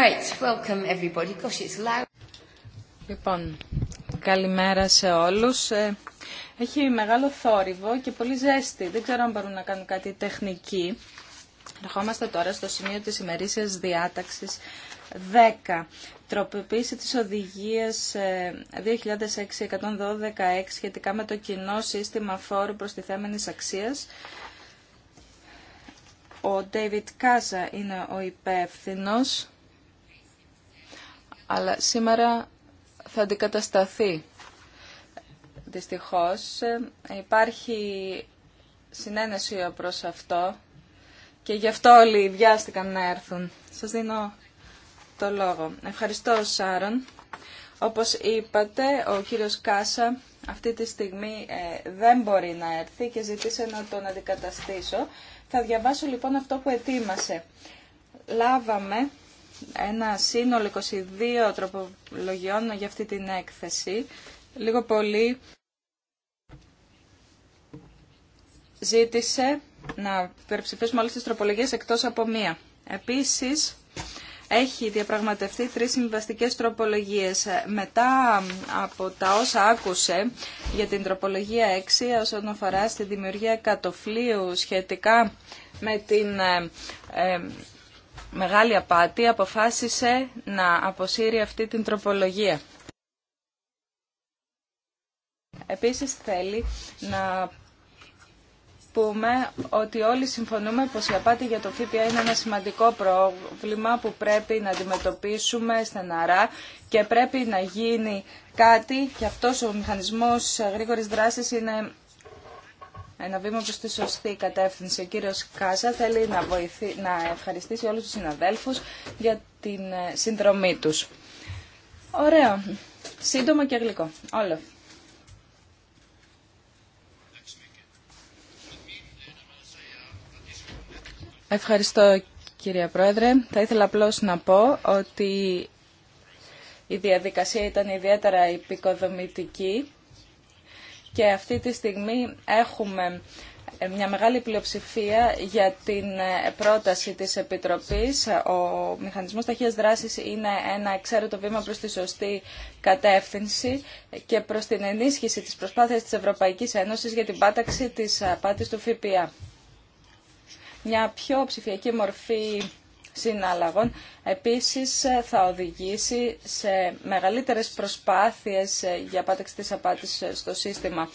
Right, welcome everybody. it's loud. Λοιπόν, καλημέρα σε όλους. Ε, έχει μεγάλο θόρυβο και πολύ ζέστη. Δεν ξέρω αν μπορούν να κάνουν κάτι τεχνική. Ερχόμαστε τώρα στο σημείο της ημερήσιας διάταξης 10. Τροποποίηση της οδηγίας 2006-112-6 ε, σχετικά με το κοινό σύστημα φόρου προστιθέμενης αξίας. Ο David Κάσα είναι ο υπεύθυνος αλλά σήμερα θα αντικατασταθεί. Δυστυχώς ε, υπάρχει συνένεση προς αυτό και γι' αυτό όλοι βιάστηκαν να έρθουν. Σας δίνω το λόγο. Ευχαριστώ Σάρων. Όπως είπατε, ο κύριος Κάσα αυτή τη στιγμή ε, δεν μπορεί να έρθει και ζητήσε να τον αντικαταστήσω. Θα διαβάσω λοιπόν αυτό που ετοίμασε. Λάβαμε ένα σύνολο 22 τροπολογιών για αυτή την έκθεση. Λίγο πολύ ζήτησε να υπερψηφίσουμε όλες τις τροπολογίες εκτός από μία. Επίσης, έχει διαπραγματευτεί τρεις συμβαστικές τροπολογίες. Μετά από τα όσα άκουσε για την τροπολογία 6 όσον αφορά στη δημιουργία κατοφλίου σχετικά με την ε, ε, μεγάλη απάτη αποφάσισε να αποσύρει αυτή την τροπολογία. Επίσης θέλει να πούμε ότι όλοι συμφωνούμε πως η απάτη για το ΦΠΑ είναι ένα σημαντικό πρόβλημα που πρέπει να αντιμετωπίσουμε στεναρά και πρέπει να γίνει κάτι και αυτός ο μηχανισμός γρήγορης δράσης είναι ένα βήμα προ τη σωστή κατεύθυνση. Ο κύριο Κάσα θέλει να, ευχαριστήσει όλου του συναδέλφου για την ε, συνδρομή τους. Ωραία. Σύντομο και γλυκό. Όλο. Ευχαριστώ κύριε Πρόεδρε. Θα ήθελα απλώς να πω ότι η διαδικασία ήταν ιδιαίτερα υπηκοδομητική και αυτή τη στιγμή έχουμε ε, μια μεγάλη πλειοψηφία για την ε, πρόταση της Επιτροπής. Ο Μηχανισμός Ταχείας Δράσης είναι ένα εξαίρετο βήμα προς τη σωστή κατεύθυνση και προς την ενίσχυση της προσπάθειας της Ευρωπαϊκής Ένωσης για την πάταξη της απάτης του ΦΠΑ. Μια πιο ψηφιακή μορφή συνάλλαγων επίσης ε, θα οδηγήσει σε μεγαλύτερες προσπάθειες ε, για πάταξη της απάτης ε, στο σύστημα.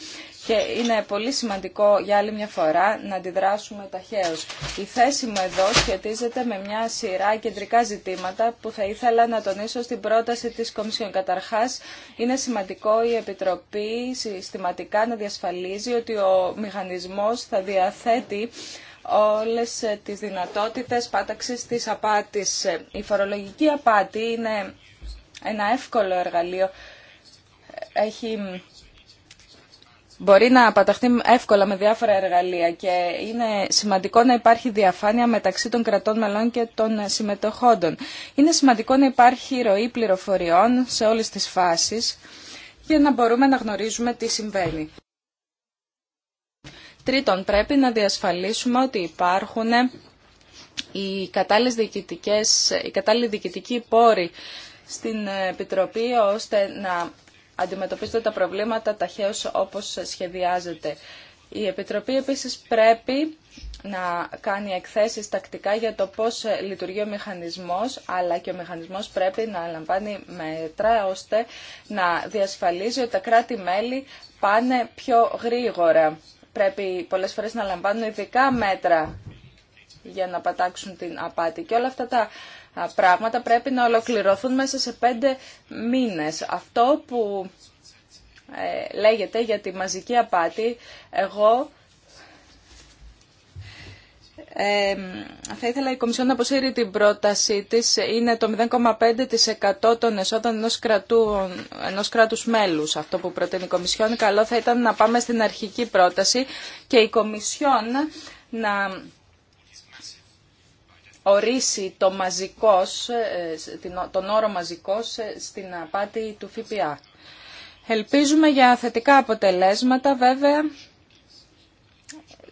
Και είναι πολύ σημαντικό για άλλη μια φορά να αντιδράσουμε ταχαίως. Η θέση μου εδώ σχετίζεται με μια σειρά κεντρικά ζητήματα που θα ήθελα να τονίσω στην πρόταση της Κομισιόν. Καταρχάς, είναι σημαντικό η Επιτροπή συστηματικά να διασφαλίζει ότι ο μηχανισμός θα διαθέτει όλες ε, τις δυνατότητες πάταξης της απάτης. Ε, η φορολογική απάτη είναι ένα εύκολο εργαλείο. Έχει... Μπορεί να παταχθεί εύκολα με διάφορα εργαλεία και είναι σημαντικό να υπάρχει διαφάνεια μεταξύ των κρατών μελών και των συμμετοχόντων. Είναι σημαντικό να υπάρχει ροή πληροφοριών σε όλες τις φάσεις για να μπορούμε να γνωρίζουμε τι συμβαίνει. Τρίτον, πρέπει να διασφαλίσουμε ότι υπάρχουν οι κατάλληλες διοικητικές, οι κατάλληλοι διοικητικοί πόροι στην Επιτροπή ώστε να αντιμετωπίζονται τα προβλήματα ταχαίως όπως σχεδιάζεται. Η Επιτροπή επίσης πρέπει να κάνει εκθέσεις τακτικά για το πώς λειτουργεί ο μηχανισμός, αλλά και ο μηχανισμός πρέπει να λαμβάνει μέτρα ώστε να διασφαλίζει ότι τα κράτη-μέλη πάνε πιο γρήγορα πρέπει πολλές φορές να λαμβάνουν ειδικά μέτρα για να πατάξουν την απάτη. Και όλα αυτά τα πράγματα πρέπει να ολοκληρωθούν μέσα σε πέντε μήνες. Αυτό που ε, λέγεται για τη μαζική απάτη, εγώ θα ήθελα η Κομισιόν να αποσύρει την πρότασή της. Είναι το 0,5% των εσόδων ενός, κρατού, ενός κράτους μέλους αυτό που προτείνει η Κομισιόν. Καλό θα ήταν να πάμε στην αρχική πρόταση και η Κομισιόν να ορίσει το μαζικός, ε, τον όρο μαζικός ε, στην απάτη του ΦΠΑ. Ελπίζουμε για θετικά αποτελέσματα βέβαια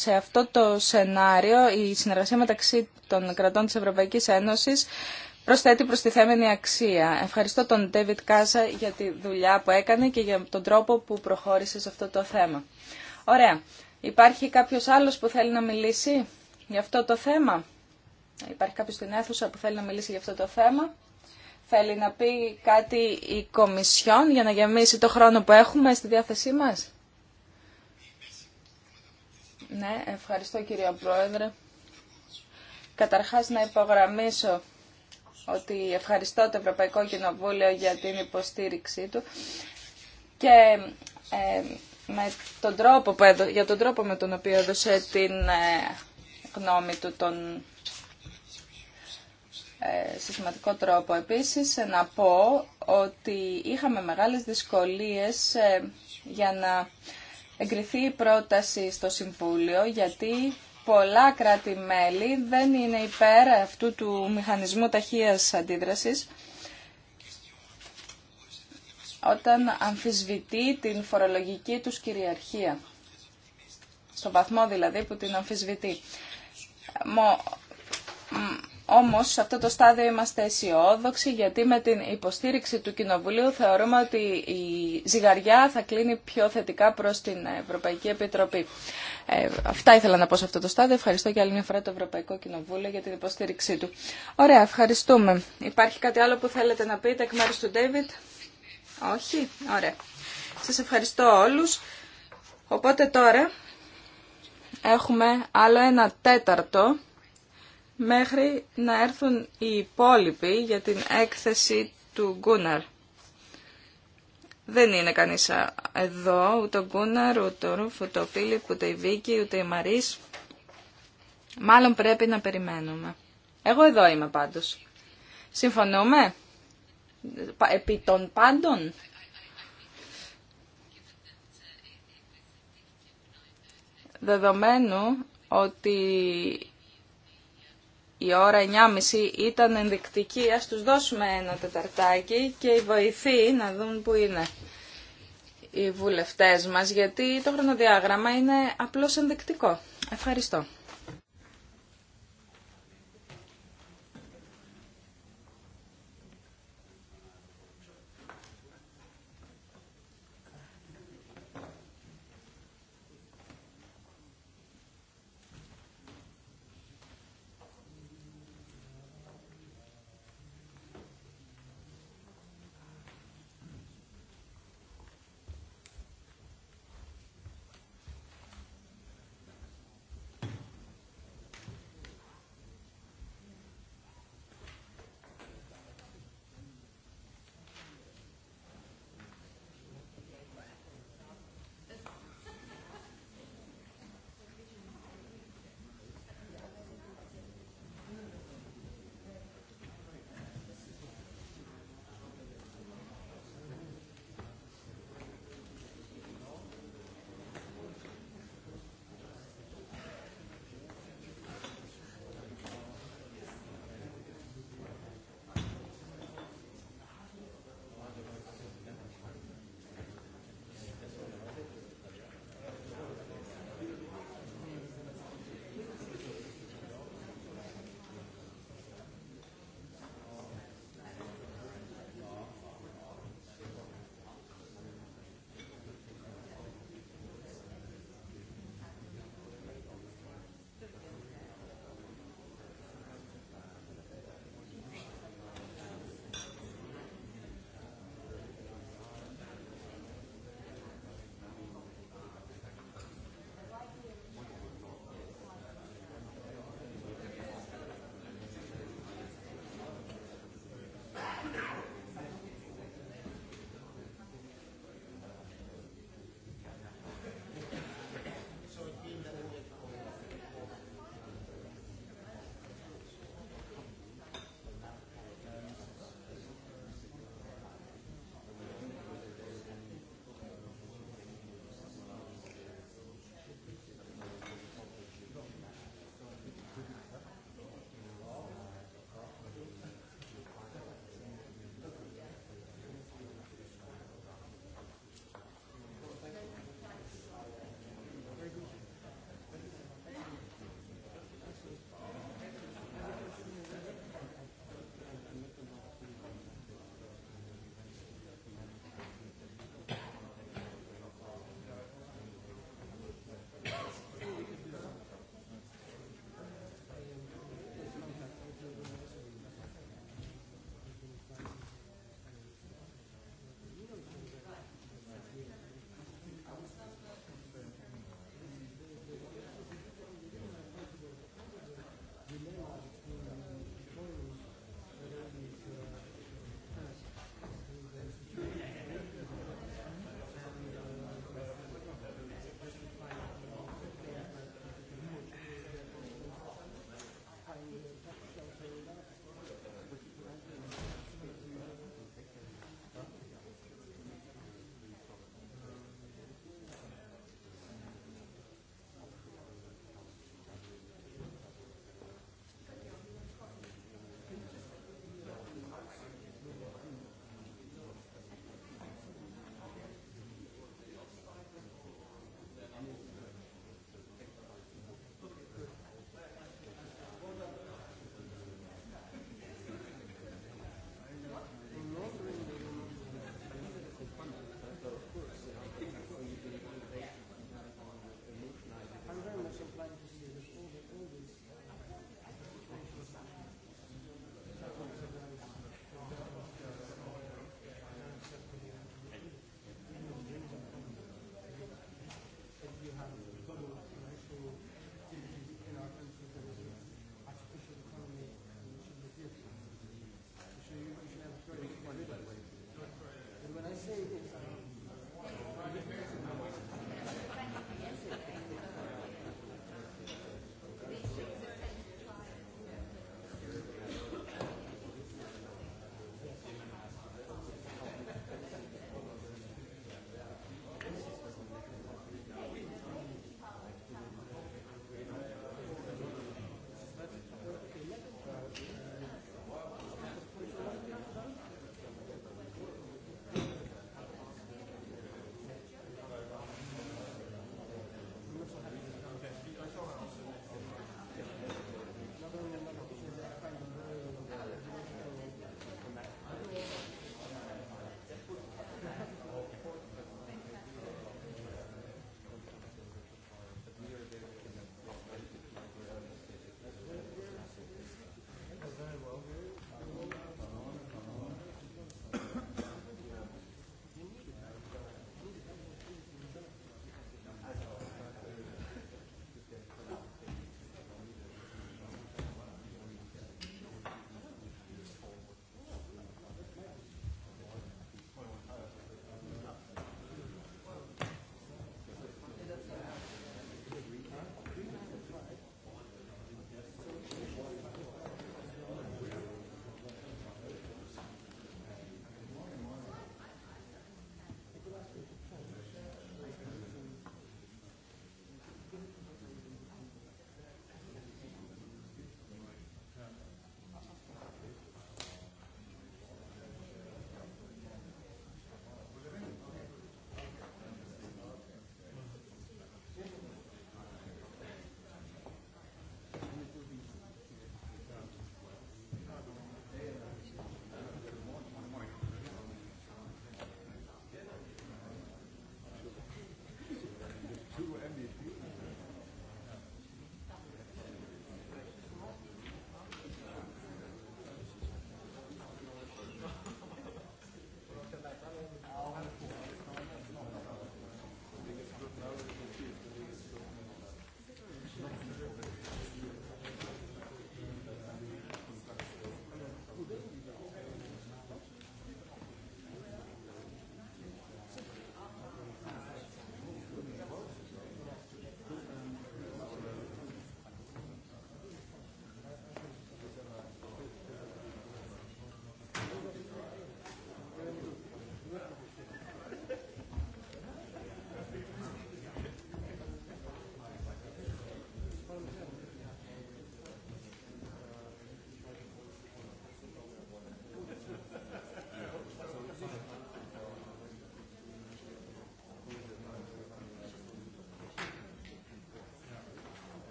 σε αυτό το σενάριο η συνεργασία μεταξύ των κρατών της Ευρωπαϊκής Ένωσης προσθέτει προστιθέμενη αξία. Ευχαριστώ τον Ντέβιτ Κάσα για τη δουλειά που έκανε και για τον τρόπο που προχώρησε σε αυτό το θέμα. Ωραία. Υπάρχει κάποιος άλλος που θέλει να μιλήσει για αυτό το θέμα. Υπάρχει κάποιος στην αίθουσα που θέλει να μιλήσει για αυτό το θέμα. Θέλει να πει κάτι η Κομισιόν για να γεμίσει το χρόνο που έχουμε στη διάθεσή μας. Ναι, ευχαριστώ Κύριο Πρόεδρε. Καταρχάς να υπογραμμίσω ότι ευχαριστώ το Ευρωπαϊκό Κοινοβούλιο για την υποστήριξή του και ε, με τον τρόπο που για τον τρόπο με τον οποίο έδωσε την ε, γνώμη του τον ε, συστηματικό τρόπο. Επίσης να πω ότι είχαμε μεγάλες δυσκολίες ε, για να εγκριθεί η πρόταση στο Συμβούλιο γιατί πολλά κράτη-μέλη δεν είναι υπέρ αυτού του μηχανισμού ταχείας αντίδρασης όταν αμφισβητεί την φορολογική τους κυριαρχία. Στον βαθμό δηλαδή που την αμφισβητεί. Όμως σε αυτό το στάδιο είμαστε αισιόδοξοι γιατί με την υποστήριξη του Κοινοβουλίου θεωρούμε ότι η ζυγαριά θα κλείνει πιο θετικά προς την Ευρωπαϊκή Επιτροπή. Ε, αυτά ήθελα να πω σε αυτό το στάδιο. Ευχαριστώ και άλλη μια φορά το Ευρωπαϊκό Κοινοβούλιο για την υποστήριξή του. Ωραία, ευχαριστούμε. Υπάρχει κάτι άλλο που θέλετε να πείτε εκ μέρους του Ντέιβιτ. Όχι, ωραία. Σας ευχαριστώ όλους. Οπότε τώρα έχουμε άλλο ένα τέταρτο μέχρι να έρθουν οι υπόλοιποι για την έκθεση του Γκούναρ. Δεν είναι κανείς εδώ, ούτε ο Γκούναρ, ούτε ο Ρουφ, ούτε ο Φίλιπ, ούτε η Βίκη, ούτε η Μαρίς. Μάλλον πρέπει να περιμένουμε. Εγώ εδώ είμαι πάντως. Συμφωνούμε επί των πάντων. Δεδομένου ότι η ώρα 9.30 ήταν ενδεικτική, ας τους δώσουμε ένα τεταρτάκι και οι βοηθοί να δουν που είναι οι βουλευτές μας, γιατί το χρονοδιάγραμμα είναι απλώς ενδεικτικό. Ευχαριστώ.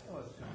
That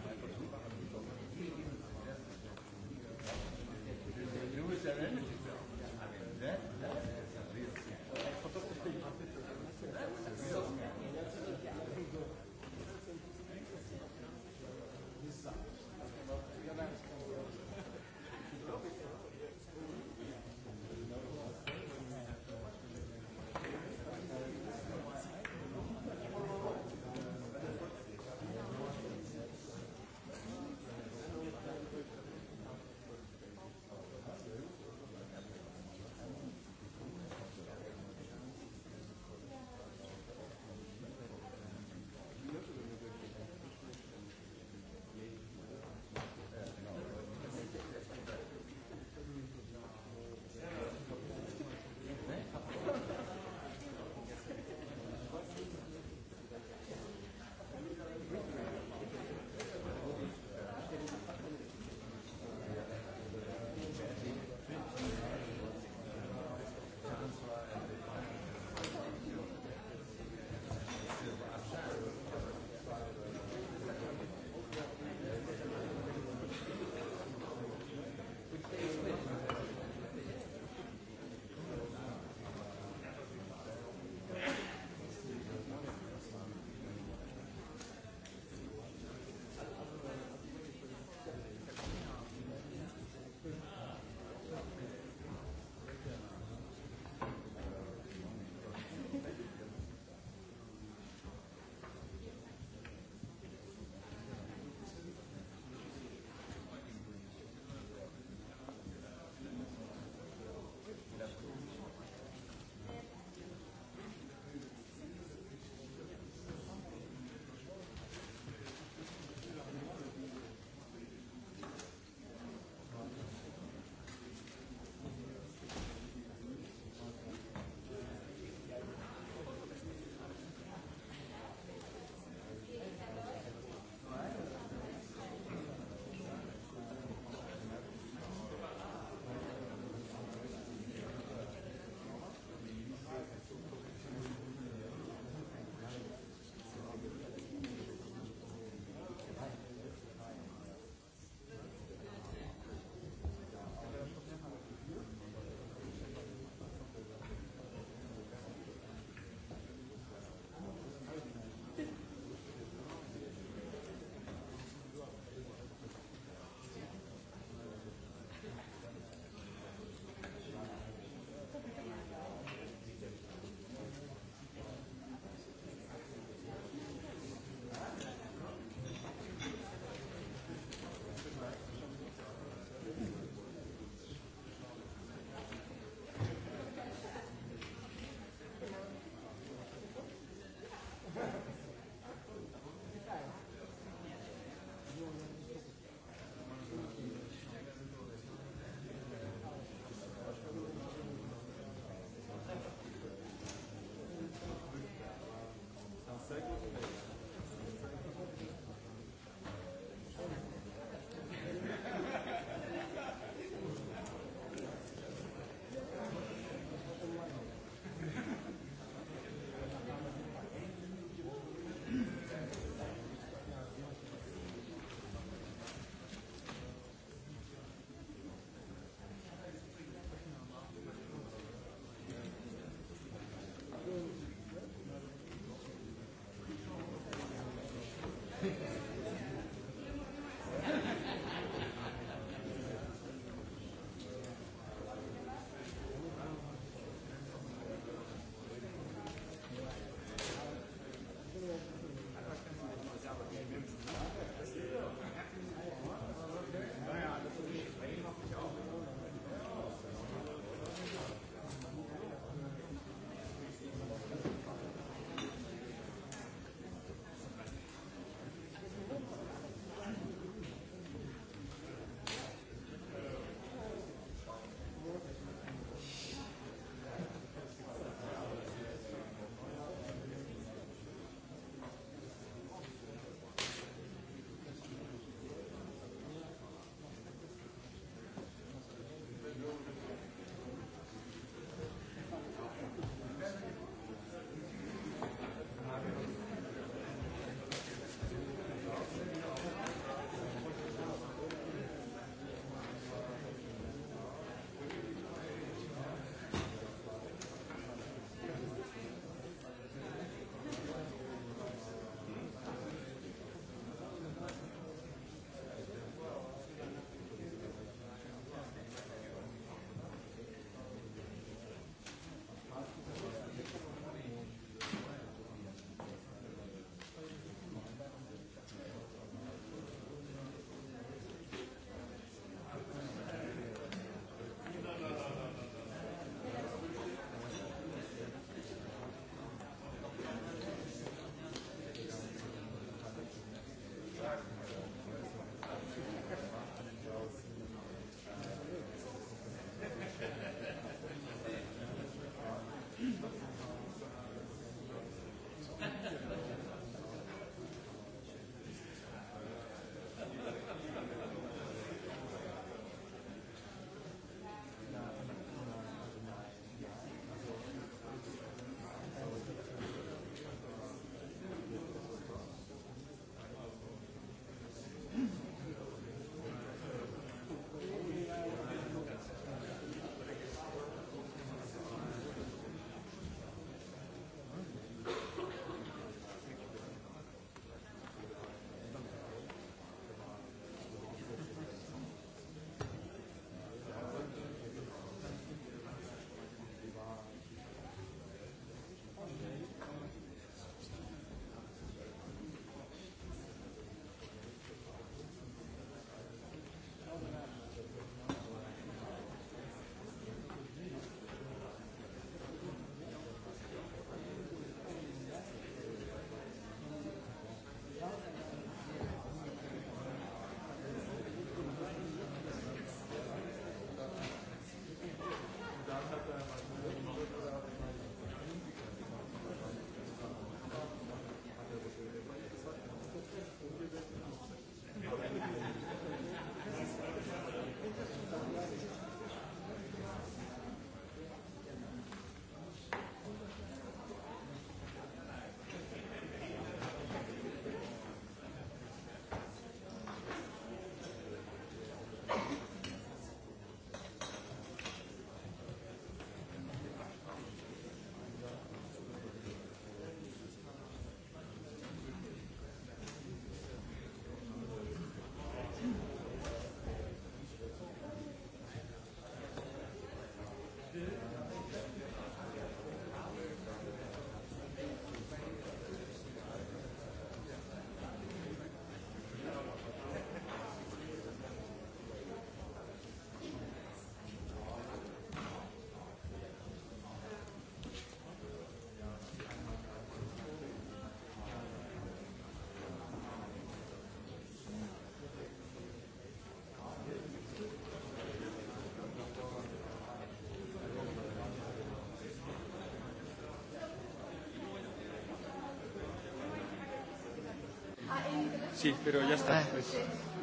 Sí, pero ya está. Ah.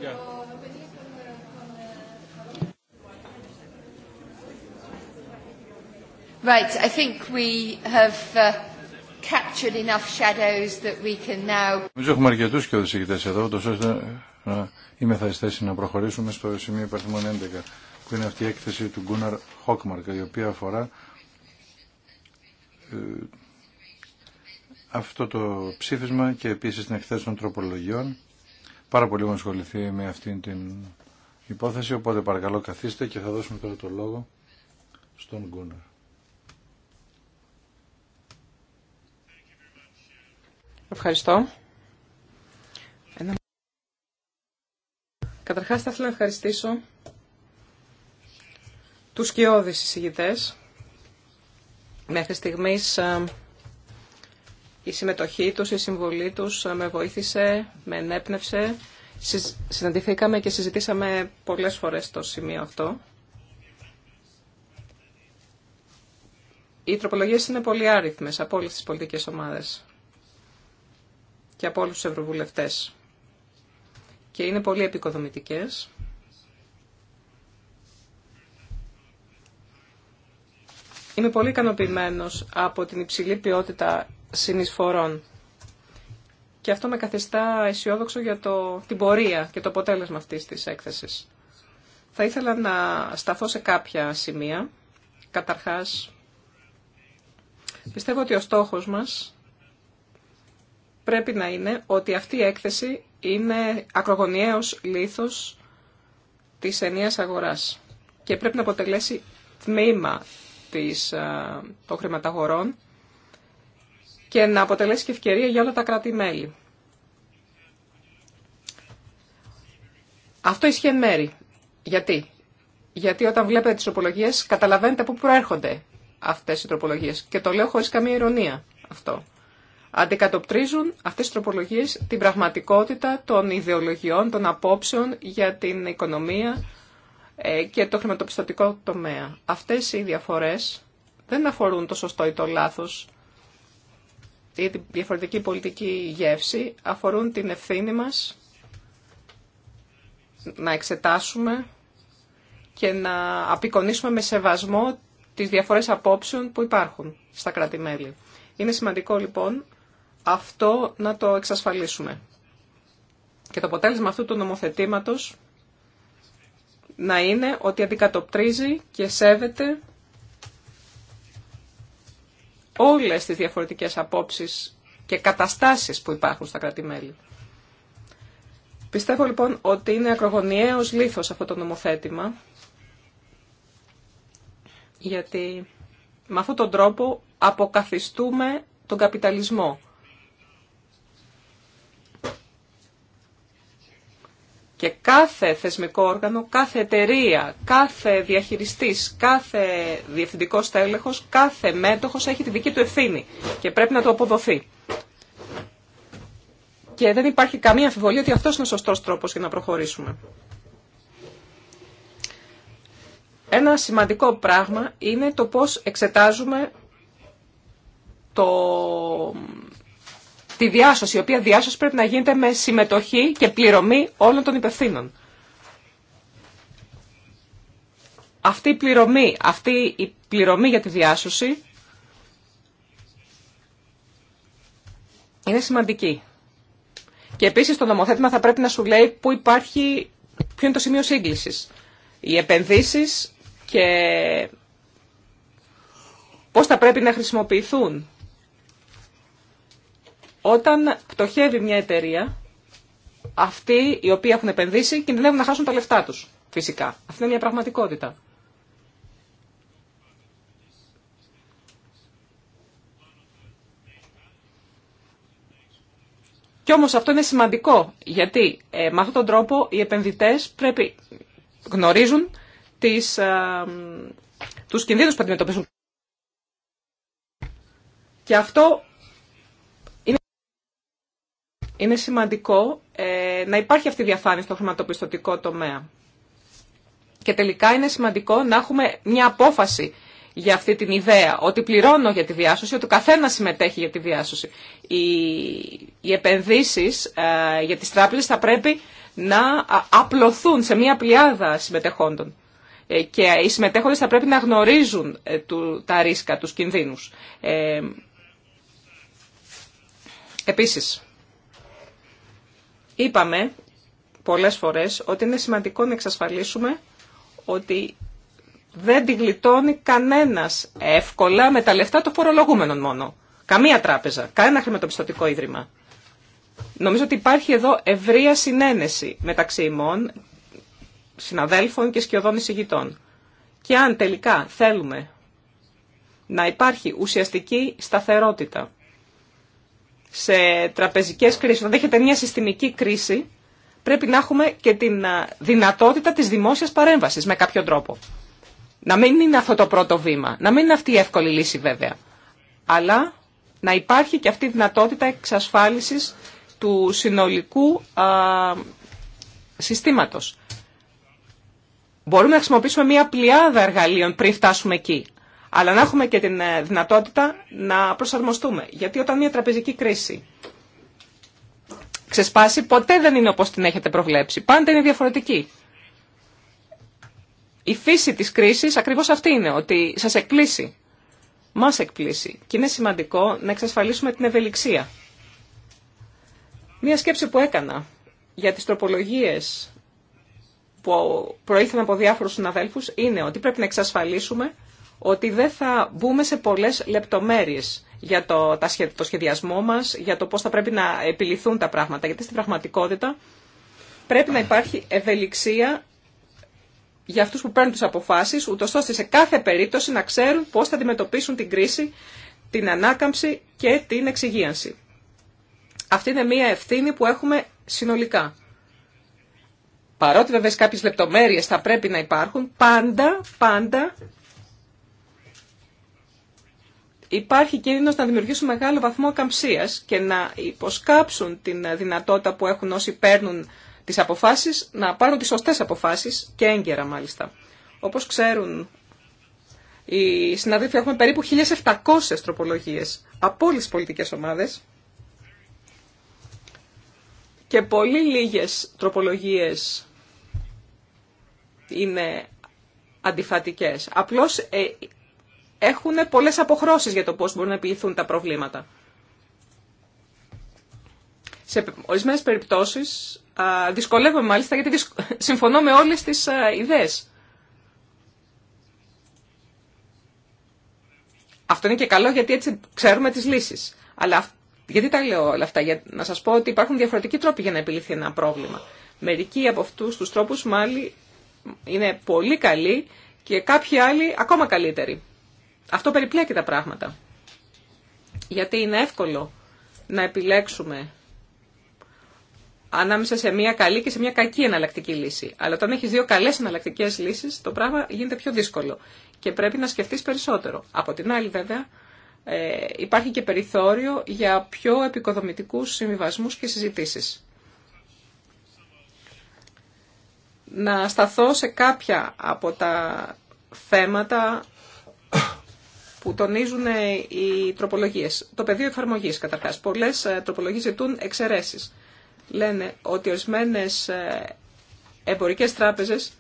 Ya. Right, I think we have uh, captured enough shadows that we can now... Νομίζω έχουμε αρκετούς και οδησυγητές εδώ, τόσο ώστε να είμαι θα να προχωρήσουμε στο σημείο υπαρθμών 11, που είναι αυτή η έκθεση του Γκούναρ Χόκμαρκ, η οποία αφορά αυτό το ψήφισμα και επίσης την εκθέση των τροπολογιών. Πάρα πολύ μου ασχοληθεί με αυτήν την υπόθεση, οπότε παρακαλώ καθίστε και θα δώσουμε τώρα το λόγο στον Γκούναρ. Ευχαριστώ. Καταρχάς θα ήθελα να ευχαριστήσω τους σκιώδεις εισηγητές. Μέχρι στιγμής ε, η συμμετοχή τους, η συμβολή τους ε, με βοήθησε, με ενέπνευσε. Συναντηθήκαμε και συζητήσαμε πολλές φορές το σημείο αυτό. Οι τροπολογίες είναι πολύ άριθμες από όλες τις πολιτικές ομάδες και από όλους τους ευρωβουλευτές και είναι πολύ επικοδομητικές. Είμαι πολύ ικανοποιημένο από την υψηλή ποιότητα συνεισφορών. Και αυτό με καθιστά αισιόδοξο για το, την πορεία και το αποτέλεσμα αυτής της έκθεσης. Θα ήθελα να σταθώ σε κάποια σημεία. Καταρχάς, πιστεύω ότι ο στόχος μας πρέπει να είναι ότι αυτή η έκθεση είναι ακρογωνιαίος λήθος της ενίας αγοράς και πρέπει να αποτελέσει τμήμα της, των χρηματαγορών και να αποτελέσει και ευκαιρία για όλα τα κράτη-μέλη. Αυτό ισχύει εν μέρη. Γιατί? Γιατί όταν βλέπετε τις τροπολογίες καταλαβαίνετε πού προέρχονται αυτές οι τροπολογίες. Και το λέω χωρίς καμία ηρωνία αυτό. Αντικατοπτρίζουν αυτές οι τροπολογίες την πραγματικότητα των ιδεολογιών, των απόψεων για την οικονομία ε, και το χρηματοπιστωτικό τομέα. Αυτές οι διαφορές δεν αφορούν το σωστό ή το λάθος ή την διαφορετική πολιτική γεύση αφορούν την ευθύνη μας να εξετάσουμε και να απεικονίσουμε με σεβασμό τις διαφορές απόψεων που υπάρχουν στα κράτη-μέλη. Είναι σημαντικό λοιπόν αυτό να το εξασφαλίσουμε. Και το αποτέλεσμα αυτού του νομοθετήματος να είναι ότι αντικατοπτρίζει και σέβεται όλες τις διαφορετικές απόψεις και καταστάσεις που υπάρχουν στα κράτη-μέλη. Πιστεύω λοιπόν ότι είναι ακρογωνιαίος λήθος αυτό το νομοθέτημα, γιατί με αυτόν τον τρόπο αποκαθιστούμε τον καπιταλισμό Και κάθε θεσμικό όργανο, κάθε εταιρεία, κάθε διαχειριστής, κάθε διευθυντικός στέλεχος, κάθε μέτοχος έχει τη δική του ευθύνη και πρέπει να το αποδοθεί. Και δεν υπάρχει καμία αμφιβολία ότι αυτός είναι ο σωστός τρόπος για να προχωρήσουμε. Ένα σημαντικό πράγμα είναι το πώς εξετάζουμε το τη διάσωση, η οποία διάσωση πρέπει να γίνεται με συμμετοχή και πληρωμή όλων των υπευθύνων. Αυτή η πληρωμή, αυτή η πληρωμή για τη διάσωση είναι σημαντική. Και επίσης το νομοθέτημα θα πρέπει να σου λέει πού υπάρχει, ποιο είναι το σημείο σύγκλησης. Οι επενδύσεις και πώς θα πρέπει να χρησιμοποιηθούν όταν πτωχεύει μια εταιρεία, αυτοί οι οποίοι έχουν επενδύσει κινδυνεύουν να χάσουν τα λεφτά τους, φυσικά. Αυτή είναι μια πραγματικότητα. Κι όμως αυτό είναι σημαντικό, γιατί ε, με αυτόν τον τρόπο οι επενδυτές πρέπει γνωρίζουν τις, ε, τους κινδύνους που αντιμετωπίζουν. Και αυτό είναι σημαντικό ε, να υπάρχει αυτή η διαφάνεια στο χρηματοπιστωτικό τομέα. Και τελικά είναι σημαντικό να έχουμε μια απόφαση για αυτή την ιδέα, ότι πληρώνω για τη διάσωση, ότι ο καθένας συμμετέχει για τη διάσωση. Οι, οι επενδύσεις ε, για τις τράπεζες θα πρέπει να απλωθούν σε μια πλειάδα συμμετεχόντων. Ε, και οι συμμετέχοντες θα πρέπει να γνωρίζουν του, τα ρίσκα, τους κινδύνους. Επίσης, Είπαμε πολλές φορές ότι είναι σημαντικό να εξασφαλίσουμε ότι δεν τη γλιτώνει κανένας εύκολα με τα λεφτά των φορολογούμενων μόνο. Καμία τράπεζα, κανένα χρηματοπιστωτικό ίδρυμα. Νομίζω ότι υπάρχει εδώ ευρεία συνένεση μεταξύ ημών, συναδέλφων και σκιωδών εισηγητών. Και αν τελικά θέλουμε να υπάρχει ουσιαστική σταθερότητα σε τραπεζικές κρίσεις, όταν δέχεται μια συστημική κρίση, πρέπει να έχουμε και την δυνατότητα της δημόσιας παρέμβασης με κάποιο τρόπο. Να μην είναι αυτό το πρώτο βήμα, να μην είναι αυτή η εύκολη λύση βέβαια, αλλά να υπάρχει και αυτή η δυνατότητα εξασφάλισης του συνολικού α, συστήματος. Μπορούμε να χρησιμοποιήσουμε μια πλειάδα εργαλείων πριν φτάσουμε εκεί αλλά να έχουμε και την ε, δυνατότητα να προσαρμοστούμε. Γιατί όταν μια τραπεζική κρίση ξεσπάσει, ποτέ δεν είναι όπως την έχετε προβλέψει. Πάντα είναι διαφορετική. Η φύση της κρίσης ακριβώς αυτή είναι, ότι σας εκπλήσει. Μας εκπλήσει. Και είναι σημαντικό να εξασφαλίσουμε την ευελιξία. Μία σκέψη που έκανα για τις τροπολογίες που προήλθαν από διάφορους συναδέλφους είναι ότι πρέπει να εξασφαλίσουμε ότι δεν θα μπούμε σε πολλές λεπτομέρειες για το, το σχεδιασμό μας, για το πώς θα πρέπει να επιληθούν τα πράγματα, γιατί στην πραγματικότητα πρέπει να υπάρχει ευελιξία για αυτούς που παίρνουν τις αποφάσεις, ούτως ώστε σε κάθε περίπτωση να ξέρουν πώς θα αντιμετωπίσουν την κρίση, την ανάκαμψη και την εξυγίανση. Αυτή είναι μια ευθύνη που έχουμε συνολικά. Παρότι βέβαια κάποιες λεπτομέρειες θα πρέπει να υπάρχουν, πάντα, πάντα υπάρχει κίνδυνος να δημιουργήσουν μεγάλο βαθμό ακαμψίας και να υποσκάψουν την δυνατότητα που έχουν όσοι παίρνουν τις αποφάσεις, να πάρουν τις σωστέ αποφάσεις και έγκαιρα μάλιστα. Όπω ξέρουν οι συναδέλφοι έχουμε περίπου 1.700 τροπολογίες από όλε τι πολιτικές ομάδες και πολύ λίγες τροπολογίες είναι αντιφατικές. Απλώς ε, έχουν πολλές αποχρώσεις για το πώς μπορούν να επιληθούν τα προβλήματα. Σε ορισμένες περιπτώσεις δυσκολεύομαι μάλιστα γιατί συμφωνώ με όλες τις ιδέες. Αυτό είναι και καλό γιατί έτσι ξέρουμε τις λύσεις. Αλλά γιατί τα λέω όλα αυτά, για να σας πω ότι υπάρχουν διαφορετικοί τρόποι για να επιληθεί ένα πρόβλημα. Μερικοί από αυτούς τους τρόπους μάλλον είναι πολύ καλοί και κάποιοι άλλοι ακόμα καλύτεροι. Αυτό περιπλέκει τα πράγματα. Γιατί είναι εύκολο να επιλέξουμε ανάμεσα σε μια καλή και σε μια κακή εναλλακτική λύση. Αλλά όταν έχει δύο καλέ εναλλακτικέ λύσει, το πράγμα γίνεται πιο δύσκολο και πρέπει να σκεφτεί περισσότερο. Από την άλλη, βέβαια, ε, υπάρχει και περιθώριο για πιο επικοδομητικούς συμβιβασμού και συζητήσει. Να σταθώ σε κάποια από τα θέματα που τονίζουν ε, οι τροπολογίε, Το πεδίο εφαρμογή καταρχάς. Πολλέ ε, τροπολογίε ζητούν εξαιρέσει. Λένε ότι ορισμένε εμπορικέ τράπεζες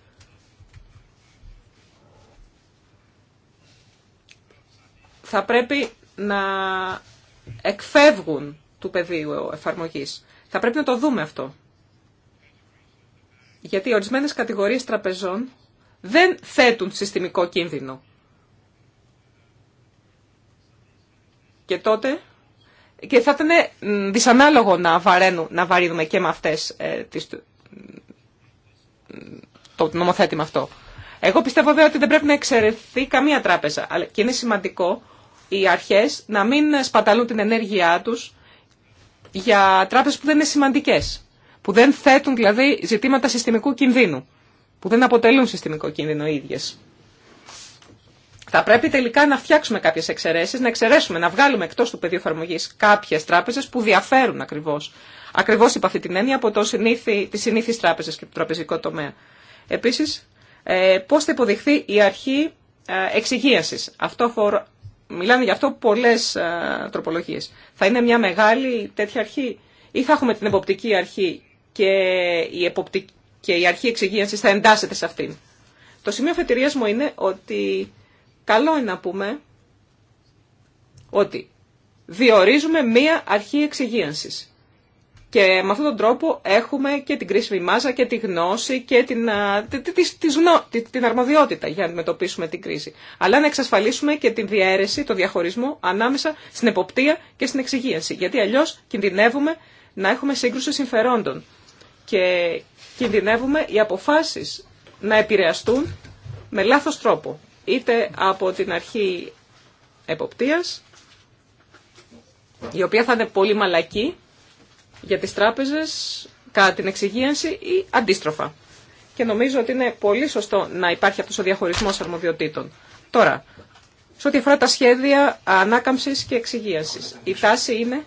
θα πρέπει να εκφεύγουν του πεδίου εφαρμογής. Θα πρέπει να το δούμε αυτό. Γιατί ορισμένες κατηγορίες τραπεζών δεν θέτουν συστημικό κίνδυνο. Και τότε και θα ήταν δυσανάλογο να, βαραίνουν, να βαρύνουμε και με αυτές ε, το νομοθέτημα αυτό. Εγώ πιστεύω βέβαια ότι δεν πρέπει να εξαιρεθεί καμία τράπεζα αλλά και είναι σημαντικό οι αρχές να μην σπαταλούν την ενέργειά του για τράπεζες που δεν είναι σημαντικές, που δεν θέτουν δηλαδή ζητήματα συστημικού κινδύνου, που δεν αποτελούν συστημικό κίνδυνο οι ίδιες. Θα πρέπει τελικά να φτιάξουμε κάποιε εξαιρέσει, να εξαιρέσουμε, να βγάλουμε εκτό του πεδίου εφαρμογή κάποιε τράπεζε που διαφέρουν ακριβώ. Ακριβώ υπ' αυτή την έννοια από το συνήθι, τη συνήθι τράπεζα και το τραπεζικό τομέα. Επίση, ε, πώ θα υποδειχθεί η αρχή ε, εξυγίαση. Αυτό μιλάνε γι' αυτό πολλέ ε, τροπολογίε. Θα είναι μια μεγάλη τέτοια αρχή ή θα έχουμε την εποπτική αρχή και η, εποπτική, και η αρχή εξυγίαση θα εντάσσεται σε αυτήν. Το σημείο φετηρία μου είναι ότι καλό είναι να πούμε ότι διορίζουμε μία αρχή εξυγίανσης. Και με αυτόν τον τρόπο έχουμε και την κρίσιμη μάζα και τη γνώση και την, την αρμοδιότητα για να αντιμετωπίσουμε την κρίση. Αλλά να εξασφαλίσουμε και την διαίρεση, το διαχωρισμό ανάμεσα στην εποπτεία και στην εξυγίανση. Γιατί αλλιώς κινδυνεύουμε να έχουμε σύγκρουση συμφερόντων. Και κινδυνεύουμε οι αποφάσεις να επηρεαστούν με λάθος τρόπο είτε από την αρχή εποπτείας, η οποία θα είναι πολύ μαλακή για τις τράπεζες κατά την εξυγίανση ή αντίστροφα. Και νομίζω ότι είναι πολύ σωστό να υπάρχει αυτός ο διαχωρισμός αρμοδιοτήτων. Τώρα, σε ό,τι αφορά τα σχέδια ανάκαμψης και εξυγίανσης, η τάση είναι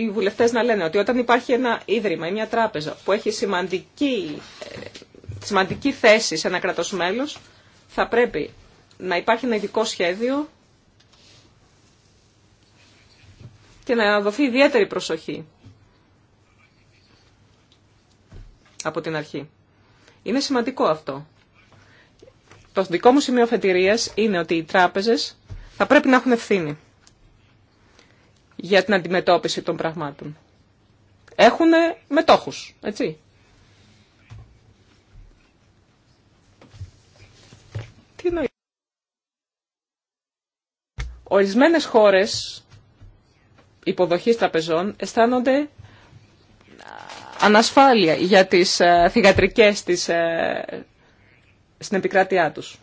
οι βουλευτέ να λένε ότι όταν υπάρχει ένα ίδρυμα ή μια τράπεζα που έχει σημαντική, ε, σημαντική θέση σε ένα κρατός θα πρέπει να υπάρχει ένα ειδικό σχέδιο και να δοθεί ιδιαίτερη προσοχή από την αρχή. Είναι σημαντικό αυτό. Το δικό μου σημείο φετηρίας είναι ότι οι τράπεζες θα πρέπει να έχουν ευθύνη για την αντιμετώπιση των πραγμάτων. Έχουν μετόχους, έτσι. Τι χώρε Ορισμένες χώρες υποδοχής τραπεζών αισθάνονται ανασφάλεια για τις ε, θυγατρικές της, ε, στην επικράτειά τους.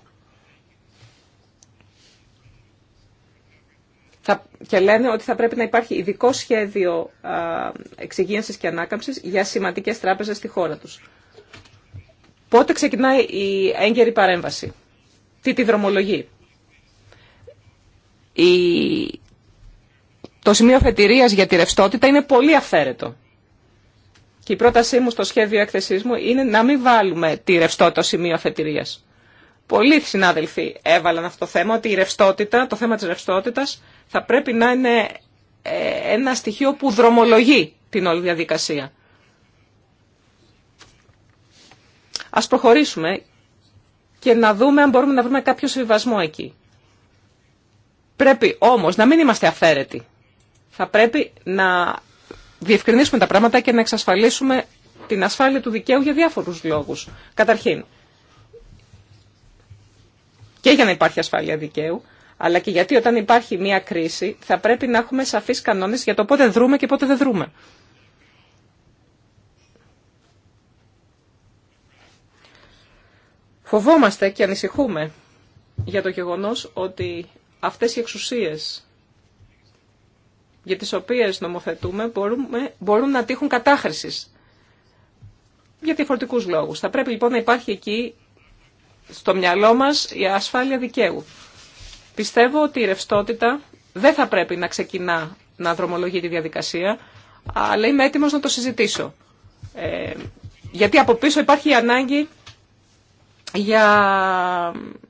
και λένε ότι θα πρέπει να υπάρχει ειδικό σχέδιο εξυγίανσης και ανάκαμψης για σημαντικές τράπεζες στη χώρα τους. Πότε ξεκινάει η έγκαιρη παρέμβαση. Τι τη δρομολογεί. Η... Το σημείο φετηρίας για τη ρευστότητα είναι πολύ αφαίρετο. Και η πρότασή μου στο σχέδιο έκθεσής μου είναι να μην βάλουμε τη ρευστότητα σημείο αφετηρίας πολλοί συνάδελφοι έβαλαν αυτό το θέμα, ότι η ρευστότητα, το θέμα της ρευστότητας θα πρέπει να είναι ε, ένα στοιχείο που δρομολογεί την όλη διαδικασία. Ας προχωρήσουμε και να δούμε αν μπορούμε να βρούμε κάποιο συμβιβασμό εκεί. Πρέπει όμως να μην είμαστε αφαίρετοι. Θα πρέπει να διευκρινίσουμε τα πράγματα και να εξασφαλίσουμε την ασφάλεια του δικαίου για διάφορους λόγους. Καταρχήν, και για να υπάρχει ασφάλεια δικαίου, αλλά και γιατί όταν υπάρχει μια κρίση θα πρέπει να έχουμε σαφείς κανόνες για το πότε δρούμε και πότε δεν δρούμε. Φοβόμαστε και ανησυχούμε για το γεγονός ότι αυτές οι εξουσίες για τις οποίες νομοθετούμε μπορούν να τύχουν κατάχρησης για διαφορετικού λόγους. Θα πρέπει λοιπόν να υπάρχει εκεί στο μυαλό μας η ασφάλεια δικαίου. Πιστεύω ότι η ρευστότητα δεν θα πρέπει να ξεκινά να δρομολογεί τη διαδικασία, αλλά είμαι έτοιμος να το συζητήσω. Ε, γιατί από πίσω υπάρχει η ανάγκη για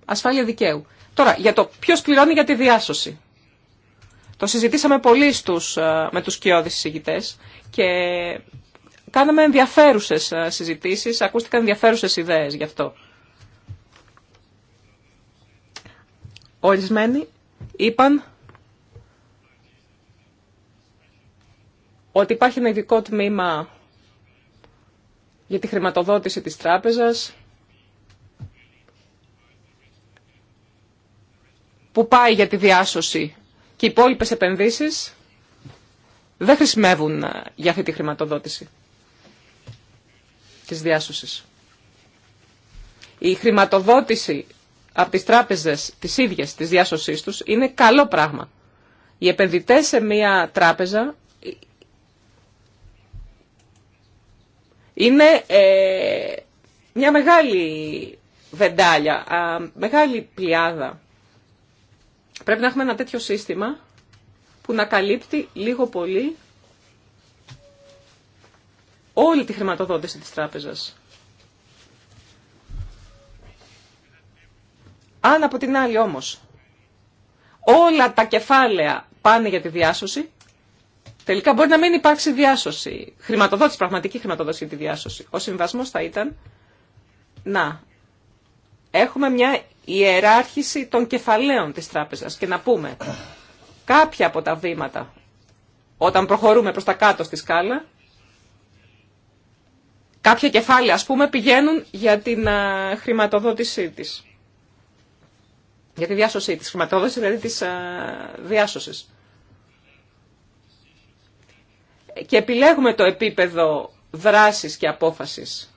ασφάλεια δικαίου. Τώρα, για το ποιος πληρώνει για τη διάσωση. Το συζητήσαμε πολύ ε, με τους κοιόδης συζητητές και κάναμε ενδιαφέρουσες ε, συζητήσεις, ακούστηκαν ενδιαφέρουσες ιδέες γι' αυτό. Ορισμένοι είπαν ότι υπάρχει ένα ειδικό τμήμα για τη χρηματοδότηση της τράπεζας που πάει για τη διάσωση και οι υπόλοιπες επενδύσεις δεν χρησιμεύουν για αυτή τη χρηματοδότηση της διάσωσης. Η χρηματοδότηση από τις τράπεζες τις ίδιες της διάσωσής τους είναι καλό πράγμα. Οι επενδυτές σε μια τράπεζα είναι ε, μια μεγάλη βεντάλια, μεγάλη πλιάδα. Πρέπει να έχουμε ένα τέτοιο σύστημα που να καλύπτει λίγο πολύ όλη τη χρηματοδότηση της τράπεζας. Αν από την άλλη όμως όλα τα κεφάλαια πάνε για τη διάσωση, τελικά μπορεί να μην υπάρξει διάσωση, χρηματοδότηση, πραγματική χρηματοδότηση για τη διάσωση. Ο συμβασμός θα ήταν να έχουμε μια ιεράρχηση των κεφαλαίων της τράπεζας και να πούμε κάποια από τα βήματα όταν προχωρούμε προς τα κάτω στη σκάλα, κάποια κεφάλαια ας πούμε πηγαίνουν για την χρηματοδότησή της για τη διάσωση της χρηματοδότησης, δηλαδή της διάσωσης. Και επιλέγουμε το επίπεδο δράσης και απόφασης.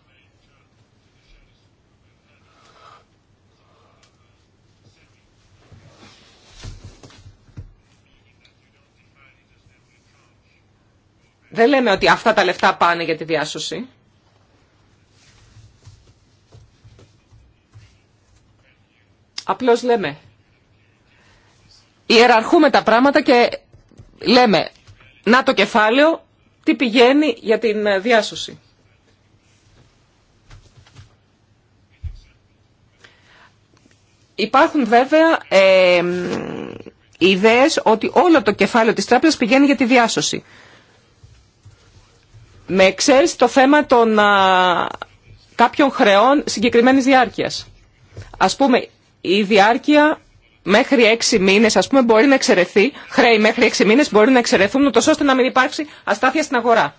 Δεν λέμε ότι αυτά τα λεφτά πάνε για τη διάσωση. Απλώς λέμε, ιεραρχούμε τα πράγματα και λέμε, να το κεφάλαιο, τι πηγαίνει για την ε, διάσωση. Υπάρχουν βέβαια ε, ιδέες ότι όλο το κεφάλαιο της τράπεζας πηγαίνει για τη διάσωση. Με εξαίρεση το θέμα των α, κάποιων χρεών συγκεκριμένης διάρκειας. Ας πούμε, η διάρκεια μέχρι έξι μήνες, ας πούμε, μπορεί να εξαιρεθεί, χρέη μέχρι έξι μήνες μπορεί να εξαιρεθούν, ούτως ώστε να μην υπάρξει αστάθεια στην αγορά.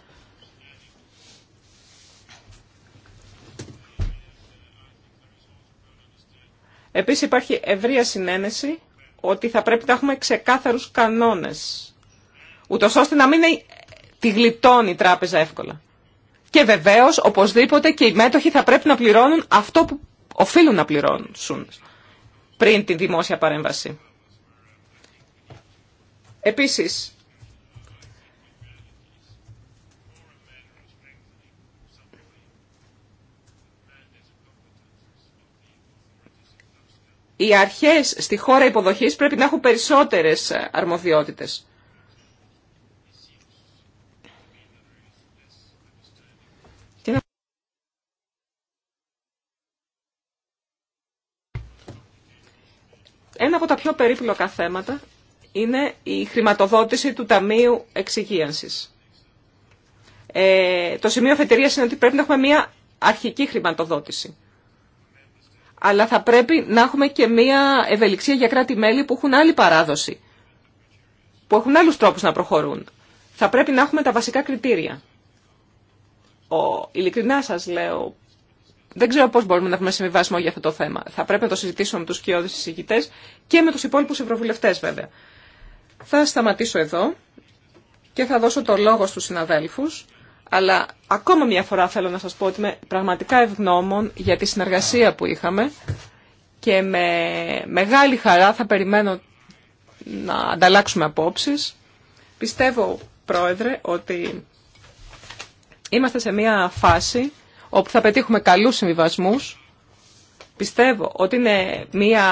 Επίσης υπάρχει ευρεία συνένεση ότι θα πρέπει να έχουμε ξεκάθαρους κανόνες, ούτως ώστε να μην τη γλιτώνει η τράπεζα εύκολα. Και βεβαίως, οπωσδήποτε, και οι μέτοχοι θα πρέπει να πληρώνουν αυτό που οφείλουν να πληρώνουν πριν τη δημόσια παρέμβαση. Επίσης, οι αρχές στη χώρα υποδοχής πρέπει να έχουν περισσότερες αρμοδιότητες. Ένα από τα πιο περίπλοκα θέματα είναι η χρηματοδότηση του Ταμείου Εξυγίανσης. Ε, το σημείο Φετηρία είναι ότι πρέπει να έχουμε μια αρχική χρηματοδότηση. Αλλά θα πρέπει να έχουμε και μια ευελιξία για κράτη-μέλη που έχουν άλλη παράδοση, που έχουν άλλους τρόπους να προχωρούν. Θα πρέπει να έχουμε τα βασικά κριτήρια. Ο, ειλικρινά σας λέω, δεν ξέρω πώς μπορούμε να έχουμε συμβιβασμό για αυτό το θέμα. Θα πρέπει να το συζητήσουμε με τους κοιόδης συζητητέ και με τους υπόλοιπου ευρωβουλευτές βέβαια. Θα σταματήσω εδώ και θα δώσω το λόγο στου συναδέλφους. Αλλά ακόμα μια φορά θέλω να σας πω ότι είμαι πραγματικά ευγνώμων για τη συνεργασία που είχαμε και με μεγάλη χαρά θα περιμένω να ανταλλάξουμε απόψει. Πιστεύω, Πρόεδρε, ότι είμαστε σε μια φάση όπου θα πετύχουμε καλούς συμβιβασμούς. Πιστεύω ότι είναι μια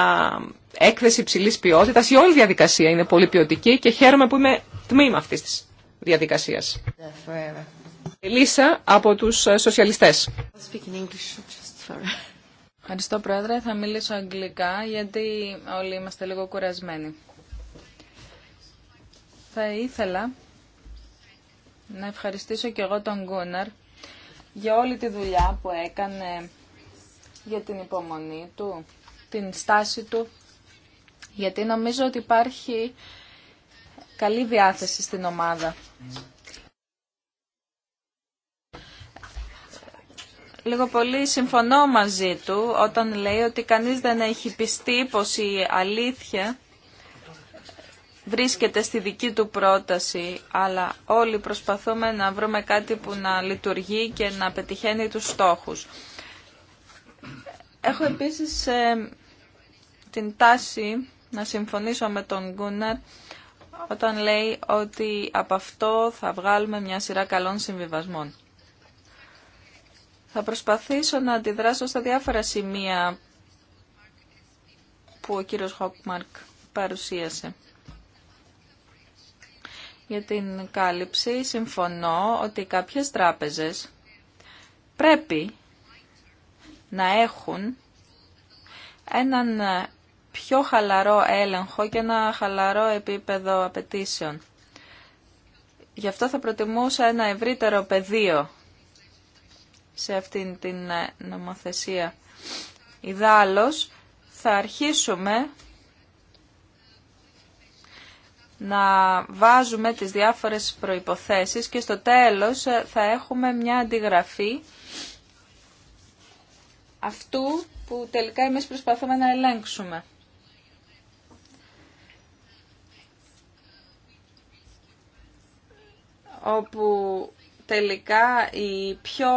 έκθεση υψηλή ποιότητα. Η όλη διαδικασία είναι πολύ ποιοτική και χαίρομαι που είμαι τμήμα αυτής της διαδικασίας. Λύσα από τους σοσιαλιστές. Ευχαριστώ Πρόεδρε. Θα μιλήσω αγγλικά γιατί όλοι είμαστε λίγο κουρασμένοι. Θα ήθελα να ευχαριστήσω και εγώ τον Γκούναρ για όλη τη δουλειά που έκανε για την υπομονή του, την στάση του, γιατί νομίζω ότι υπάρχει καλή διάθεση στην ομάδα. Λίγο πολύ συμφωνώ μαζί του όταν λέει ότι κανείς δεν έχει πιστεί πως η αλήθεια βρίσκεται στη δική του πρόταση, αλλά όλοι προσπαθούμε να βρούμε κάτι που να λειτουργεί και να πετυχαίνει τους στόχους. Έχω επίσης ε, την τάση να συμφωνήσω με τον Γκούνερ όταν λέει ότι από αυτό θα βγάλουμε μια σειρά καλών συμβιβασμών. Θα προσπαθήσω να αντιδράσω στα διάφορα σημεία που ο κύριος Χόκμαρκ παρουσίασε για την κάλυψη συμφωνώ ότι κάποιες τράπεζες πρέπει να έχουν έναν πιο χαλαρό έλεγχο και ένα χαλαρό επίπεδο απαιτήσεων. Γι' αυτό θα προτιμούσα ένα ευρύτερο πεδίο σε αυτήν την νομοθεσία. Ιδάλλως θα αρχίσουμε να βάζουμε τις διάφορες προϋποθέσεις και στο τέλος ε, θα έχουμε μια αντιγραφή αυτού που τελικά εμείς προσπαθούμε να ελέγξουμε. όπου τελικά οι πιο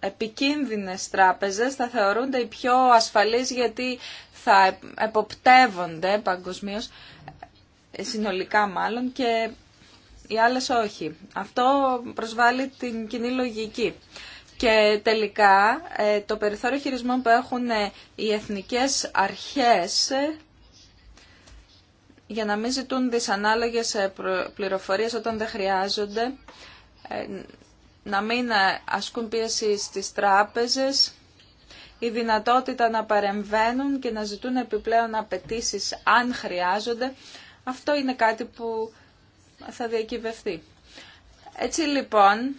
επικίνδυνες τράπεζες θα θεωρούνται οι πιο ασφαλείς γιατί θα εποπτεύονται παγκοσμίω συνολικά μάλλον και οι άλλες όχι. Αυτό προσβάλλει την κοινή λογική. Και τελικά ε, το περιθώριο χειρισμών που έχουν ε, οι εθνικές αρχές ε, για να μην ζητούν δυσανάλογες πληροφορίες όταν δεν χρειάζονται, να μην ασκούν πίεση στις τράπεζες, η δυνατότητα να παρεμβαίνουν και να ζητούν επιπλέον απαιτήσει αν χρειάζονται, αυτό είναι κάτι που θα διακυβευτεί. Έτσι λοιπόν,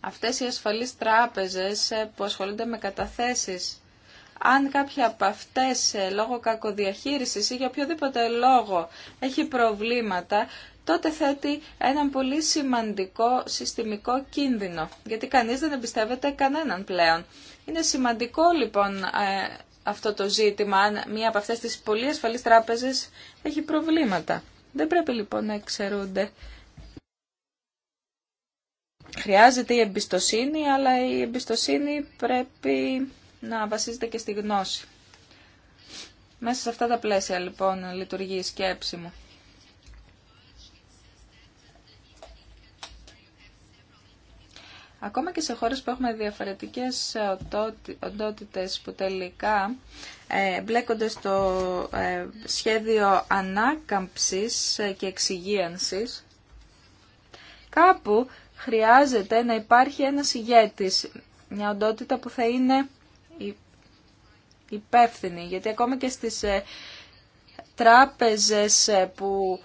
αυτές οι ασφαλείς τράπεζες ε, που ασχολούνται με καταθέσεις, αν κάποια από αυτές ε, λόγω κακοδιαχείρισης ή για οποιοδήποτε λόγο έχει προβλήματα, τότε θέτει έναν πολύ σημαντικό συστημικό κίνδυνο, γιατί κανείς δεν εμπιστεύεται κανέναν πλέον. Είναι σημαντικό λοιπόν ε, αυτό το ζήτημα αν μία από αυτές τις πολύ ασφαλείς τράπεζες έχει προβλήματα. Δεν πρέπει λοιπόν να εξαιρούνται. Χρειάζεται η εμπιστοσύνη, αλλά η εμπιστοσύνη πρέπει να βασίζεται και στη γνώση. Μέσα σε αυτά τα πλαίσια λοιπόν λειτουργεί η σκέψη μου. Ακόμα και σε χώρες που έχουμε διαφορετικές οντότητες που τελικά ε, μπλέκονται στο ε, σχέδιο ανάκαμψης ε, και εξυγίανσης, κάπου χρειάζεται να υπάρχει ένας ηγέτης, μια οντότητα που θα είναι υπεύθυνη, γιατί ακόμα και στις τράπεζες που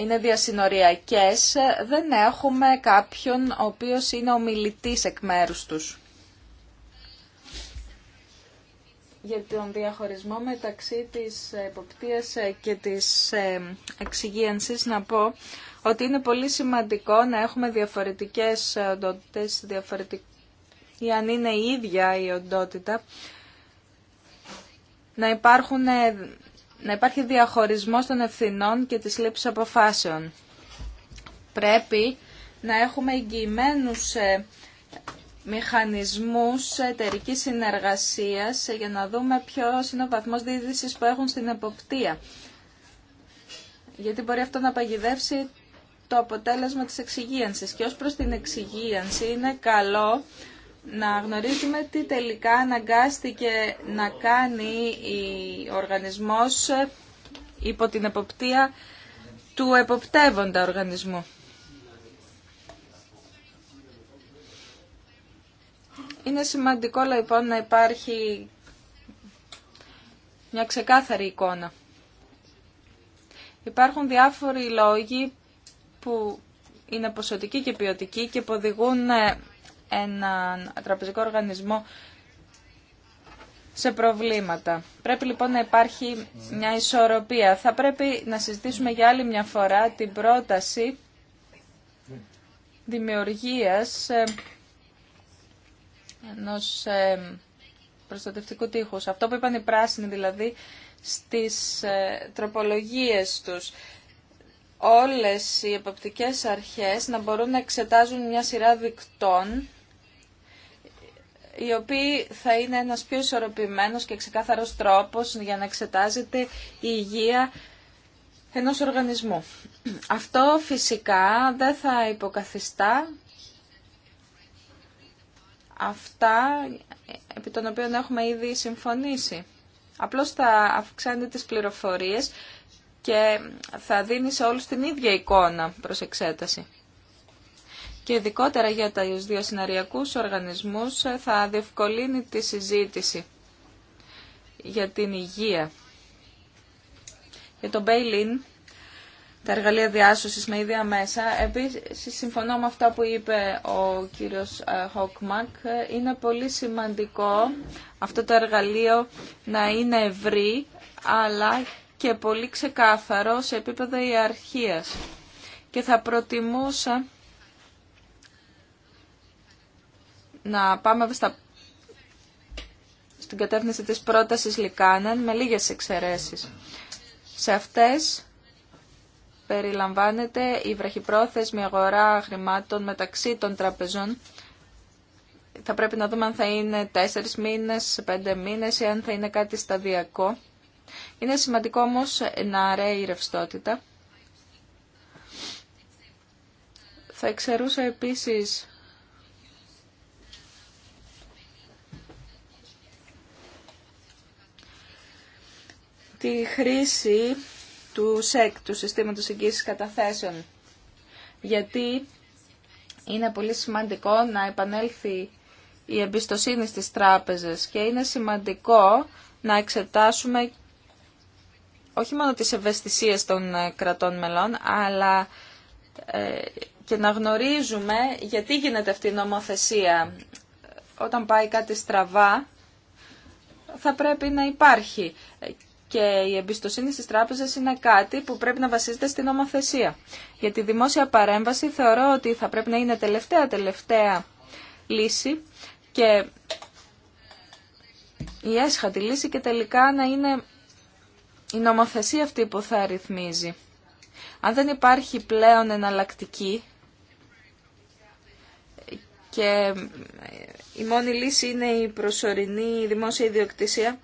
είναι διασυνοριακές, δεν έχουμε κάποιον ο οποίος είναι ομιλητής εκ μέρους τους. Για τον διαχωρισμό μεταξύ της εποπτείας και της ε, εξυγίανσης να πω ότι είναι πολύ σημαντικό να έχουμε διαφορετικές οντότητες διαφορετικ... ή αν είναι η ίδια η οντότητα να υπάρχουν ε, να υπάρχει διαχωρισμός των ευθυνών και της λήψης αποφάσεων. Πρέπει να έχουμε εγγυημένους ε, μηχανισμούς εταιρική συνεργασίας ε, για να δούμε ποιος είναι ο βαθμός δίδυσης που έχουν στην εποπτεία. Γιατί μπορεί αυτό να παγιδεύσει το αποτέλεσμα της εξυγίανσης. Και ως προς την εξυγίανση είναι καλό να γνωρίζουμε τι τελικά αναγκάστηκε να κάνει ο οργανισμός υπό την εποπτεία του εποπτεύοντα οργανισμού. Είναι σημαντικό λοιπόν να υπάρχει μια ξεκάθαρη εικόνα. Υπάρχουν διάφοροι λόγοι που είναι ποσοτικοί και ποιοτικοί και που οδηγούν ε, έναν τραπεζικό οργανισμό σε προβλήματα. Πρέπει λοιπόν να υπάρχει μια ισορροπία. Θα πρέπει να συζητήσουμε για άλλη μια φορά την πρόταση δημιουργίας ε, ενός ε, προστατευτικού τείχους. Αυτό που είπαν οι πράσινοι δηλαδή στις ε, τροπολογίες τους. Όλες οι επαπτικές αρχές να μπορούν να εξετάζουν μια σειρά δικτών οι οποίοι θα είναι ένας πιο ισορροπημένος και ξεκάθαρος τρόπος για να εξετάζεται η υγεία ενός οργανισμού. Αυτό φυσικά δεν θα υποκαθιστά αυτά επί των οποίων έχουμε ήδη συμφωνήσει. Απλώς θα αυξάνεται τις πληροφορίες και θα δίνει σε όλους την ίδια εικόνα προς εξέταση και ειδικότερα για τα διασυναριακούς οργανισμούς θα διευκολύνει τη συζήτηση για την υγεία. Για το Μπέιλιν τα εργαλεία διάσωσης με ίδια μέσα, επίσης συμφωνώ με αυτά που είπε ο κύριος ε, Χόκμακ, είναι πολύ σημαντικό αυτό το εργαλείο να είναι ευρύ, αλλά και πολύ ξεκάθαρο σε επίπεδο ιεραρχίας. Και θα προτιμούσα να πάμε στα... στην κατεύθυνση της πρότασης Λικάνεν με λίγες εξαιρέσεις. Σε αυτές περιλαμβάνεται η βραχυπρόθεσμη αγορά χρημάτων μεταξύ των τραπεζών. Θα πρέπει να δούμε αν θα είναι τέσσερις μήνες, πέντε μήνες ή αν θα είναι κάτι σταδιακό. Είναι σημαντικό όμως να αρέει η ρευστότητα. Θα εξαιρούσα επίσης τη χρήση του ΣΕΚ, του Συστήματος Εγγύησης Καταθέσεων, γιατί είναι πολύ σημαντικό να επανέλθει η εμπιστοσύνη στις τράπεζες και είναι σημαντικό να εξετάσουμε όχι μόνο τις ευαισθησίες των ε, κρατών μελών, αλλά ε, και να γνωρίζουμε γιατί γίνεται αυτή η νομοθεσία. Όταν πάει κάτι στραβά, θα πρέπει να υπάρχει και η εμπιστοσύνη στις τράπεζες είναι κάτι που πρέπει να βασίζεται στην νομοθεσία. Για τη δημόσια παρέμβαση θεωρώ ότι θα πρέπει να είναι τελευταία-τελευταία λύση και η έσχατη λύση και τελικά να είναι η νομοθεσία αυτή που θα ρυθμίζει. Αν δεν υπάρχει πλέον εναλλακτική και η μόνη λύση είναι η προσωρινή δημόσια ιδιοκτησία,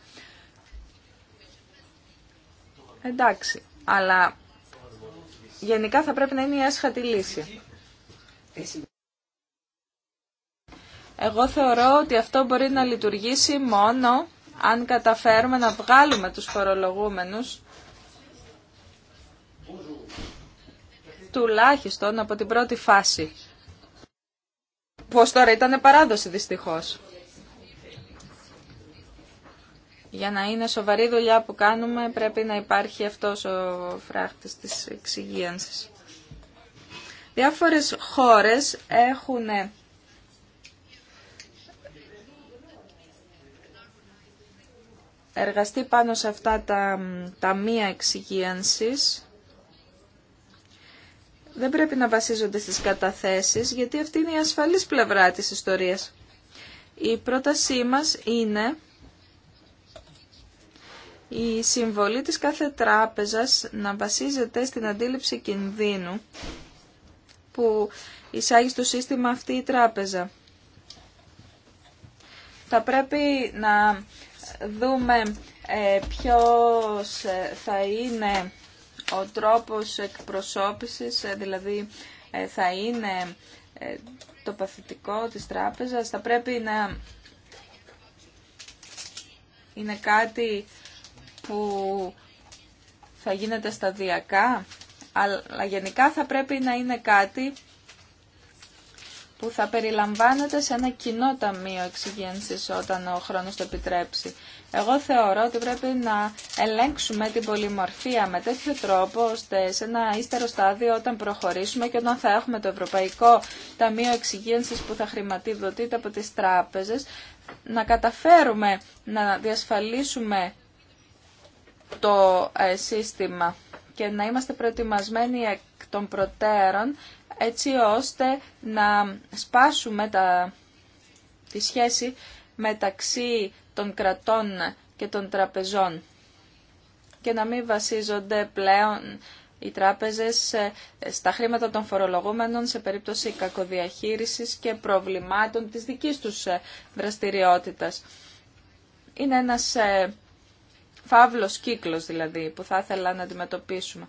εντάξει. Αλλά γενικά θα πρέπει να είναι η άσχατη λύση. Εγώ θεωρώ ότι αυτό μπορεί να λειτουργήσει μόνο αν καταφέρουμε να βγάλουμε τους φορολογούμενους τουλάχιστον από την πρώτη φάση. Πώς τώρα ήταν παράδοση δυστυχώς για να είναι σοβαρή δουλειά που κάνουμε πρέπει να υπάρχει αυτός ο φράχτης της εξυγίανσης. Διάφορες χώρες έχουν εργαστεί πάνω σε αυτά τα ταμεία εξυγίανσης. Δεν πρέπει να βασίζονται στις καταθέσεις, γιατί αυτή είναι η ασφαλής πλευρά της ιστορίας. Η πρότασή μας είναι η συμβολή της κάθε τράπεζας να βασίζεται στην αντίληψη κινδύνου που εισάγει στο σύστημα αυτή η τράπεζα. Θα πρέπει να δούμε ε, ποιος ε, θα είναι ο τρόπος εκπροσώπησης, ε, δηλαδή θα είναι το παθητικό της τράπεζας. Θα πρέπει να είναι κάτι που θα γίνεται σταδιακά, αλλά γενικά θα πρέπει να είναι κάτι που θα περιλαμβάνεται σε ένα κοινό ταμείο εξυγένσης όταν ο χρόνος το επιτρέψει. Εγώ θεωρώ ότι πρέπει να ελέγξουμε την πολυμορφία με τέτοιο τρόπο ώστε σε ένα ύστερο στάδιο όταν προχωρήσουμε και όταν θα έχουμε το Ευρωπαϊκό Ταμείο Εξυγένσης που θα χρηματοδοτείται από τις τράπεζες να καταφέρουμε να διασφαλίσουμε το ε, σύστημα και να είμαστε προετοιμασμένοι εκ των προτέρων έτσι ώστε να σπάσουμε τα, τη σχέση μεταξύ των κρατών και των τραπεζών και να μην βασίζονται πλέον οι τράπεζες ε, στα χρήματα των φορολογούμενων σε περίπτωση κακοδιαχείρισης και προβλημάτων της δικής τους ε, δραστηριότητας. Είναι ένας φαύλος κύκλος δηλαδή που θα ήθελα να αντιμετωπίσουμε.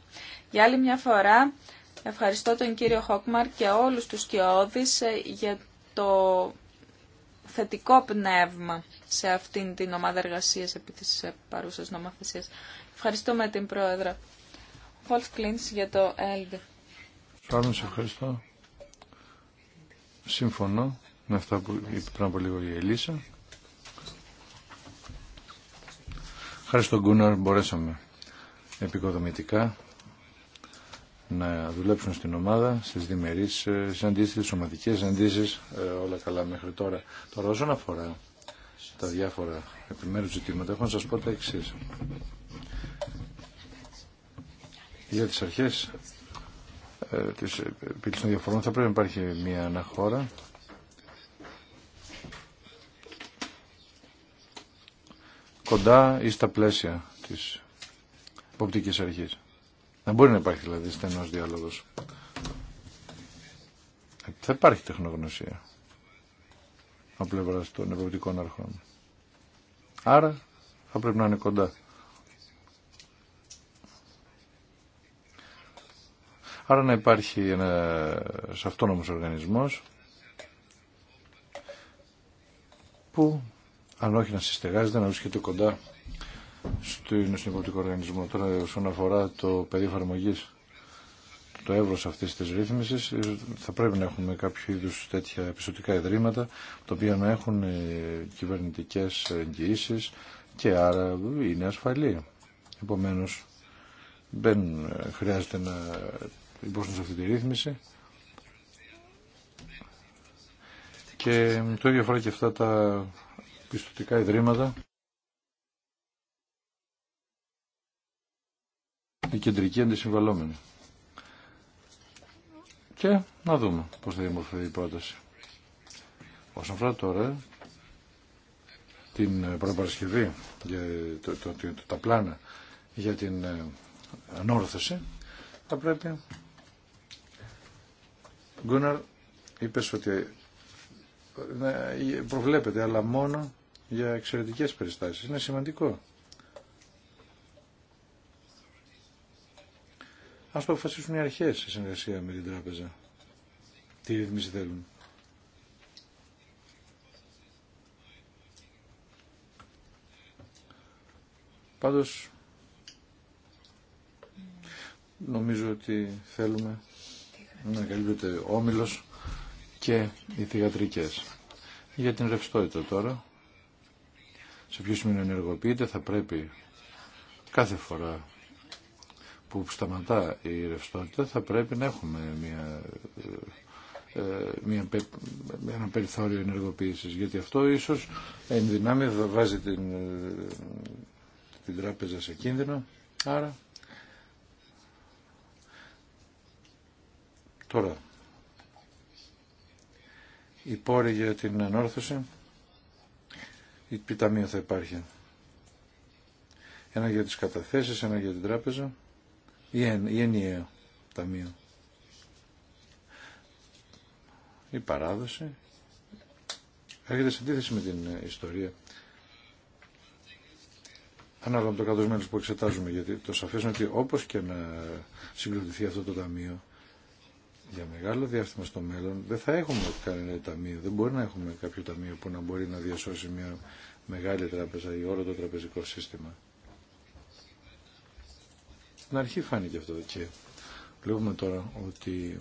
Για άλλη μια φορά ευχαριστώ τον κύριο Χόκμαρ και όλους τους κοιόδης ε, για το θετικό πνεύμα σε αυτήν την ομάδα εργασίας επί της ε, παρούσας νομοθεσίας. Ευχαριστούμε την Πρόεδρα. Βολφ Κλίντς για το ΕΛΔ. Πάμε σε ευχαριστώ. Συμφωνώ με αυτά που είπε πριν από λίγο η Ελίσσα. Χάρη στον Κούναρ μπορέσαμε επικοδομητικά να δουλέψουν στην ομάδα, στις διμερείς ε, συναντήσεις, στις σωματικές συναντήσεις, ε, όλα καλά μέχρι τώρα. Τώρα όσον αφορά τα διάφορα επιμέρους ζητήματα, έχω να σας πω τα εξή. Για τις αρχές ε, της ε, επίλυσης των διαφορών θα πρέπει να υπάρχει μια αναχώρα κοντά ή στα πλαίσια της υποπτικής αρχής. Να μπορεί να υπάρχει δηλαδή στενό διάλογος. Δεν υπάρχει τεχνογνωσία από πλευρά των εποπτικών αρχών. Άρα θα πρέπει να είναι κοντά. Άρα να υπάρχει ένας αυτόνομος οργανισμός που αν όχι να συστεγάζεται, να βρίσκεται κοντά στο νοσηλευτικό οργανισμό. Τώρα, όσον αφορά το πεδίο εφαρμογή, το εύρο αυτή τη ρύθμιση, ε, θα πρέπει να έχουμε κάποιο είδου τέτοια επιστοτικά ιδρύματα, τα οποία να έχουν ε, κυβερνητικέ εγγυήσει και άρα είναι ασφαλή. Επομένω, δεν χρειάζεται να υπόσχονται σε αυτή τη ρύθμιση. Και το ίδιο αφορά και αυτά τα πιστοτικά ιδρύματα, η κεντρική αντισυμβαλόμενη. Και να δούμε πώς θα δημορφωθεί η πρόταση. Όσον αφορά τώρα την ε, προπαρασκευή, για το, το, τα πλάνα για την ε, ανόρθωση, θα πρέπει... Γκούναρ, είπες ότι ε, προβλέπεται, αλλά μόνο για εξαιρετικές περιστάσεις. Είναι σημαντικό. Ας το αποφασίσουν οι αρχές σε συνεργασία με την τράπεζα. Τι ρυθμίση θέλουν. Πάντως, νομίζω ότι θέλουμε να καλύπτεται όμιλος και οι θηγατρικές. Για την ρευστότητα τώρα σε ποιο σημείο ενεργοποιείται θα πρέπει κάθε φορά που σταματά η ρευστότητα θα πρέπει να έχουμε μια, ε, μια, ένα περιθώριο ενεργοποίησης γιατί αυτό ίσως εν δυνάμει βάζει την, την τράπεζα σε κίνδυνο άρα τώρα οι πόροι για την ανόρθωση τι ταμείο θα υπάρχει. Ένα για τις καταθέσεις, ένα για την τράπεζα ή, εν, ή ενιαίο ταμείο. Η παράδοση έρχεται σε αντίθεση με την ε, ιστορία. Ανάλογα με το κατωσμένος που εξετάζουμε, γιατί το σαφές είναι ότι όπως και να συγκροτηθεί αυτό το ταμείο, για μεγάλο διάστημα στο μέλλον δεν θα έχουμε κανένα ταμείο. Δεν μπορεί να έχουμε κάποιο ταμείο που να μπορεί να διασώσει μια μεγάλη τράπεζα ή όλο το τραπεζικό σύστημα. Στην αρχή φάνηκε αυτό και βλέπουμε τώρα ότι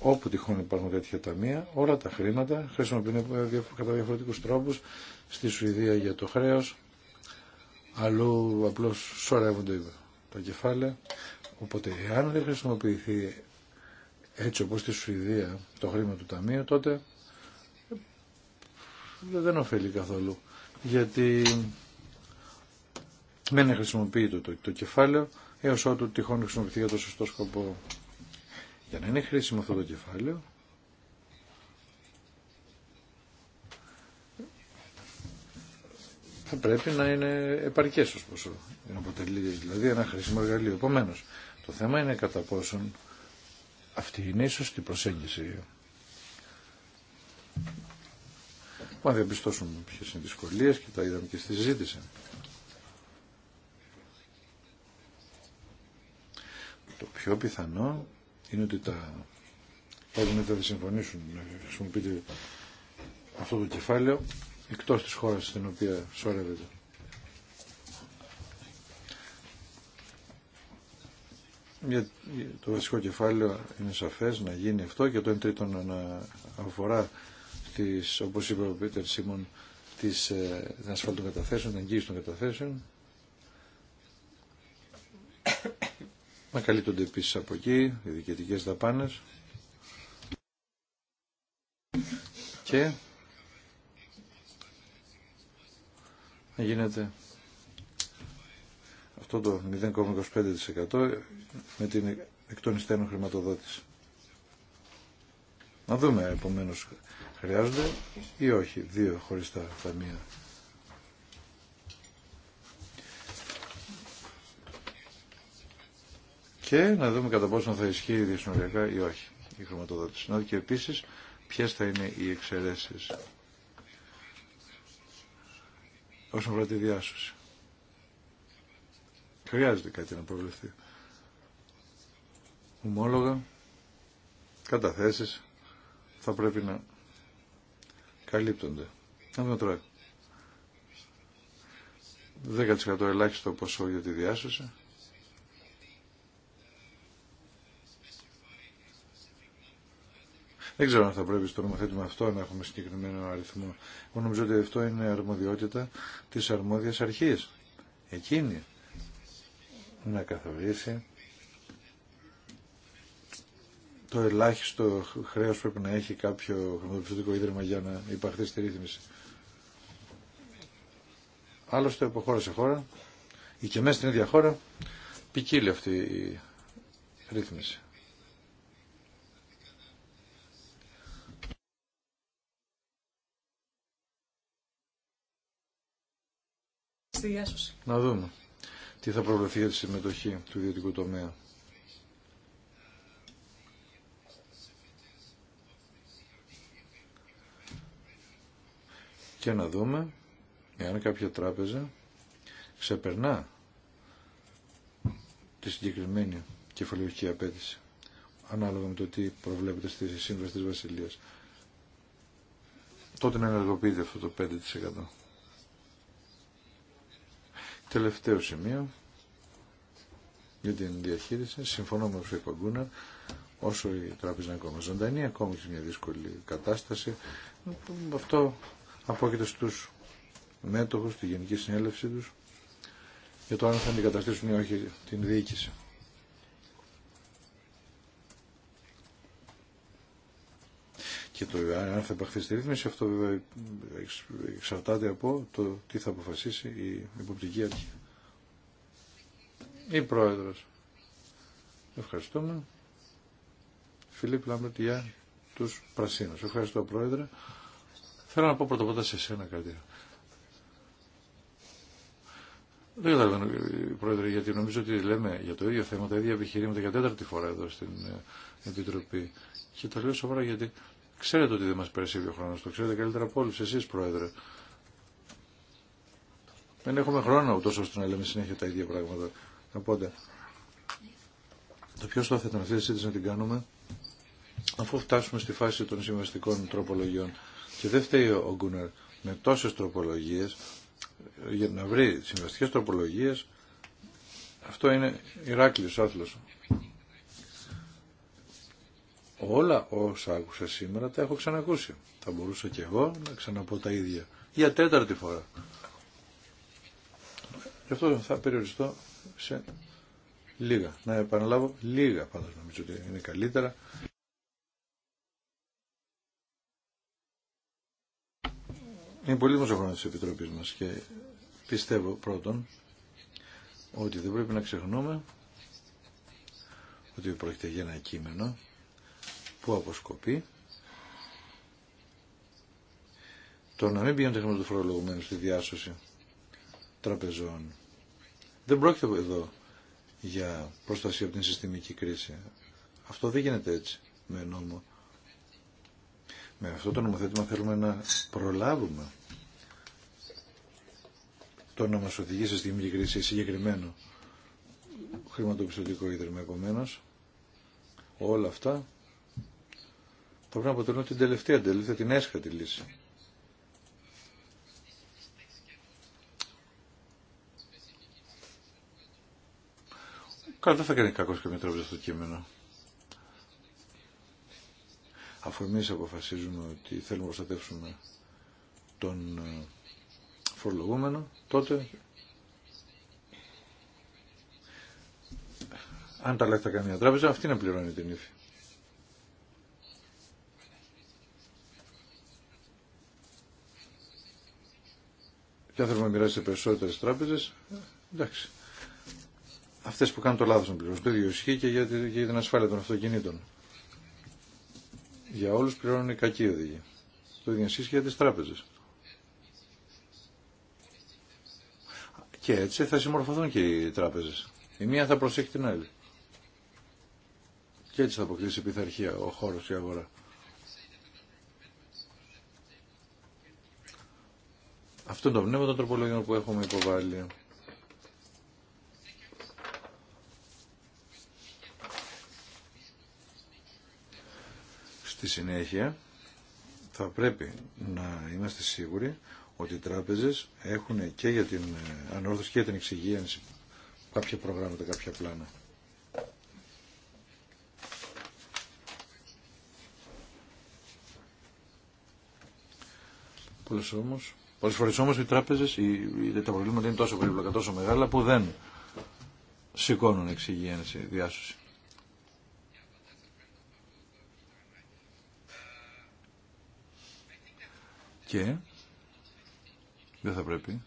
όπου τυχόν υπάρχουν τέτοια ταμεία, όλα τα χρήματα χρησιμοποιούν κατά διαφορετικούς τρόπους στη Σουηδία για το χρέος, αλλού απλώς σωρεύονται τα κεφάλαια. Οπότε, εάν δεν χρησιμοποιηθεί έτσι όπως στη Σουηδία το χρήμα του Ταμείου, τότε δεν ωφελεί καθόλου. Γιατί δεν χρησιμοποιείται το, το κεφάλαιο έως ότου τυχόν χρησιμοποιηθεί για το σωστό σκοπό. Για να είναι χρήσιμο αυτό το κεφάλαιο, θα πρέπει να είναι επαρκές ως ποσό. Να αποτελεί δηλαδή ένα χρήσιμο εργαλείο. Επομένως, το θέμα είναι κατά πόσον αυτή είναι η σωστή προσέγγιση. Μα διαπιστώσουμε ποιες είναι οι δυσκολίες και τα είδαμε και στη συζήτηση. Το πιο πιθανό είναι ότι τα κρατη δεν θα συμφωνήσουν να χρησιμοποιείτε αυτό το κεφάλαιο εκτός της χώρας στην οποία σώρευεται. για το βασικό κεφάλαιο είναι σαφές να γίνει αυτό και το εν τρίτον να αφορά τις, όπως είπε ο Πίτερ Σίμων τις ε, ασφάλτων καταθέσεων, την εγγύηση των καταθέσεων να καλύπτονται επίση από εκεί οι διοικητικές δαπάνες και να γίνεται αυτό το 0,25% με την εκ χρηματοδότηση. Να δούμε επομένως χρειάζονται ή όχι δύο χωριστά ταμεία. Και να δούμε κατά πόσο θα ισχύει διασυνοριακά ή όχι η χρηματοδότηση. Να δούμε και επίσης ποιες θα είναι οι εξαιρέσεις όσον αφορά τη διάσωση. Χρειάζεται κάτι να προβληθεί. Ομόλογα, καταθέσεις θα πρέπει να καλύπτονται. Να δούμε τώρα. 10% ελάχιστο ποσό για τη διάσωση. Δεν ξέρω αν θα πρέπει στο νομοθέτημα αυτό να έχουμε συγκεκριμένο αριθμό. Εγώ νομίζω ότι αυτό είναι αρμοδιότητα της αρμόδιας αρχής. Εκείνη να καθορίσει το ελάχιστο χρέος πρέπει να έχει κάποιο χρηματοπιστωτικό ίδρυμα για να υπαρχθεί στη ρύθμιση. Άλλωστε από χώρα σε χώρα ή και μέσα στην ίδια χώρα ποικίλει αυτή η ρύθμιση. Να δούμε τι θα προβληθεί για τη συμμετοχή του ιδιωτικού τομέα. Και να δούμε εάν κάποια τράπεζα ξεπερνά τη συγκεκριμένη κεφαλαιοχή απέτηση ανάλογα με το τι προβλέπεται στη σύμβαση της Βασιλείας τότε να ενεργοποιείται αυτό το 5%. Τελευταίο σημείο για την διαχείριση. Συμφωνώ με τον Παγκούνα όσο η τράπεζα είναι ακόμα ζωντανή, ακόμα σε μια δύσκολη κατάσταση. Αυτό απόκειται στους μέτοχου, τη Γενική Συνέλευση τους, για το αν θα αντικαταστήσουν ή όχι την διοίκηση. Και το αν θα υπαχθεί στη ρύθμιση αυτό βέβαια εξαρτάται από το τι θα αποφασίσει η υποπτική αρχή. Η Πρόεδρος. Ευχαριστούμε. Φιλίπ Λάμπερτ για τους Πρασίνους. Ευχαριστώ Πρόεδρε. Θέλω να πω πρώτα πρώτα σε εσένα κάτι. Δεν καταλαβαίνω, Πρόεδρε, γιατί νομίζω ότι λέμε για το ίδιο θέμα τα ίδια επιχειρήματα για τέταρτη φορά εδώ στην ε, Επιτροπή. Και τα λέω σοβαρά γιατί Ξέρετε ότι δεν μας περισσεύει ο χρόνος, το ξέρετε καλύτερα από όλους εσείς Πρόεδρε. Δεν έχουμε χρόνο ούτως ώστε να λέμε συνέχεια τα ίδια πράγματα. Οπότε, το πιο το θα ήταν αυτή τη να την κάνουμε αφού φτάσουμε στη φάση των συμβαστικών τροπολογιών. Και δεν φταίει ο Γκούναρ με τόσες τροπολογίες ε, για να βρει συμβαστικές τροπολογίες αυτό είναι Ηράκλειος άθλος. Όλα όσα άκουσα σήμερα τα έχω ξανακούσει. Θα μπορούσα και εγώ να ξαναπώ τα ίδια. Για τέταρτη φορά. Γι' αυτό θα περιοριστώ σε λίγα. Να επαναλάβω λίγα πάντως νομίζω ότι είναι καλύτερα. Είναι πολύ μας ο χρόνος της Επιτροπής μας και πιστεύω πρώτον ότι δεν πρέπει να ξεχνούμε ότι πρόκειται για ένα κείμενο που αποσκοπεί το να μην πηγαίνουν το στη διάσωση τραπεζών. Δεν πρόκειται εδώ για προστασία από την συστημική κρίση. Αυτό δεν γίνεται έτσι με νόμο. Με αυτό το νομοθέτημα θέλουμε να προλάβουμε το να μας οδηγεί σε στιγμή κρίση συγκεκριμένο χρηματοπιστωτικό ίδρυμα επομένω. όλα αυτά πρέπει να αποτελούν την τελευταία, την τελευταία, την έσχατη λύση. Καλά, δεν θα κάνει κακό και μια αυτό το κείμενο. Αφού εμεί αποφασίζουμε ότι θέλουμε να προστατεύσουμε τον ε, φορολογούμενο, τότε αν τα λέει θα κάνει μια τράπεζα, αυτή να πληρώνει την ύφη. και αν θέλουμε να μοιράσει περισσότερε τράπεζε, εντάξει. Αυτέ που κάνουν το λάθο να πληρώνουν. Το ίδιο ισχύει και για, την ασφάλεια των αυτοκινήτων. Για όλου πληρώνουν οι κακοί οδηγοί. Το ίδιο ισχύει και για τι τράπεζε. Και έτσι θα συμμορφωθούν και οι τράπεζε. Η μία θα προσέχει την άλλη. Και έτσι θα αποκτήσει πειθαρχία ο χώρο και η αγορά. Αυτό είναι το πνεύμα των τροπολογιών που έχουμε υποβάλει. Στη συνέχεια θα πρέπει να είμαστε σίγουροι ότι οι τράπεζες έχουν και για την ε, ανόρθωση και για την εξυγίανση κάποια προγράμματα, κάποια πλάνα. Πολλές όμως Πολλές φορές όμως οι τράπεζες, τα προβλήματα είναι τόσο περίπλοκα, τόσο μεγάλα που δεν σηκώνουν εξυγίανση, διάσωση. Και δεν θα πρέπει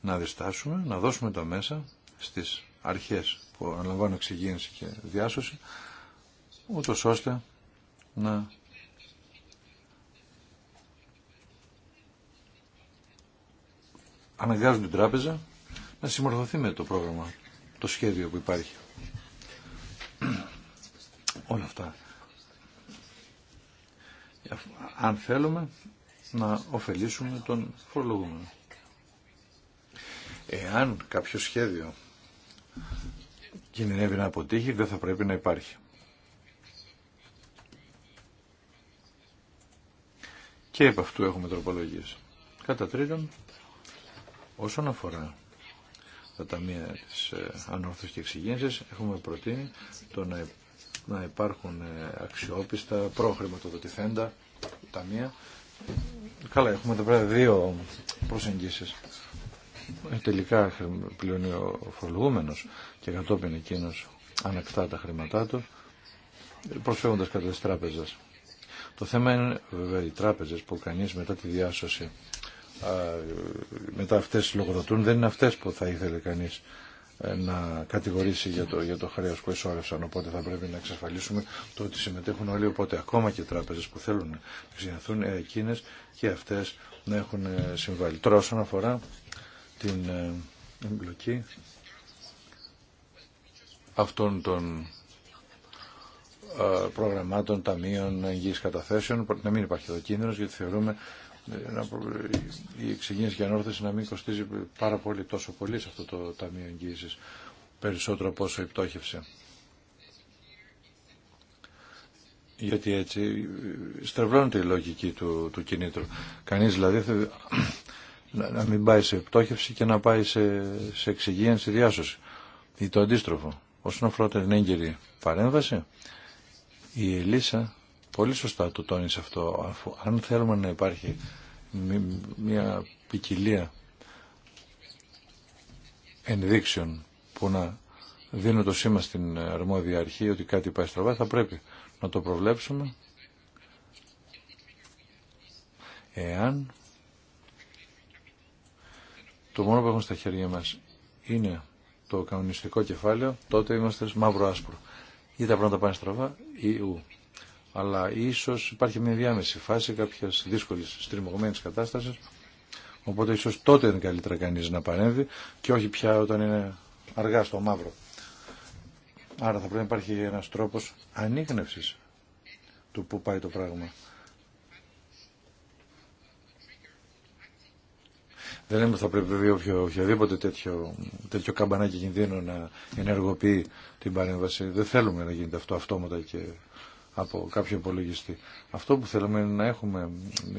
να διστάσουμε, να δώσουμε τα μέσα στις αρχές που αναλαμβάνουν εξυγίανση και διάσωση, ούτως ώστε να αναγκάζουν την τράπεζα να συμμορφωθεί με το πρόγραμμα, το σχέδιο που υπάρχει. Όλα αυτά. Αν θέλουμε να ωφελήσουμε τον φορολογούμενο. Εάν κάποιο σχέδιο κινδυνεύει να αποτύχει, δεν θα πρέπει να υπάρχει. Και επ' αυτού έχουμε τροπολογίες. Κατά τρίτον, Όσον αφορά τα ταμεία της ε, ανόρθωσης και εξυγένσης, έχουμε προτείνει το να, υπάρχουν ε, αξιόπιστα, προχρηματοδοτηθέντα ταμεία. Καλά, έχουμε εδώ πέρα δύο προσεγγίσεις. Τελικά πληρώνει ο φορολογούμενος και κατόπιν εκείνος ανακτά τα χρήματά του, προσφέροντας κατά της τράπεζας. Το θέμα είναι βέβαια οι τράπεζες που κανείς μετά τη διάσωση μετά αυτές λογοδοτούν, δεν είναι αυτές που θα ήθελε κανείς ε, να κατηγορήσει για το, για το χρέος που Οπότε θα πρέπει να εξασφαλίσουμε το ότι συμμετέχουν όλοι, οπότε ακόμα και τράπεζες που θέλουν να εξηγηθούν ε, εκείνες και αυτές να έχουν ε, συμβάλει. Τώρα όσον αφορά την εμπλοκή αυτών των προγραμμάτων, ταμείων, εγγύης καταθέσεων, να μην υπάρχει εδώ κίνδυνος, γιατί θεωρούμε η εξυγίνηση και ανόρθωση να μην κοστίζει πάρα πολύ, τόσο πολύ σε αυτό το Ταμείο Εγγύησης, περισσότερο από όσο η Γιατί έτσι στρεβλώνεται η λογική του, του κινήτρου. Κανείς δηλαδή να, μην πάει σε πτώχευση και να πάει σε, σε εξυγίανση διάσωση. Ή το αντίστροφο. Όσον αφορά την έγκαιρη παρέμβαση, η Ελίσσα Πολύ σωστά το τόνισε αυτό. Αφού, αν θέλουμε να υπάρχει μια ποικιλία ενδείξεων που να δίνουν το σήμα στην αρμόδια αρχή ότι κάτι πάει στραβά, θα πρέπει να το προβλέψουμε εάν το μόνο που έχουμε στα χέρια μας είναι το κανονιστικό κεφάλαιο, τότε είμαστε μαύρο-άσπρο. Ή τα πράγματα πάνε στραβά ή ου αλλά ίσως υπάρχει μια διάμεση φάση κάποιας δύσκολης στριμωγμένης κατάστασης, οπότε ίσως τότε είναι καλύτερα κανείς να παρέμβει και όχι πια όταν είναι αργά στο μαύρο. Άρα θα πρέπει να υπάρχει ένας τρόπος ανείχνευσης του που πάει το πράγμα. Δεν λέμε ότι θα πρέπει όποιο, οποιοδήποτε τέτοιο, τέτοιο καμπανάκι κινδύνου να ενεργοποιεί την παρέμβαση. Δεν θέλουμε να γίνεται αυτό αυτόματα και από κάποιο υπολογιστή. Αυτό που θέλουμε είναι να έχουμε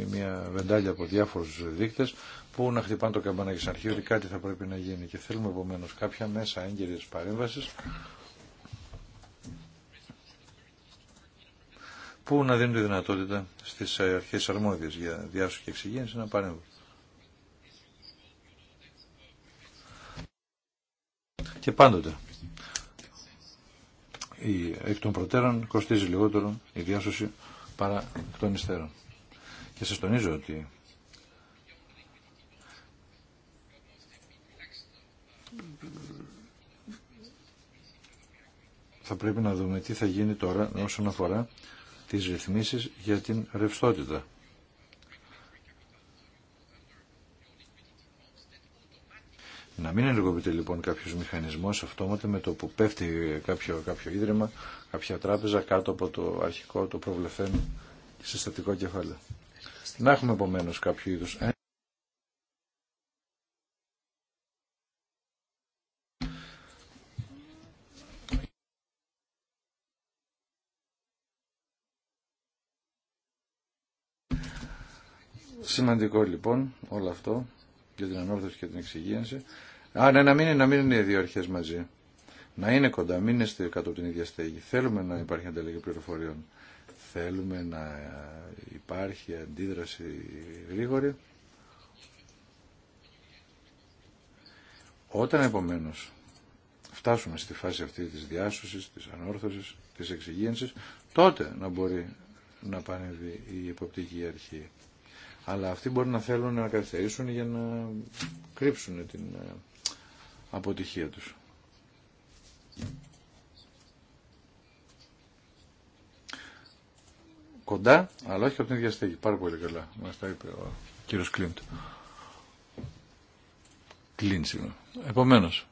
μια βεντάλια από διάφορους δείκτες που να χτυπάνε το καμπανάκι σαν αρχή ότι κάτι θα πρέπει να γίνει και θέλουμε επομένω κάποια μέσα έγκαιρης παρέμβασης που να δίνουν τη δυνατότητα στις αρχές αρμόδιες για διάσωση και εξυγένση να παρέμβουν. Και πάντοτε η, εκ των προτέρων κοστίζει λιγότερο η διάσωση παρά εκ των υστέρων. Και σας τονίζω ότι θα πρέπει να δούμε τι θα γίνει τώρα όσον αφορά τις ρυθμίσεις για την ρευστότητα. Να μην ενεργοποιείται λοιπόν κάποιος μηχανισμός αυτόματα με το που πέφτει κάποιο, κάποιο ίδρυμα, κάποια τράπεζα κάτω από το αρχικό, το προβλεφθέν συστατικό κεφάλαιο. Να έχουμε επομένω κάποιο είδους... Ε, Σημαντικό λοιπόν όλο αυτό για την ανόρθωση και την εξυγίανση. Α, ναι, να μην, είναι, να μην είναι οι δύο αρχέ μαζί. Να είναι κοντά, μην στη, κάτω από την ίδια στέγη. Θέλουμε να υπάρχει ανταλλαγή πληροφοριών. Θέλουμε να υπάρχει αντίδραση γρήγορη. Όταν επομένω φτάσουμε στη φάση αυτή της διάσωση, της ανόρθωσης, της εξυγίανση, τότε να μπορεί να πανεύει η υποπτική αρχή αλλά αυτοί μπορεί να θέλουν να καθυστερήσουν για να κρύψουν την ε, αποτυχία τους. Κοντά, αλλά όχι από την ίδια στέγη. Πάρα πολύ καλά. Μα τα είπε ο κύριος Κλίντ. Κλίντ, συγγνώμη. Επομένως,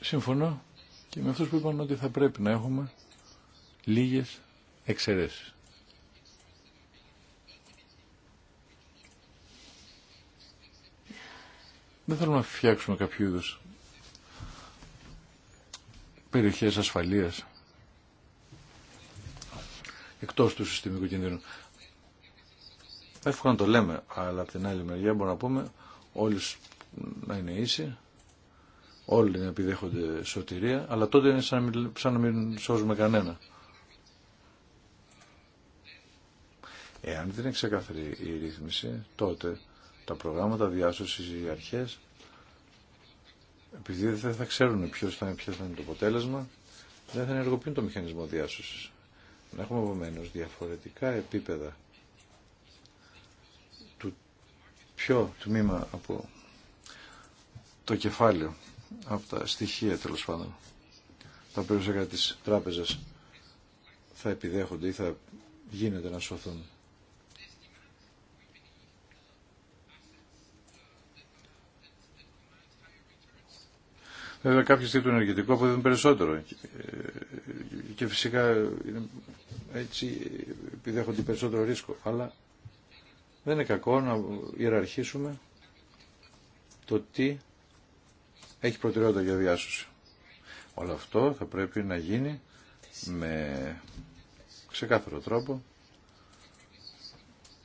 συμφωνώ και με αυτούς που είπαν ότι θα πρέπει να έχουμε λίγες εξαιρέσεις. Δεν θέλουμε να φτιάξουμε κάποιο είδου περιοχές ασφαλείας εκτός του συστημικού κινδύνου. Εύχομαι να το λέμε, αλλά από την άλλη μεριά μπορούμε να πούμε όλοι να είναι ίσοι, όλοι να επιδέχονται σωτηρία, αλλά τότε είναι σαν να μην, σαν να μην σώζουμε κανένα. Εάν δεν είναι ξεκάθαρη η ρύθμιση, τότε τα προγράμματα διάσωση οι αρχέ, επειδή δεν θα ξέρουν ποιο θα, είναι, θα είναι το αποτέλεσμα δεν θα ενεργοποιούν το μηχανισμό διάσωση. Να έχουμε επομένω διαφορετικά επίπεδα του ποιο τμήμα από το κεφάλαιο από τα στοιχεία τέλο πάντων τα περιουσιακά τη τράπεζα θα επιδέχονται ή θα γίνεται να σωθούν. Βέβαια κάποιοι στείλουν ενεργητικό αποδίδουν περισσότερο. Ε, και φυσικά έτσι επιδέχονται περισσότερο ρίσκο. Αλλά δεν είναι κακό να ιεραρχήσουμε το τι έχει προτεραιότητα για διάσωση. Όλο αυτό θα πρέπει να γίνει με ξεκάθαρο τρόπο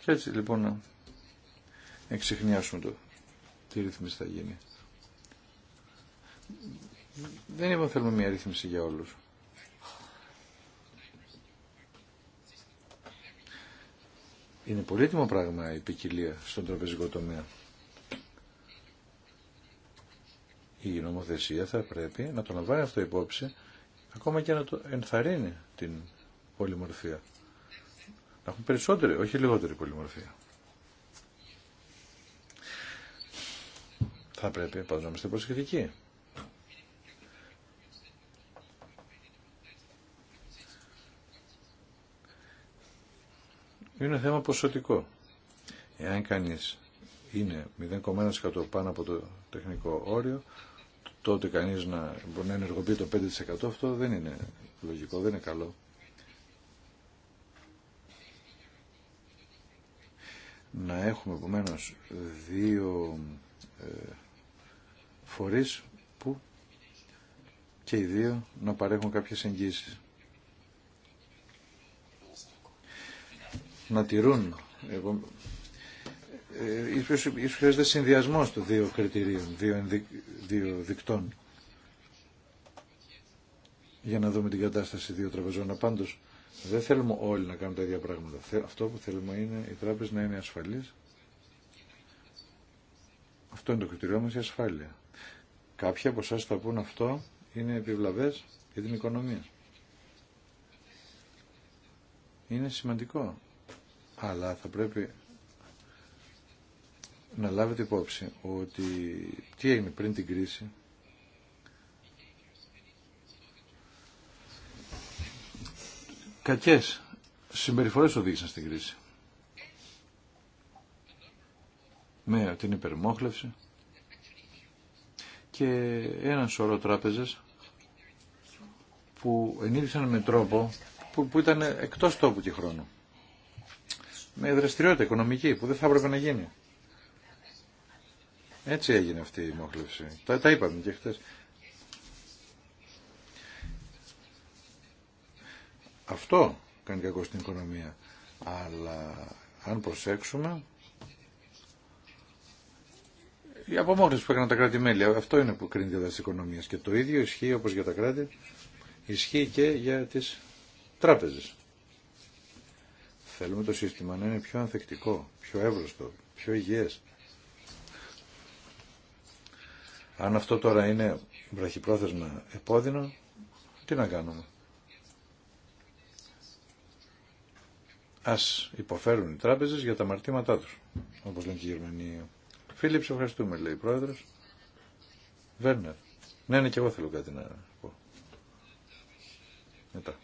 και έτσι λοιπόν να εξηχνιάσουμε το τι ρυθμίστα θα γίνει. Δεν είπαμε θέλουμε μια ρύθμιση για όλους. Είναι πολύτιμο πράγμα η ποικιλία στον τραπεζικό τομέα. Η νομοθεσία θα πρέπει να το λαμβάνει αυτό υπόψη, ακόμα και να το ενθαρρύνει την πολυμορφία. Να έχουν περισσότερη, όχι λιγότερη πολυμορφία. Θα πρέπει πάντως να είμαστε προσεκτικοί. είναι θέμα ποσοτικό. Εάν κανείς είναι 0,1% πάνω από το τεχνικό όριο, τότε κανείς να μπορεί να ενεργοποιεί το 5% αυτό δεν είναι λογικό, δεν είναι καλό. Να έχουμε επομένω δύο ε, φορείς που και οι δύο να παρέχουν κάποιες εγγύσεις. να τηρούν. Εγώ, ε, ίσως, χρειάζεται συνδυασμός των δύο κριτηρίων, δύο, δικτών. Για να δούμε την κατάσταση δύο τραπεζών. Πάντως, δεν θέλουμε όλοι να κάνουν τα ίδια πράγματα. Αυτό που θέλουμε είναι οι τράπεζες να είναι ασφαλείς. Αυτό είναι το κριτηριό μας, η ασφάλεια. Κάποιοι από εσάς θα πούν αυτό είναι επιβλαβές για την οικονομία. Είναι σημαντικό αλλά θα πρέπει να λάβετε υπόψη ότι τι έγινε πριν την κρίση κακές συμπεριφορές οδήγησαν στην κρίση με την υπερμόχλευση και ένα σωρό τράπεζες που ενήλυσαν με τρόπο που, που ήταν εκτός τόπου και χρόνου με δραστηριότητα οικονομική που δεν θα έπρεπε να γίνει. Έτσι έγινε αυτή η μόχλευση. Τα, τα είπαμε και χθε. Αυτό κάνει κακό στην οικονομία. Αλλά αν προσέξουμε, η απομόχλευση που έκαναν τα κράτη-μέλη, αυτό είναι που κρίνει τη οικονομία. οικονομίας. Και το ίδιο ισχύει όπως για τα κράτη, ισχύει και για τις τράπεζες. Θέλουμε το σύστημα να είναι πιο ανθεκτικό, πιο εύρωστο, πιο υγιές. Αν αυτό τώρα είναι βραχυπρόθεσμα επώδυνο, τι να κάνουμε. Ας υποφέρουν οι τράπεζες για τα μαρτήματά τους, όπως λένε και οι Γερμανοί. Φίλιπ, ευχαριστούμε, λέει η πρόεδρος. Βέρνερ. Ναι, ναι, και εγώ θέλω κάτι να πω. Μετά.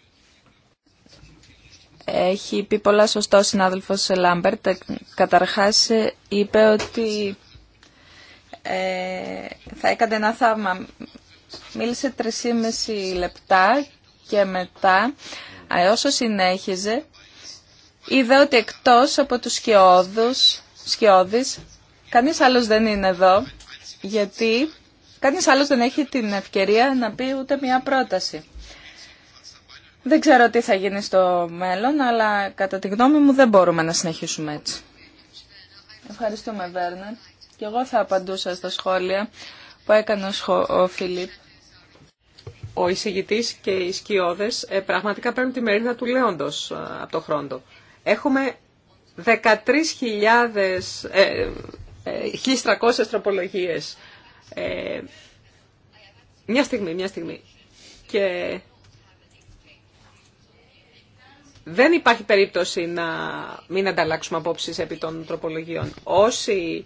Έχει πει πολλά σωστό ο συνάδελφος Λάμπερτ. Καταρχάς είπε ότι ε, θα έκανε ένα θαύμα. Μίλησε 3,5 λεπτά και μετά, όσο συνέχιζε, είδα ότι εκτός από τους σκιώδους, σκιώδης, κανείς άλλος δεν είναι εδώ, γιατί κανείς άλλος δεν έχει την ευκαιρία να πει ούτε μια πρόταση. Δεν ξέρω τι θα γίνει στο μέλλον, αλλά κατά τη γνώμη μου δεν μπορούμε να συνεχίσουμε έτσι. Ευχαριστούμε, Βέρνερ. Και εγώ θα απαντούσα στα σχόλια που έκανε ο Φιλίπ. Ο εισηγητή και οι σκιώδε ε, πραγματικά παίρνουν τη μερίδα του λέοντο ε, από το χρόνο. Έχουμε 13.000. Ε, 1.300 ε, τροπολογίες. μια στιγμή, μια στιγμή. Και δεν υπάρχει περίπτωση να μην ανταλλάξουμε απόψεις επί των τροπολογιών. Όσοι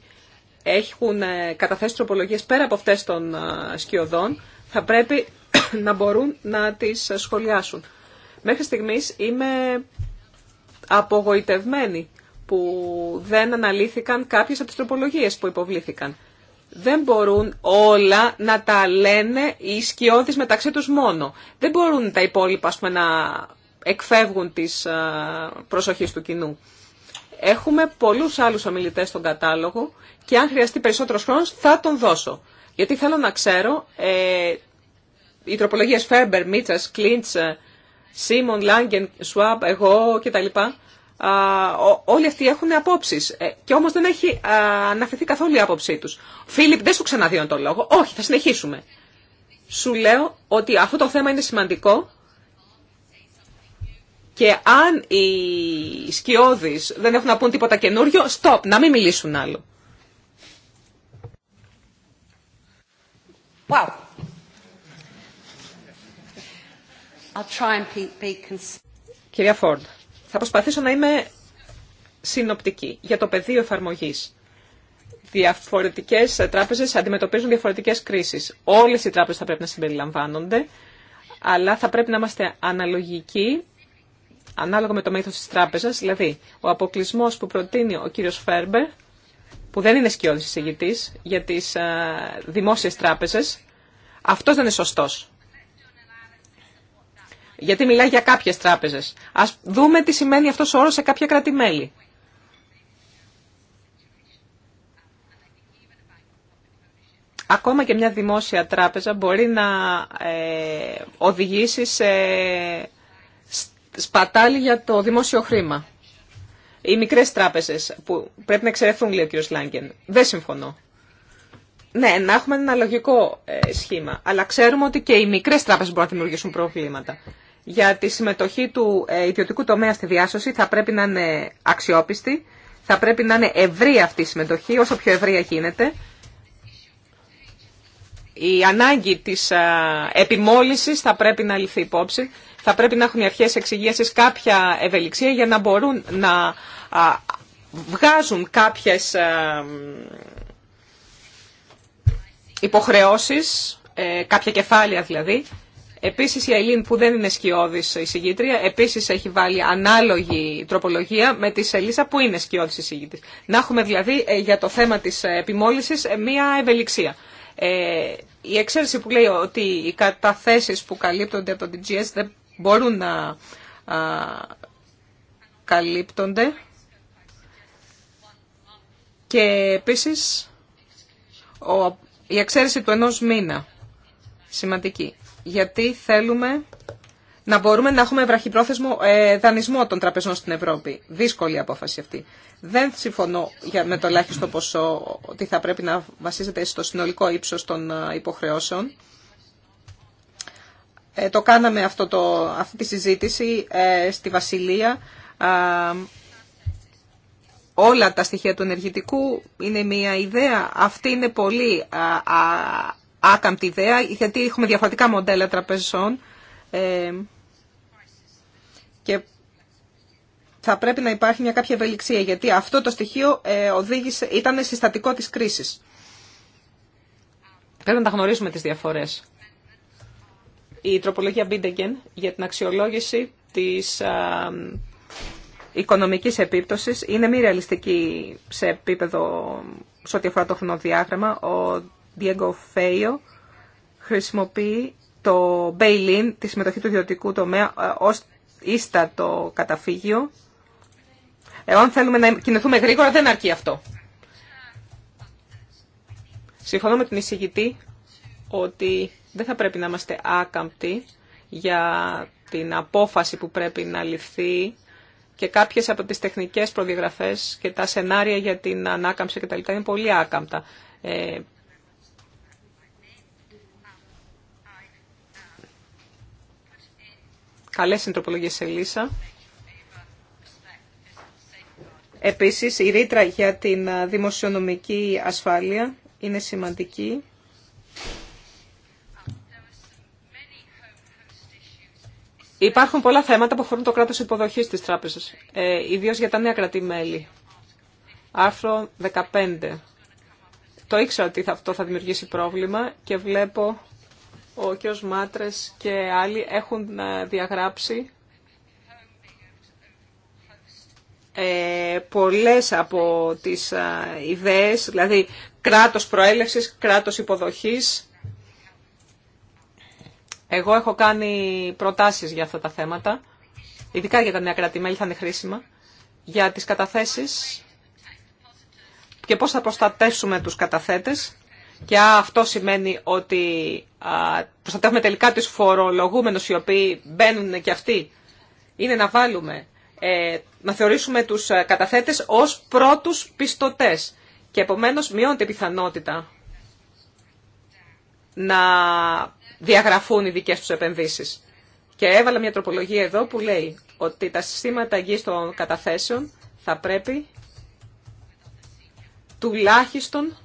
έχουν ε, καταθέσει τροπολογίες πέρα από αυτές των ε, σκιωδών, θα πρέπει να μπορούν να τις σχολιάσουν. Μέχρι στιγμής είμαι απογοητευμένη που δεν αναλύθηκαν κάποιες από τις τροπολογίες που υποβλήθηκαν. Δεν μπορούν όλα να τα λένε οι σκιώδεις μεταξύ τους μόνο. Δεν μπορούν τα υπόλοιπα να εκφεύγουν της ε, προσοχής του κοινού. Έχουμε πολλούς άλλους ομιλητές στον κατάλογο και αν χρειαστεί περισσότερος χρόνος θα τον δώσω. Γιατί θέλω να ξέρω, ε, οι τροπολογίες Φέρμπερ, Μίτσας, Κλίντς, ε, Σίμον, Λάγκεν, Σουάμπ, εγώ κτλ. όλοι αυτοί έχουν απόψει. Ε, και όμω δεν έχει α, αναφερθεί καθόλου η άποψή του. Φίλιπ, δεν σου ξαναδίνω τον λόγο. Όχι, θα συνεχίσουμε. Σου λέω ότι αυτό το θέμα είναι σημαντικό και αν οι σκιώδεις δεν έχουν να πούν τίποτα καινούριο, stop, να μην μιλήσουν άλλο. Wow. Κυρία Φόρντ, θα προσπαθήσω να είμαι συνοπτική για το πεδίο εφαρμογής. Διαφορετικές τράπεζες αντιμετωπίζουν διαφορετικές κρίσεις. Όλες οι τράπεζες θα πρέπει να συμπεριλαμβάνονται, αλλά θα πρέπει να είμαστε αναλογικοί ανάλογα με το μέγεθος τη Τράπεζα, δηλαδή ο αποκλεισμό που προτείνει ο κύριος Φέρμπερ, που δεν είναι σκιώδη εισηγητή για τις ε, δημόσιες τράπεζες, Αυτό δεν είναι σωστός. Γιατί μιλάει για κάποιες τράπεζες. Ας δούμε τι σημαίνει αυτό ο όρο σε κάποια Ακόμα και μια δημόσια τράπεζα μπορεί να ε, οδηγήσει σε σπατάλη για το δημόσιο χρήμα. Οι μικρές τράπεζες που πρέπει να εξαιρεθούν, λέει ο κ. Λάγκεν. Δεν συμφωνώ. Ναι, να έχουμε ένα λογικό ε, σχήμα, αλλά ξέρουμε ότι και οι μικρές τράπεζες μπορούν να δημιουργήσουν προβλήματα. Για τη συμμετοχή του ε, ιδιωτικού τομέα στη διάσωση θα πρέπει να είναι αξιόπιστη, θα πρέπει να είναι ευρύ αυτή η συμμετοχή, όσο πιο ευρία γίνεται η ανάγκη της επιμόλυσης θα πρέπει να ληφθεί υπόψη. Θα πρέπει να έχουν οι αρχές εξηγίασης κάποια ευελιξία για να μπορούν να βγάζουν κάποιες υποχρεώσεις, ε, κάποια κεφάλαια δηλαδή. Επίσης η Ελίν που δεν είναι σκιώδης εισηγήτρια, επίσης έχει βάλει ανάλογη τροπολογία με τη Σελίσσα που είναι σκιώδης εισηγήτρια. Να έχουμε δηλαδή ε, για το θέμα της ε, επιμόλυσης μία ευελιξία. Ε, η εξαίρεση που λέει ότι οι καταθέσεις που καλύπτονται από την GS δεν μπορούν να καλύπτονται και επίσης η εξαίρεση του ενός μήνα σημαντική γιατί θέλουμε να μπορούμε να έχουμε βραχυπρόθεσμο ε, δανεισμό των τραπεζών στην Ευρώπη. Δύσκολη απόφαση αυτή. Δεν συμφωνώ με το ελάχιστο ποσό ότι θα πρέπει να βασίζεται στο συνολικό ύψος των ε, υποχρεώσεων. Ε, το κάναμε αυτό το, αυτή τη συζήτηση στη Βασιλεία. Όλα τα στοιχεία του ενεργητικού είναι μια ιδέα. Αυτή είναι πολύ άκαμπτη ιδέα, γιατί έχουμε διαφορετικά μοντέλα τραπεζών και θα πρέπει να υπάρχει μια κάποια ευελιξία, γιατί αυτό το στοιχείο ε, οδήγησε, ήταν συστατικό της κρίσης. Πρέπει να τα γνωρίζουμε τις διαφορές. Η τροπολογία Μπίντεγκεν για την αξιολόγηση της οικονομικής επίπτωσης είναι μη ρεαλιστική σε επίπεδο σε ό,τι αφορά το χρονοδιάγραμμα. Ο Diego Φέιο χρησιμοποιεί το bail-in, τη συμμετοχή του ιδιωτικού τομέα, ε, ως ίστατο καταφύγιο. Εάν θέλουμε να κινηθούμε γρήγορα δεν αρκεί αυτό. Συμφωνώ με την εισηγητή ότι δεν θα πρέπει να είμαστε άκαμπτοι για την απόφαση που πρέπει να ληφθεί και κάποιες από τις τεχνικές προδιαγραφές και τα σενάρια για την ανάκαμψη κτλ. είναι πολύ άκαμπτα. Ε, Καλές συντροπολογίες σε Λίσσα. Επίσης, η ρήτρα για την δημοσιονομική ασφάλεια είναι σημαντική. Υπάρχουν πολλά θέματα που αφορούν το κράτος υποδοχής της τράπεζας, ε, ιδίως για τα νέα κρατή-μέλη. Άρθρο 15. Το ήξερα ότι αυτό θα δημιουργήσει πρόβλημα και βλέπω ο κ. Μάτρες και άλλοι έχουν ε, διαγράψει ε, πολλές από τις ε, ιδέες, δηλαδή κράτος προέλευσης, κράτος υποδοχής. Εγώ έχω κάνει προτάσεις για αυτά τα θέματα, ειδικά για τα νέα κράτη-μέλη θα είναι χρήσιμα, για τις καταθέσεις και πώς θα προστατεύσουμε τους καταθέτες. Και αυτό σημαίνει ότι προστατεύουμε τελικά τους φορολογούμενους οι οποίοι μπαίνουν και αυτοί. Είναι να βάλουμε, ε, να θεωρήσουμε τους ε, καταθέτες ως πρώτους πιστωτές. Και επομένως μειώνεται η πιθανότητα να διαγραφούν οι δικές τους επενδύσεις. Και έβαλα μια τροπολογία εδώ που λέει ότι τα συστήματα εγγύης των καταθέσεων θα πρέπει τουλάχιστον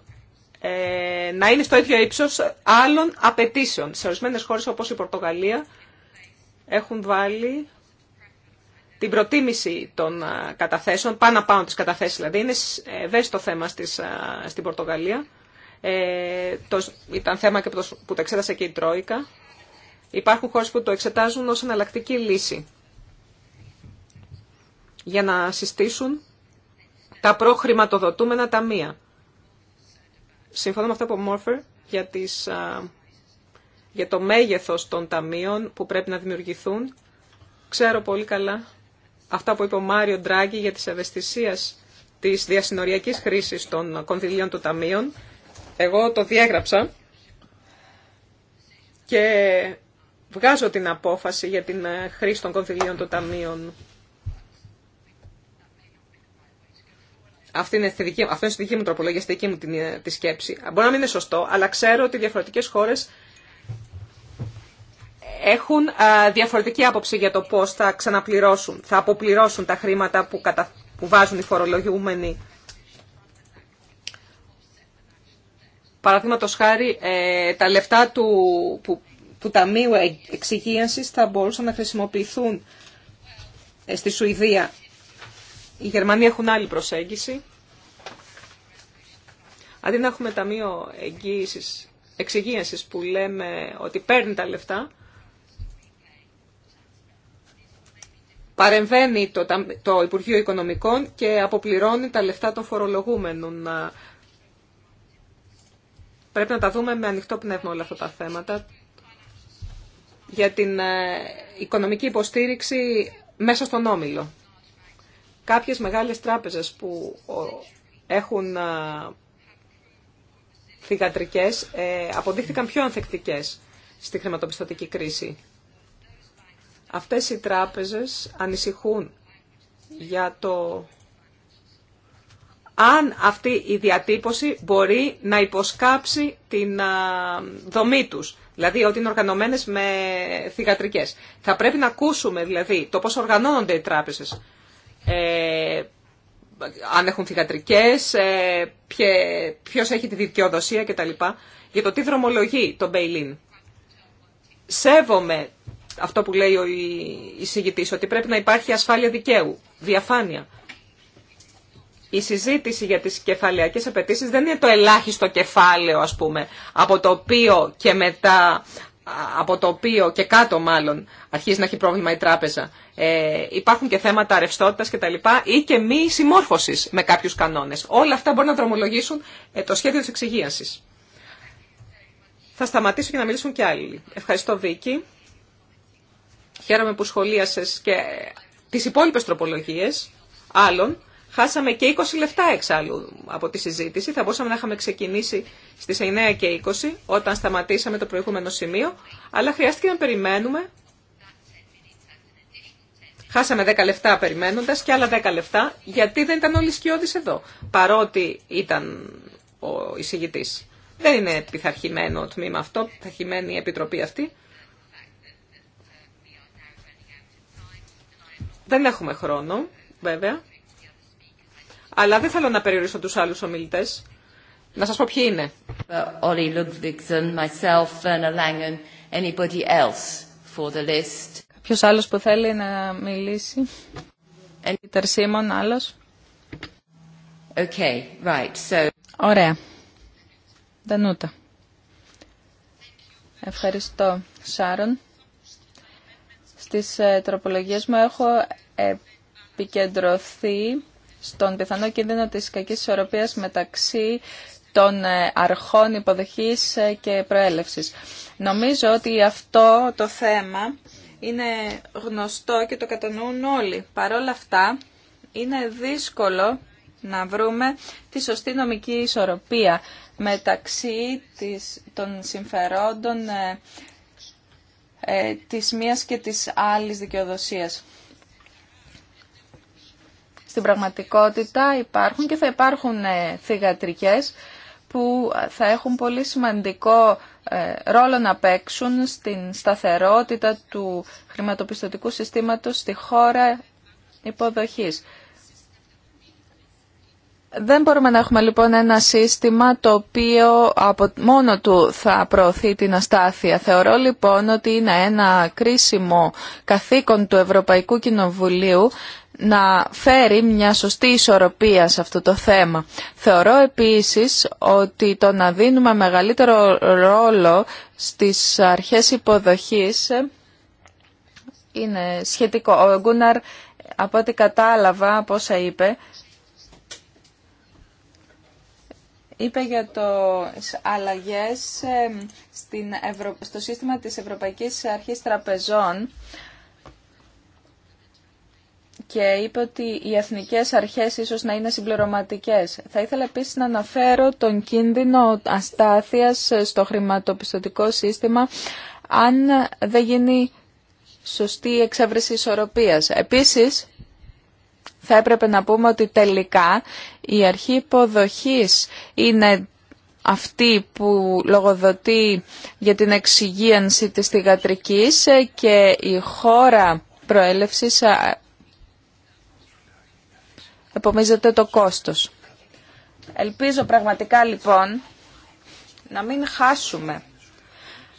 ε, να είναι στο ίδιο ύψο άλλων απαιτήσεων. Σε ορισμένες χώρες όπως η Πορτογαλία έχουν βάλει την προτίμηση των ε, καταθέσεων, πάνω πάνω τις καταθέσεις δηλαδή, είναι ε, ευαίσθητο θέμα στις, στην Πορτογαλία. Ε, ήταν θέμα και που το, που το εξέτασε και η Τρόικα. Υπάρχουν χώρες που το εξετάζουν ως εναλλακτική λύση για να συστήσουν τα προχρηματοδοτούμενα ταμεία. Συμφωνώ με αυτά που Μόρφερ για, τις, για το μέγεθος των ταμείων που πρέπει να δημιουργηθούν. Ξέρω πολύ καλά αυτά που είπε ο Μάριο Ντράγκη για τις ευαισθησίες της διασυνοριακής χρήσης των κονδυλίων των ταμείων. Εγώ το διέγραψα και βγάζω την απόφαση για την ε, χρήση των κονδυλίων των ταμείων Αυτή είναι δική, αυτό είναι στη δική μου τροπολογία, στη δική μου την, ε, τη σκέψη. Μπορεί να μην είναι σωστό, αλλά ξέρω ότι διαφορετικές χώρες έχουν διαφορετική άποψη για το πώς θα ξαναπληρώσουν, θα αποπληρώσουν τα χρήματα που, κατα, που βάζουν οι φορολογιούμενοι. Παραδείγματο χάρη, ε, τα λεφτά του, που, του Ταμείου Εξυγίανσης θα μπορούσαν να χρησιμοποιηθούν ε, στη Σουηδία οι Γερμανοί έχουν άλλη προσέγγιση. Αντί να έχουμε ταμείο εγγύησης, εξυγίανσης που λέμε ότι παίρνει τα λεφτά, παρεμβαίνει το, το Υπουργείο Οικονομικών και αποπληρώνει τα λεφτά των φορολογούμενων. Πρέπει να τα δούμε με ανοιχτό πνεύμα όλα αυτά τα θέματα για την ε, οικονομική υποστήριξη μέσα στον Όμιλο. Κάποιες μεγάλες τράπεζες που έχουν θυγατρικές ε, αποδείχθηκαν πιο ανθεκτικές στη χρηματοπιστωτική κρίση. Αυτές οι τράπεζες ανησυχούν για το αν αυτή η διατύπωση μπορεί να υποσκάψει την δομή τους, δηλαδή ότι είναι οργανωμένες με θηγατρικές. Θα πρέπει να ακούσουμε δηλαδή το πώς οργανώνονται οι τράπεζες ε, αν έχουν θηγατρικές, ε, ποιος έχει τη δικαιοδοσία κτλ. Για το τι δρομολογεί το Μπέιλιν. Σέβομαι αυτό που λέει ο εισηγητής, ότι πρέπει να υπάρχει ασφάλεια δικαίου, διαφάνεια. Η συζήτηση για τις κεφαλαιακές απαιτήσει δεν είναι το ελάχιστο κεφάλαιο, ας πούμε, από το οποίο και μετά από το οποίο και κάτω μάλλον αρχίζει να έχει πρόβλημα η τράπεζα, ε, υπάρχουν και θέματα ρευστότητα κτλ. ή και μη συμμόρφωση με κάποιου κανόνε. Όλα αυτά μπορούν να δρομολογήσουν ε, το σχέδιο τη εξυγίανση. Θα σταματήσω και να μιλήσουν και άλλοι. Ευχαριστώ, Βίκη. Χαίρομαι που σχολίασε και τι υπόλοιπε τροπολογίε άλλων. Χάσαμε και 20 λεφτά, εξάλλου από τη συζήτηση. Θα μπορούσαμε να είχαμε ξεκινήσει στις 9 και 20 όταν σταματήσαμε το προηγούμενο σημείο, αλλά χρειάστηκε να περιμένουμε. Χάσαμε 10 λεπτά περιμένοντας και άλλα 10 λεπτά γιατί δεν ήταν όλοι σκιώδεις εδώ, παρότι ήταν ο εισηγητής. Δεν είναι πειθαρχημένο το τμήμα αυτό, πειθαρχημένη η επιτροπή αυτή. Δεν έχουμε χρόνο, βέβαια αλλά δεν θέλω να περιορίσω τους άλλους ομιλητές. Να σας πω ποιοι είναι. Olli Ludvigsen, myself, anybody else for the list. άλλος που θέλει να μιλήσει. Πίτερ Σίμον άλλος. Okay, right, so... Ωραία. Δανούτα. Ευχαριστώ, Σάρον. Στις ε, τροπολογίες μου έχω επικεντρωθεί στον πιθανό κίνδυνο της κακής ισορροπίας μεταξύ των ε, αρχών υποδοχής ε, και προέλευσης. Νομίζω ότι αυτό το θέμα είναι γνωστό και το κατανοούν όλοι. Παρ' όλα αυτά, είναι δύσκολο να βρούμε τη σωστή νομική ισορροπία μεταξύ της, των συμφερόντων ε, ε, της μίας και της άλλης δικαιοδοσίας. Στην πραγματικότητα υπάρχουν και θα υπάρχουν ε, θυγατρικές που θα έχουν πολύ σημαντικό ε, ρόλο να παίξουν στην σταθερότητα του χρηματοπιστωτικού συστήματος στη χώρα υποδοχής. Δεν μπορούμε να έχουμε λοιπόν ένα σύστημα το οποίο από μόνο του θα προωθεί την αστάθεια. Θεωρώ λοιπόν ότι είναι ένα κρίσιμο καθήκον του Ευρωπαϊκού Κοινοβουλίου να φέρει μια σωστή ισορροπία σε αυτό το θέμα. Θεωρώ επίσης ότι το να δίνουμε μεγαλύτερο ρόλο στις αρχές υποδοχής είναι σχετικό. Ο Γκούναρ από ό,τι κατάλαβα, από είπε, είπε για το αλλαγές στην στο σύστημα της Ευρωπαϊκής Αρχής Τραπεζών και είπε ότι οι εθνικές αρχές ίσως να είναι συμπληρωματικές. Θα ήθελα επίσης να αναφέρω τον κίνδυνο αστάθειας στο χρηματοπιστωτικό σύστημα αν δεν γίνει σωστή εξέβρεση ισορροπίας. Επίσης, θα έπρεπε να πούμε ότι τελικά η αρχή υποδοχής είναι αυτή που λογοδοτεί για την εξυγίανση της θηγατρικής και η χώρα προέλευσης επομίζεται το κόστος. Ελπίζω πραγματικά λοιπόν να μην χάσουμε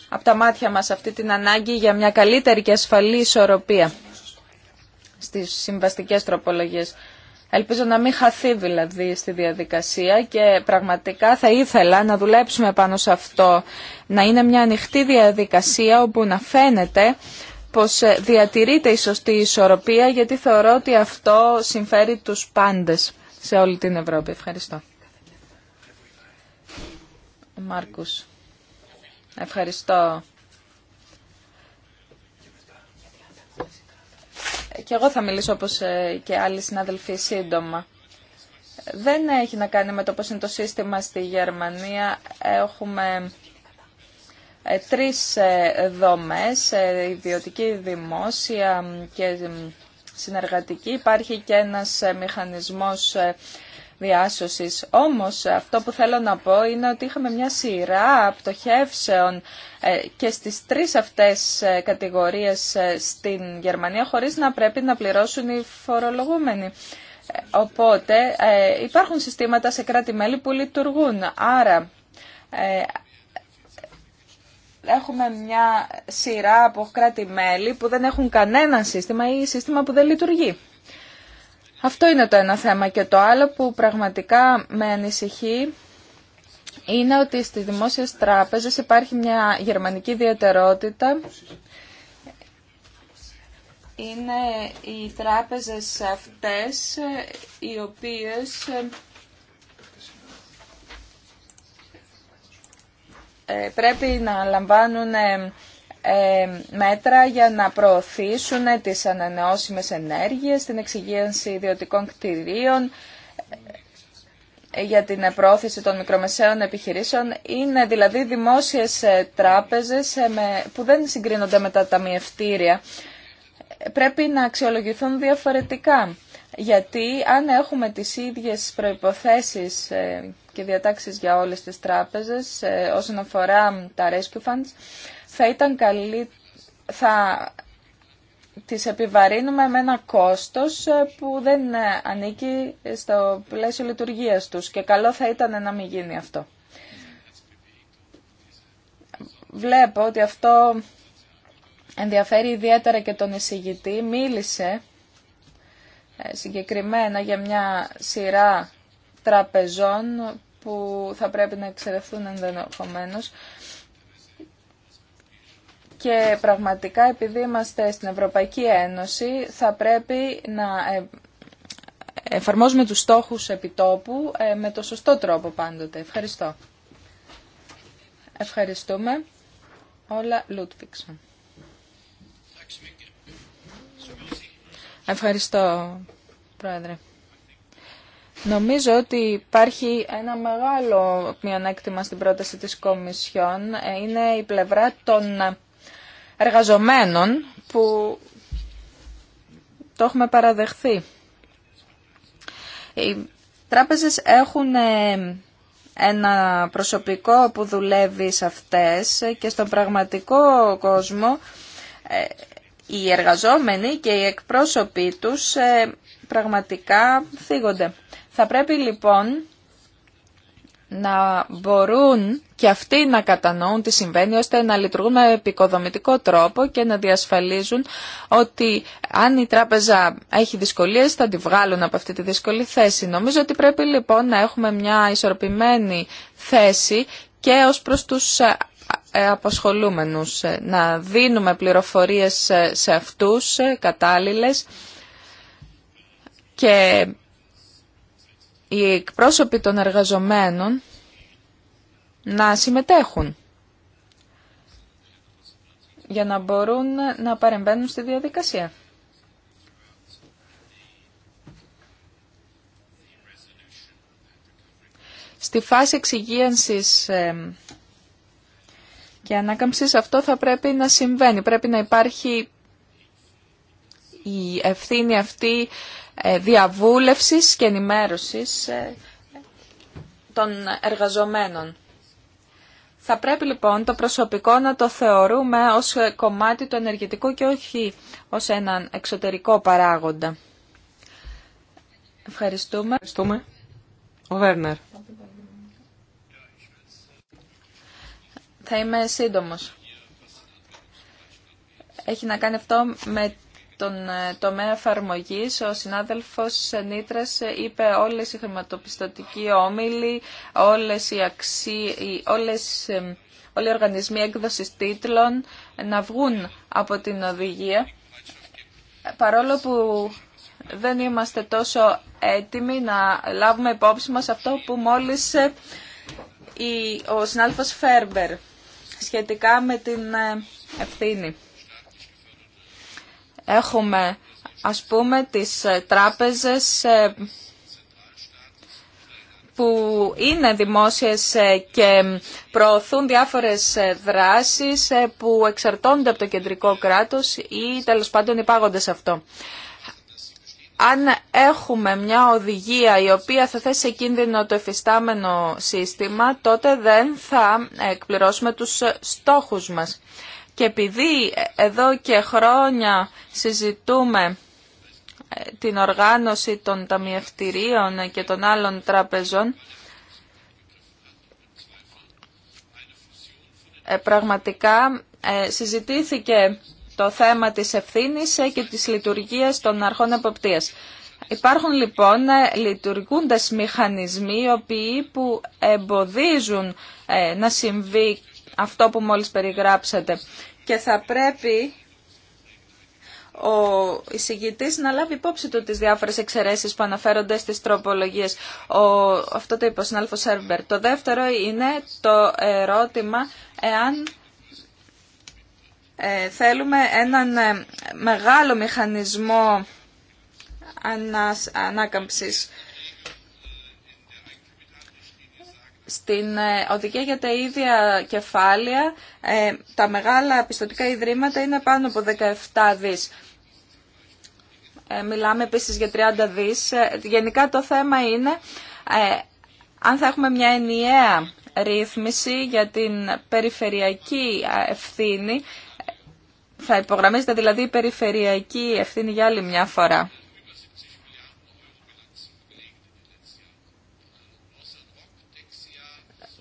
από τα μάτια μας αυτή την ανάγκη για μια καλύτερη και ασφαλή ισορροπία στις συμβαστικές τροπολογίες. Ελπίζω να μην χαθεί δηλαδή στη διαδικασία και πραγματικά θα ήθελα να δουλέψουμε πάνω σε αυτό, να είναι μια ανοιχτή διαδικασία όπου να φαίνεται πως ε, διατηρείται η σωστή ισορροπία γιατί θεωρώ ότι αυτό συμφέρει τους πάντες σε όλη την Ευρώπη. Ευχαριστώ. Μάρκους. Ευχαριστώ. Και εγώ θα μιλήσω όπως ε, και άλλοι συναδελφοί σύντομα. Δεν έχει να κάνει με το πώς είναι το σύστημα στη Γερμανία. Έχουμε ε, τρεις ε, δομές, ιδιωτική, δημόσια και συνεργατική. Υπάρχει και ένας μηχανισμός διάσωσης. Όμως αυτό που θέλω να πω είναι ότι είχαμε μια σειρά πτωχεύσεων ε, και στις τρεις αυτές ε, κατηγορίες ε, στην Γερμανία χωρίς να πρέπει να πληρώσουν οι φορολογούμενοι. Οπότε υπάρχουν συστήματα σε κράτη-μέλη που λειτουργούν. Άρα έχουμε μια σειρά από κράτη-μέλη που δεν έχουν κανένα σύστημα ή σύστημα που δεν λειτουργεί. Αυτό είναι το ένα θέμα. Και το άλλο που πραγματικά με ανησυχεί είναι ότι στις δημόσιες τράπεζες υπάρχει μια γερμανική ιδιαιτερότητα. Είναι οι τράπεζες αυτές οι οποίες ε, πρέπει να λαμβάνουν ε, ε, μέτρα για να προωθήσουν τις ανανεώσιμες ενέργειες, την εξυγίανση ιδιωτικών κτηρίων, ε, για την προώθηση των μικρομεσαίων επιχειρήσεων είναι δηλαδή δημόσιες ε, τράπεζες που δεν συγκρίνονται με τα ταμιευτήρια. Πρέπει να αξιολογηθούν διαφορετικά, γιατί αν έχουμε τις ίδιες προϋποθέσεις και διατάξεις για όλες τις τράπεζες όσον αφορά τα rescue funds, θα ήταν καλή, θα τις επιβαρύνουμε με ένα κόστος ε, που δεν ε, ανήκει στο πλαίσιο λειτουργίας τους και καλό θα ήταν να μην γίνει αυτό. Βλέπω ότι αυτό ενδιαφέρει ιδιαίτερα και τον εισηγητή. Μίλησε ε, συγκεκριμένα για μια σειρά τραπεζών που θα πρέπει να εξαιρεθούν ενδεχομένω και πραγματικά επειδή είμαστε στην Ευρωπαϊκή Ένωση θα πρέπει να ε, εφαρμόζουμε τους στόχους επιτόπου ε, με το σωστό τρόπο πάντοτε. Ευχαριστώ. Ευχαριστούμε. Όλα Λούτβιξον. Ευχαριστώ, Πρόεδρε. Νομίζω ότι υπάρχει ένα μεγάλο μειονέκτημα στην πρόταση της Κομισιόν. Ε, είναι η πλευρά των εργαζομένων που το έχουμε παραδεχθεί. Οι τράπεζες έχουν ε, ένα προσωπικό που δουλεύει σε αυτές και στον πραγματικό κόσμο ε, οι εργαζόμενοι και οι εκπρόσωποι τους ε, πραγματικά θίγονται. Θα πρέπει λοιπόν να μπορούν και αυτοί να κατανοούν τι συμβαίνει ώστε να λειτουργούν με επικοδομητικό τρόπο και να διασφαλίζουν ότι αν η τράπεζα έχει δυσκολίε θα τη βγάλουν από αυτή τη δύσκολη θέση. Νομίζω ότι πρέπει λοιπόν να έχουμε μια ισορροπημένη θέση και ως προς τους ε, ε, αποσχολούμενους ε, να δίνουμε πληροφορίες σε αυτούς κατάλληλες και οι εκπρόσωποι των εργαζομένων να συμμετέχουν για να μπορούν να παρεμβαίνουν στη διαδικασία. Στη φάση εξυγίανσης και ανάκαμψης αυτό θα πρέπει να συμβαίνει. Πρέπει να υπάρχει η ευθύνη αυτή ε, διαβούλευσης και ενημέρωσης ε, των εργαζομένων. Θα πρέπει λοιπόν το προσωπικό να το θεωρούμε ως κομμάτι του ενεργητικού και όχι ως έναν εξωτερικό παράγοντα. Ευχαριστούμε. Ευχαριστούμε. Ο Βέρνερ. Θα είμαι σύντομος. Έχει να κάνει αυτό με τον ε, τομέα εφαρμογή, ο συνάδελφο Νίτρα ε, είπε όλες οι χρηματοπιστωτικοί όμιλοι, όλες οι αξί, όλες, ε, όλοι οι οργανισμοί έκδοση τίτλων να βγουν από την οδηγία. Παρόλο που δεν είμαστε τόσο έτοιμοι να λάβουμε υπόψη μας αυτό που μόλις ο συνάδελφος Φέρμπερ σχετικά με την ευθύνη. Έχουμε, ας πούμε, τις ε, τράπεζες ε, που είναι δημόσιες ε, και προωθούν διάφορες δράσεις που εξαρτώνται από το κεντρικό κράτος ή τέλος πάντων υπάγονται σε αυτό. Αν έχουμε μια οδηγία η οποία θα θέσει σε κίνδυνο το εφιστάμενο σύστημα, τότε δεν θα εκπληρώσουμε τους στόχους μας. Και επειδή εδώ και χρόνια συζητούμε ε, την οργάνωση των ταμιευτηρίων και των άλλων τραπεζών, ε, πραγματικά ε, συζητήθηκε το θέμα της ευθύνης και της λειτουργίας των αρχών εποπτείας. Υπάρχουν λοιπόν λειτουργούντες μηχανισμοί οι οποίοι που εμποδίζουν να συμβεί αυτό που μόλις περιγράψατε και θα πρέπει ο εισηγητής να λάβει υπόψη του τις διάφορες εξαιρέσεις που αναφέρονται στις τροπολογίες. Ο, αυτό το είπε ο Σέρμπερ. Το δεύτερο είναι το ερώτημα εάν ε, θέλουμε έναν ε, μεγάλο μηχανισμό ανάκαμψης Στην οδηγία ε, για τα ίδια κεφάλαια, ε, τα μεγάλα πιστοτικά ιδρύματα είναι πάνω από 17 δις. Ε, μιλάμε επίσης για 30 δις. Γενικά το θέμα είναι αν θα έχουμε μια ενιαία ρύθμιση για την περιφερειακή ευθύνη. Θα υπογραμμίζεται δηλαδή η περιφερειακή ευθύνη για άλλη μια φορά.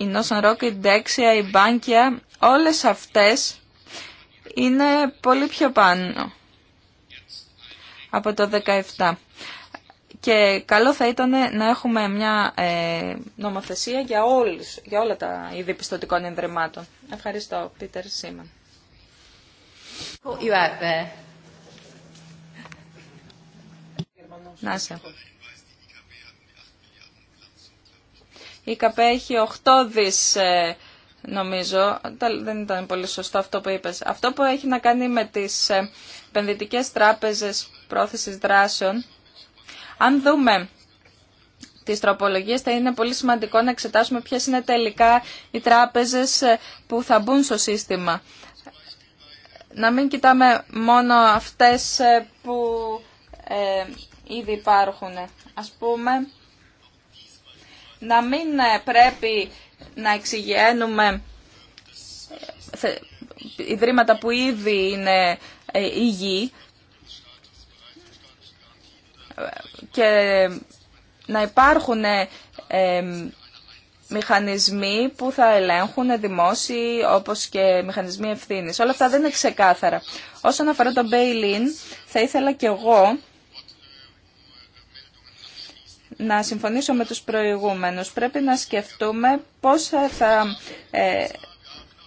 η Northern Rock, η Dexia, η Bankia, όλες αυτές είναι πολύ πιο πάνω από το 17. Και καλό θα ήταν να έχουμε μια ε, νομοθεσία για, όλους, για όλα τα είδη πιστοτικών ενδρυμάτων. Ευχαριστώ, Πίτερ Σίμαν. Να Η ΚΑΠΕ έχει 8 δις ε, νομίζω, δεν ήταν πολύ σωστό αυτό που είπες. Αυτό που έχει να κάνει με τις ε, επενδυτικέ τράπεζες πρόθεσης δράσεων, αν δούμε τις τροπολογίες θα είναι πολύ σημαντικό να εξετάσουμε ποιες είναι τελικά οι τράπεζες ε, που θα μπουν στο σύστημα. Να μην κοιτάμε μόνο αυτές που ήδη υπάρχουν. Ας πούμε, να μην ε, πρέπει να εξηγένουμε ε, ιδρύματα που ήδη είναι υγιή ε, και να υπάρχουν μηχανισμοί που θα ελέγχουν δημόσιοι όπως και μηχανισμοί ευθύνης. Όλα αυτά δεν είναι ξεκάθαρα. Όσον αφορά το bail-in, θα ήθελα και εγώ να συμφωνήσω με τους προηγούμενους. Πρέπει να σκεφτούμε πώς θα ε,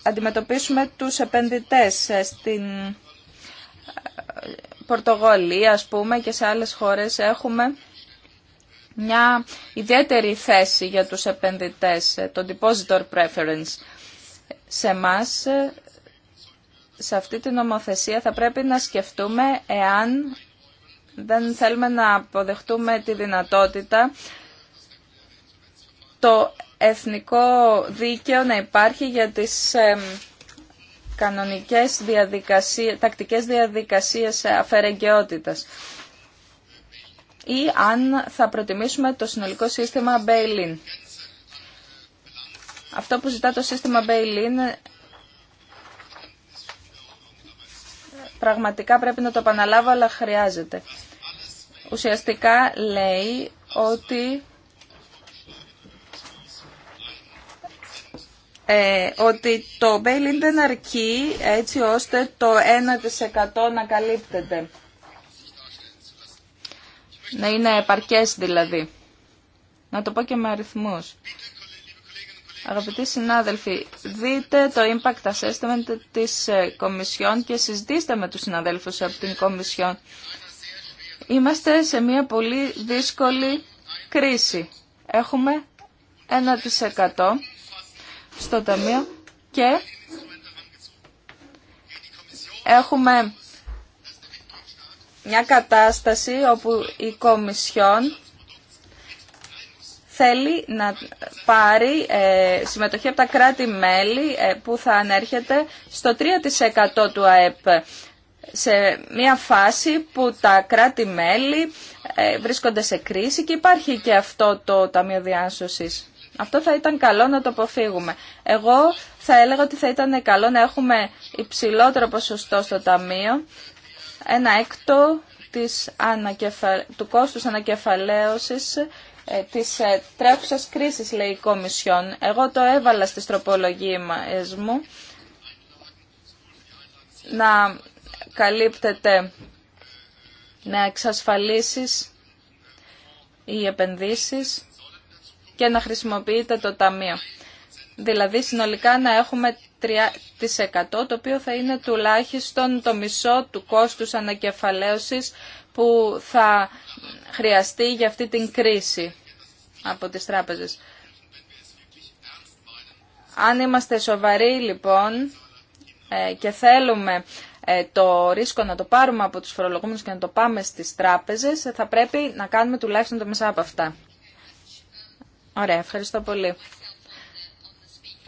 αντιμετωπίσουμε τους επενδυτές ε, στην ε, Πορτογόλη, ας πούμε, και σε άλλες χώρες έχουμε μια ιδιαίτερη θέση για τους επενδυτές, το depositor preference. Σε μας σε αυτή την νομοθεσία θα πρέπει να σκεφτούμε εάν δεν θέλουμε να αποδεχτούμε τη δυνατότητα το εθνικό δίκαιο να υπάρχει για τις κανονικές διαδικασίες, τακτικές διαδικασίες αφαιρεγκαιότητας ή αν θα προτιμήσουμε το συνολικό σύστημα Αυτό που ζητά το σύστημα Πραγματικά πρέπει να το επαναλάβω, αλλά χρειάζεται. Ουσιαστικά λέει ότι ε, ότι το bail δεν αρκεί έτσι ώστε το 1% να καλύπτεται. Να είναι επαρκές δηλαδή. Να το πω και με αριθμούς. Αγαπητοί συνάδελφοι, δείτε το impact assessment της ε, Κομισιόν και συζητήστε με τους συναδέλφους από την Κομισιόν. Είμαστε σε μια πολύ δύσκολη κρίση. Έχουμε 1% στο Ταμείο και έχουμε μια κατάσταση όπου η Κομισιόν θέλει να πάρει ε, συμμετοχή από τα κράτη-μέλη ε, που θα ανέρχεται στο 3% του ΑΕΠ σε μια φάση που τα κράτη-μέλη ε, βρίσκονται σε κρίση και υπάρχει και αυτό το Ταμείο Διάσωσης. Αυτό θα ήταν καλό να το αποφύγουμε. Εγώ θα έλεγα ότι θα ήταν καλό να έχουμε υψηλότερο ποσοστό στο Ταμείο, ένα έκτο της του κόστους ανακεφαλαίωσης ε, της ε, τρέχουσας κρίσης, λέει η Κομισιόν. Εγώ το έβαλα στις τροπολογίες μου να καλύπτεται να εξασφαλίσεις οι επενδύσεις και να χρησιμοποιείται το ταμείο. Δηλαδή συνολικά να έχουμε 3% το οποίο θα είναι τουλάχιστον το μισό του κόστους ανακεφαλαίωσης που θα χρειαστεί για αυτή την κρίση από τις τράπεζες. Αν είμαστε σοβαροί λοιπόν ε, και θέλουμε ε, το ρίσκο να το πάρουμε από τους φορολογούμενους και να το πάμε στις τράπεζες, θα πρέπει να κάνουμε τουλάχιστον το μισά από αυτά. Ωραία, ευχαριστώ πολύ.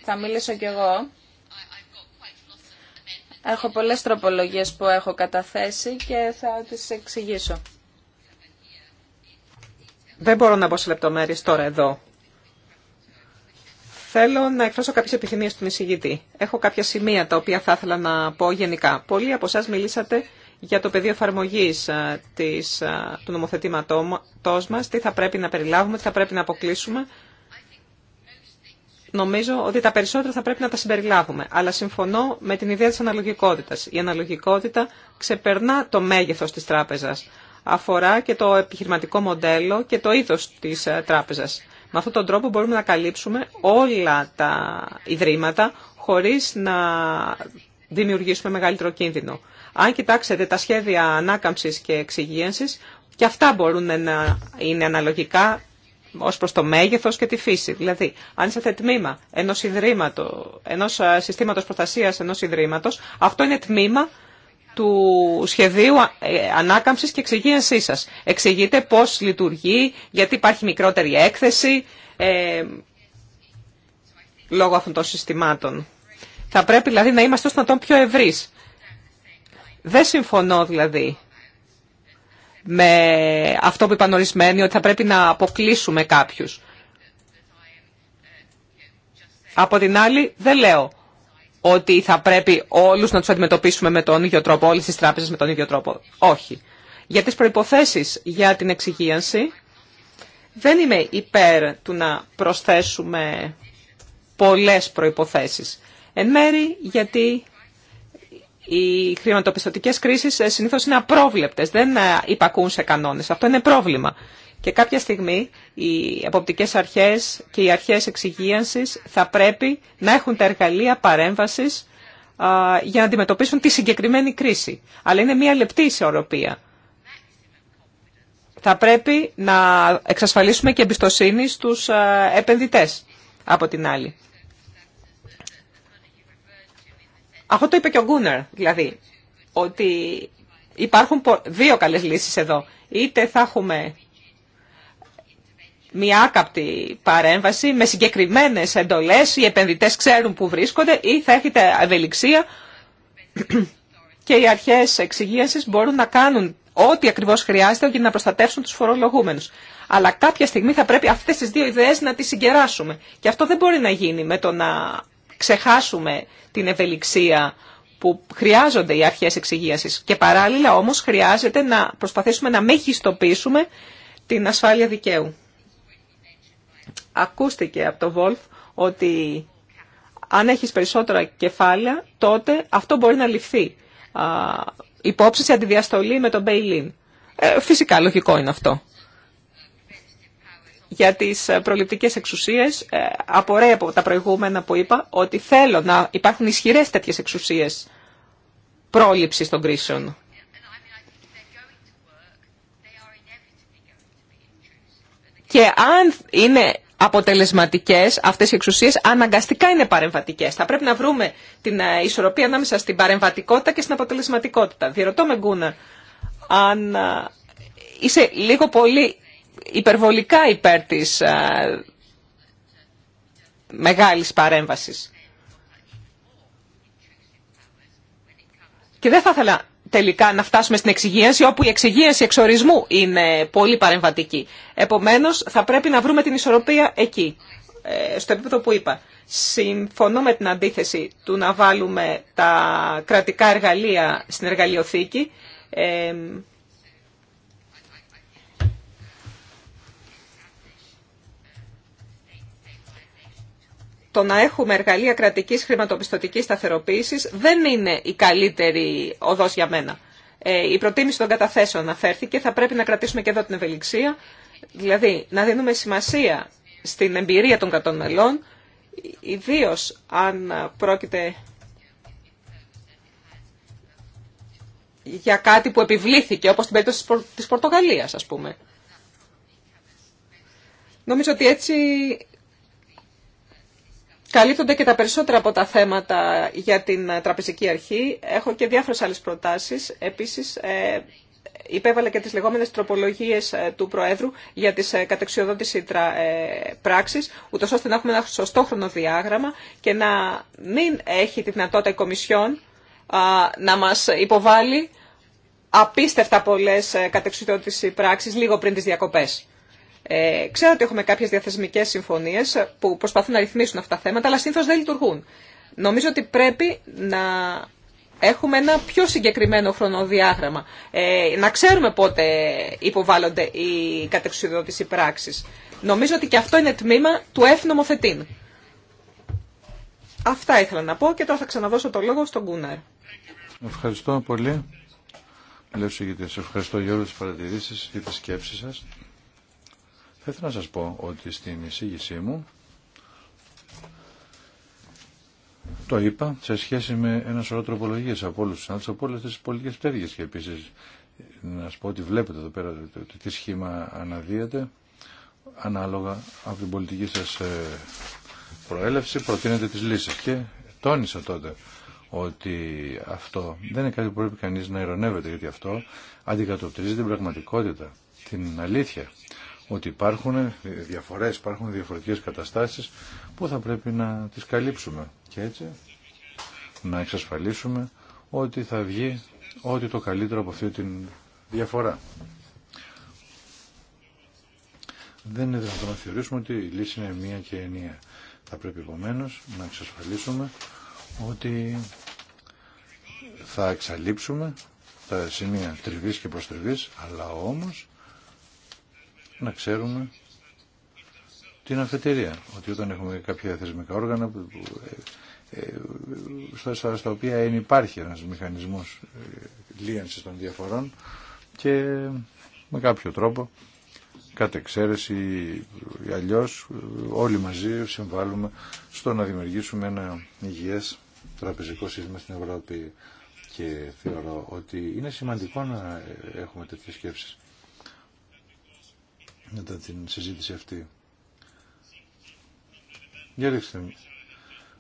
Θα μιλήσω κι εγώ. Έχω πολλές τροπολογίες που έχω καταθέσει και θα τις εξηγήσω. Δεν μπορώ να μπω σε λεπτομέρειε τώρα εδώ. Θέλω να εκφράσω κάποιε επιθυμίε στον εισηγητή. Έχω κάποια σημεία τα οποία θα ήθελα να πω γενικά. Πολλοί από εσά μιλήσατε για το πεδίο εφαρμογή του νομοθετήματό μα τι θα πρέπει να περιλάβουμε, τι θα πρέπει να αποκλείσουμε. Νομίζω ότι τα περισσότερα θα πρέπει να τα συμπεριλάβουμε, αλλά συμφωνώ με την ιδέα τη αναλογικότητα. Η αναλογικότητα ξεπερνά το μέγεθο τη Τράπεζα αφορά και το επιχειρηματικό μοντέλο και το είδος της ε, τράπεζας. Με αυτόν τον τρόπο μπορούμε να καλύψουμε όλα τα ιδρύματα χωρίς να δημιουργήσουμε μεγαλύτερο κίνδυνο. Αν κοιτάξετε τα σχέδια ανάκαμψης και εξυγίανσης, και αυτά μπορούν να είναι αναλογικά ως προς το μέγεθος και τη φύση. Δηλαδή, αν είστε τμήμα ενός, ιδρύματο, ενός ε, συστήματος προστασίας ενός ιδρύματος, αυτό είναι τμήμα του σχεδίου ε, ανάκαμψης και εξυγίανσής σας. Εξηγείτε πώς λειτουργεί, γιατί υπάρχει μικρότερη έκθεση ε, λόγω αυτών των συστημάτων. Θα πρέπει δηλαδή να είμαστε ώστε να πιο ευρύς. Δεν συμφωνώ δηλαδή με αυτό που είπαν ορισμένοι, ότι θα πρέπει να αποκλείσουμε κάποιους. Από την άλλη, δεν λέω ότι θα πρέπει όλους να τους αντιμετωπίσουμε με τον ίδιο τρόπο, όλες τις τράπεζες με τον ίδιο τρόπο. Όχι. Για τις προϋποθέσεις για την εξυγίανση, δεν είμαι υπέρ του να προσθέσουμε πολλές προϋποθέσεις. Εν μέρη γιατί οι χρηματοπιστωτικές κρίσεις συνήθως είναι απρόβλεπτες, δεν υπακούν σε κανόνες. Αυτό είναι πρόβλημα. Και κάποια στιγμή οι αποπτικές αρχές και οι αρχές εξυγίανσης θα πρέπει να έχουν τα εργαλεία παρέμβασης για να αντιμετωπίσουν τη συγκεκριμένη κρίση. Αλλά είναι μια λεπτή ισορροπία. Θα πρέπει να εξασφαλίσουμε και εμπιστοσύνη στους επενδυτές από την άλλη. Αυτό το είπε και ο Γκούνερ, δηλαδή, ότι υπάρχουν δύο καλές λύσεις εδώ. Είτε θα έχουμε μια άκαπτη παρέμβαση με συγκεκριμένες εντολές, οι επενδυτέ ξέρουν που βρίσκονται ή θα έχετε ευελιξία και οι αρχέ εξυγίαση μπορούν να κάνουν ό,τι ακριβώ χρειάζεται για να προστατεύσουν του φορολογούμενους. Αλλά κάποια στιγμή θα πρέπει αυτέ τι δύο ιδέε να τις συγκεράσουμε. Και αυτό δεν μπορεί να γίνει με το να ξεχάσουμε την ευελιξία που χρειάζονται οι αρχέ εξυγίαση. Και παράλληλα όμω χρειάζεται να προσπαθήσουμε να μεγιστοποιήσουμε την ασφάλεια δικαίου. Ακούστηκε από τον Βόλφ ότι αν έχεις περισσότερα κεφάλαια, τότε αυτό μπορεί να ληφθεί. Υπόψη σε αντιδιαστολή με τον Μπέιλιν. Ε, φυσικά, λογικό είναι αυτό. Για τις ε, προληπτικές εξουσίες, ε, απορρέει από τα προηγούμενα που είπα, ότι θέλω να υπάρχουν ισχυρές τέτοιες εξουσίες πρόληψης των κρίσεων. Και αν είναι αποτελεσματικές αυτές οι εξουσίες αναγκαστικά είναι παρεμβατικές. Θα πρέπει να βρούμε την ε, ισορροπία ανάμεσα στην παρεμβατικότητα και στην αποτελεσματικότητα. Διερωτώ με Γκούνα, αν ε, είσαι λίγο πολύ υπερβολικά υπέρ της ε, μεγάλη παρέμβαση. Και δεν θα ήθελα τελικά να φτάσουμε στην εξυγίαση, όπου η εξυγίαση εξορισμού είναι πολύ παρεμβατική. Επομένως, θα πρέπει να βρούμε την ισορροπία εκεί, ε, στο επίπεδο που είπα. Συμφωνώ με την αντίθεση του να βάλουμε τα κρατικά εργαλεία στην εργαλειοθήκη, ε, το να έχουμε εργαλεία κρατικής χρηματοπιστωτικής σταθεροποίησης δεν είναι η καλύτερη οδός για μένα. Ε, η προτίμηση των καταθέσεων αναφέρθηκε, θα πρέπει να κρατήσουμε και εδώ την ευελιξία, δηλαδή να δίνουμε σημασία στην εμπειρία των κρατών μελών, ιδίω αν πρόκειται για κάτι που επιβλήθηκε, όπως την περίπτωση της Πορτογαλίας, ας πούμε. Νομίζω ότι έτσι καλύπτονται και τα περισσότερα από τα θέματα για την ε, τραπεζική αρχή. Έχω και διάφορες άλλες προτάσεις. Επίσης, ε, υπέβαλα και τις λεγόμενες τροπολογίες ε, του Προέδρου για τις κατεξιοδότηση πράξης, ούτως ώστε να έχουμε ένα σωστό χρονοδιάγραμμα και να μην έχει τη δυνατότητα η Κομισιόν να μας υποβάλει απίστευτα πολλές κατεξιοδότηση πράξεις λίγο πριν τις διακοπές. Ε, ξέρω ότι έχουμε κάποιες διαθεσμικές συμφωνίες που προσπαθούν να ρυθμίσουν αυτά τα θέματα, αλλά συνήθω δεν λειτουργούν. Νομίζω ότι πρέπει να έχουμε ένα πιο συγκεκριμένο χρονοδιάγραμμα. Ε, να ξέρουμε πότε υποβάλλονται οι κατεξουδότηση πράξεις. Νομίζω ότι και αυτό είναι τμήμα του εφνομοθετήν. Αυτά ήθελα να πω και τώρα θα ξαναδώσω το λόγο στον Κούναρ. Ευχαριστώ πολύ. ευχαριστώ για όλες τις παρατηρήσεις και τις σκέψεις σας. Θα ήθελα να σας πω ότι στην εισήγησή μου το είπα σε σχέση με ένα σωρό τροπολογίες από όλους τους συνάδελφους, από όλες τις πολιτικές πτέρυγες και επίσης να σας πω ότι βλέπετε εδώ πέρα τι σχήμα αναδύεται ανάλογα από την πολιτική σας ε, προέλευση προτείνετε τις λύσεις και τόνισα τότε ότι αυτό δεν είναι κάτι που πρέπει κανείς να ειρωνεύεται γιατί αυτό αντικατοπτρίζει την πραγματικότητα, την αλήθεια ότι υπάρχουν διαφορές, υπάρχουν διαφορετικές καταστάσεις που θα πρέπει να τις καλύψουμε και έτσι να εξασφαλίσουμε ότι θα βγει ό,τι το καλύτερο από αυτή την διαφορά. Δεν είναι δυνατόν να θεωρήσουμε ότι η λύση είναι μία και ενία. Θα πρέπει επομένω να εξασφαλίσουμε ότι θα εξαλείψουμε τα σημεία τριβής και προστριβής, αλλά όμως να ξέρουμε την αφετηρία. Ότι όταν έχουμε κάποια θεσμικά όργανα που, ε, ε, στα, στα οποία υπάρχει ένας μηχανισμός ε, λίανσης των διαφορών και με κάποιο τρόπο κατ' εξαίρεση ή αλλιώς όλοι μαζί συμβάλλουμε στο να δημιουργήσουμε ένα υγιές τραπεζικό σύστημα στην Ευρώπη και θεωρώ ότι είναι σημαντικό να έχουμε τέτοιες σκέψεις μετά την συζήτηση αυτή. Για ρίξτε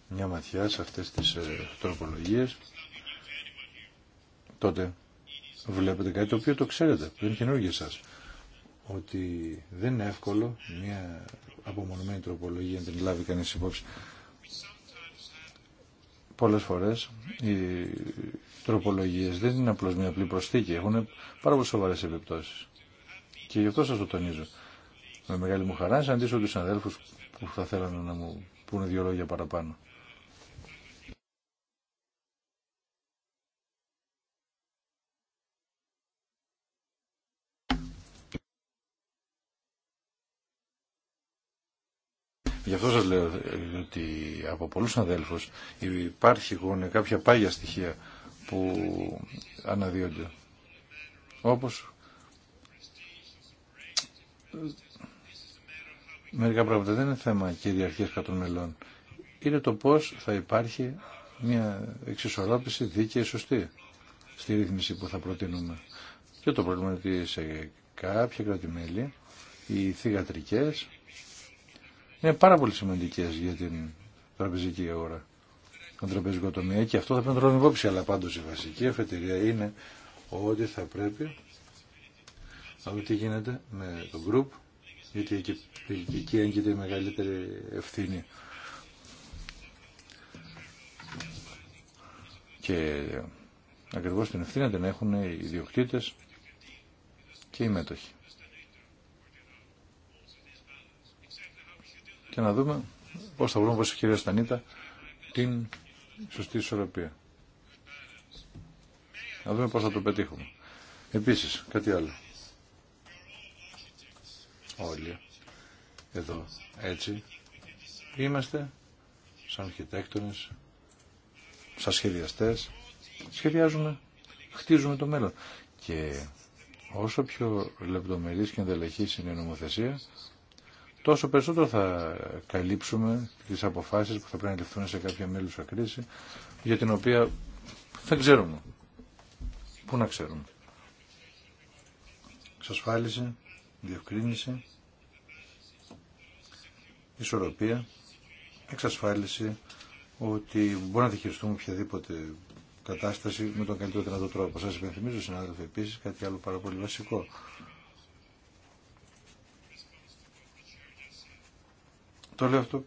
μια ματιά σε αυτές τις ε, τροπολογίες. Τότε βλέπετε κάτι το οποίο το ξέρετε, δεν είναι καινούργιο σας. Ότι δεν είναι εύκολο μια απομονωμένη τροπολογία να την λάβει κανείς υπόψη. Πολλές φορές οι τροπολογίες δεν είναι απλώς μια απλή προσθήκη, έχουν πάρα πολύ σοβαρές επιπτώσεις. Και γι' αυτό σας το τονίζω με μεγάλη μου χαρά συναντήσω τους αδέλφους που θα θέλανε να μου πούνε δύο λόγια παραπάνω. Γι' αυτό σας λέω ε, ότι από πολλούς αδέλφους υπάρχουν κάποια πάγια στοιχεία που αναδύονται. Όπως μερικά πράγματα δεν είναι θέμα κυριαρχίας των μελών. Είναι το πώς θα υπάρχει μια εξισορρόπηση δίκαιη σωστή στη ρύθμιση που θα προτείνουμε. Και το πρόβλημα είναι ότι σε κάποια κρατημέλη οι θηγατρικές είναι πάρα πολύ σημαντικές για την τραπεζική αγορά, την τραπεζικό τομέα και αυτό θα πρέπει να το υπόψη. Αλλά πάντως η βασική αφετηρία είναι ότι θα πρέπει να δούμε τι γίνεται με το group γιατί εκεί, εκεί έγκυται η μεγαλύτερη ευθύνη. Και ακριβώς την ευθύνη την έχουν οι ιδιοκτήτες και οι μέτοχοι. Και να δούμε πώς θα βρούμε, πώς η κυρία Στανίτα, την σωστή ισορροπία. Να δούμε πώς θα το πετύχουμε. Επίσης, κάτι άλλο όλοι εδώ έτσι είμαστε σαν αρχιτέκτονες, σαν σχεδιαστές, σχεδιάζουμε, χτίζουμε το μέλλον. Και όσο πιο λεπτομερής και ενδελεχής είναι η νομοθεσία, τόσο περισσότερο θα καλύψουμε τις αποφάσεις που θα πρέπει να ληφθούν σε κάποια μέλουσα κρίση, για την οποία δεν ξέρουμε. Πού να ξέρουμε. Εξασφάλιση διευκρίνηση, ισορροπία, εξασφάλιση ότι μπορούμε να διχειριστούμε οποιαδήποτε κατάσταση με τον καλύτερο δυνατό τρόπο. Σας υπενθυμίζω, συνάδελφοι, επίσης κάτι άλλο πάρα πολύ βασικό. Το λέω αυτό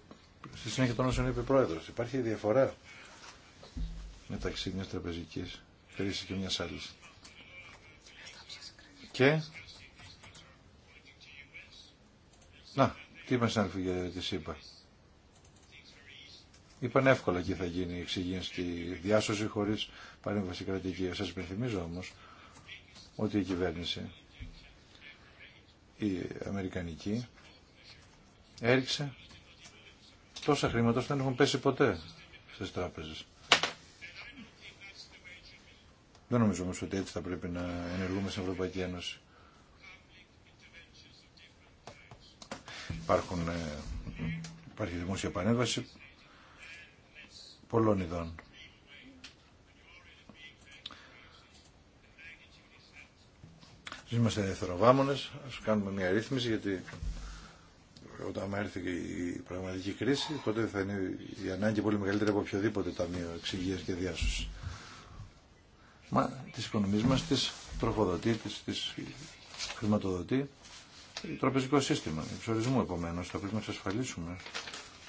στη συνέχεια των όσων είπε πρόεδρος. Υπάρχει διαφορά μεταξύ μιας τραπεζικής κρίσης και μιας άλλης. Και Να, τι είπαν στην γιατί τη είπα. Είπαν εύκολα και θα γίνει η εξυγίνηση διάσωση χωρίς παρέμβαση κρατική. Σας υπενθυμίζω όμως ότι η κυβέρνηση η Αμερικανική έριξε τόσα χρήματα ώστε δεν έχουν πέσει ποτέ στις τράπεζες. Δεν νομίζω όμως ότι έτσι θα πρέπει να ενεργούμε στην Ευρωπαϊκή Ένωση. Υπάρχουν, ε, υπάρχει δημόσια επανέβαση πολλών ειδών. Είμαστε θεροβάμονες, ας κάνουμε μια ρύθμιση γιατί όταν έρθει η πραγματική κρίση, τότε θα είναι η ανάγκη πολύ μεγαλύτερη από οποιοδήποτε ταμείο εξυγείας και διάσωσης. Μα τις οικονομίες μας τις τροφοδοτεί, τις, τις τραπεζικό σύστημα, εξορισμού επομένω. Θα πρέπει να εξασφαλίσουμε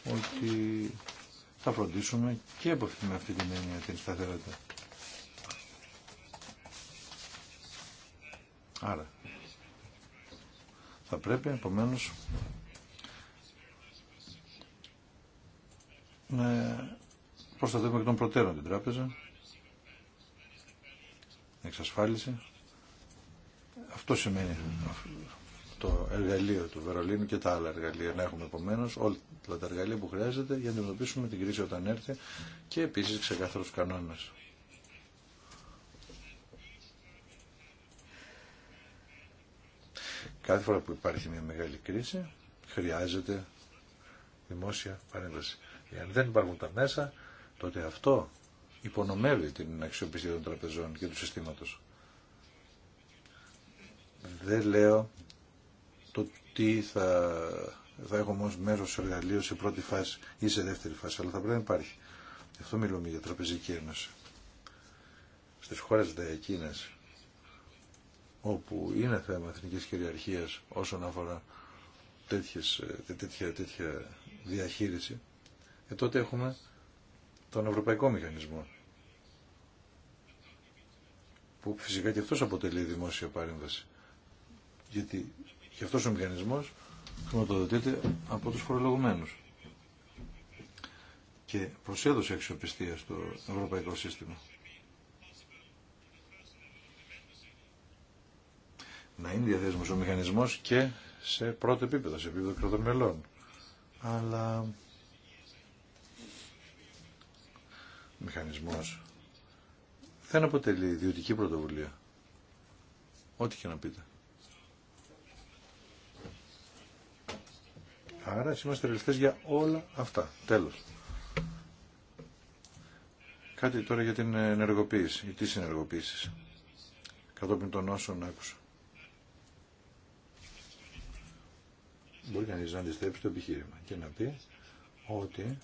ότι θα φροντίσουμε και από αυτή, με αυτή την έννοια την σταθερότητα. Άρα, θα πρέπει επομένω να προστατεύουμε και τον προτέρων την τράπεζα, εξασφάλιση. Αυτό σημαίνει το εργαλείο του Βερολίνου και τα άλλα εργαλεία. Να έχουμε επομένω όλα τα εργαλεία που χρειάζεται για να αντιμετωπίσουμε την κρίση όταν έρθει και επίση ξεκάθαρου κανόνε. Κάθε φορά που υπάρχει μια μεγάλη κρίση χρειάζεται δημόσια παρέμβαση. Εάν δεν υπάρχουν τα μέσα, τότε αυτό υπονομεύει την αξιοπιστία των τραπεζών και του συστήματος. Δεν λέω τι θα, θα έχουμε ως μέρος εργαλείο σε πρώτη φάση ή σε δεύτερη φάση, αλλά θα πρέπει να υπάρχει. Γι' αυτό μιλούμε για τραπεζική ένωση. Στις χώρες εκείνες όπου είναι θέμα εθνικής κυριαρχίας όσον αφορά τέτοιες, ε, τέτοια, τέτοια διαχείριση, ε, τότε έχουμε τον Ευρωπαϊκό Μηχανισμό, που φυσικά και αυτό αποτελεί δημόσια παρέμβαση. Γιατί και αυτός ο μηχανισμός χρηματοδοτείται από τους φορολογουμένους. Και προσέδωσε αξιοπιστία στο ευρωπαϊκό σύστημα. Να είναι διαθέσιμος ο μηχανισμός και σε πρώτο επίπεδο, σε επίπεδο κρατών μελών. Αλλά ο μηχανισμός δεν αποτελεί ιδιωτική πρωτοβουλία. Ό,τι και να πείτε. Άρα είμαστε ρελιστές για όλα αυτά. Τέλος. Κάτι τώρα για την ενεργοποίηση, ή τι συνεργοποίησεις. κατόπιν των όσων άκουσα. Μπορεί κανείς να αντιστρέψει το επιχείρημα και να πει ότι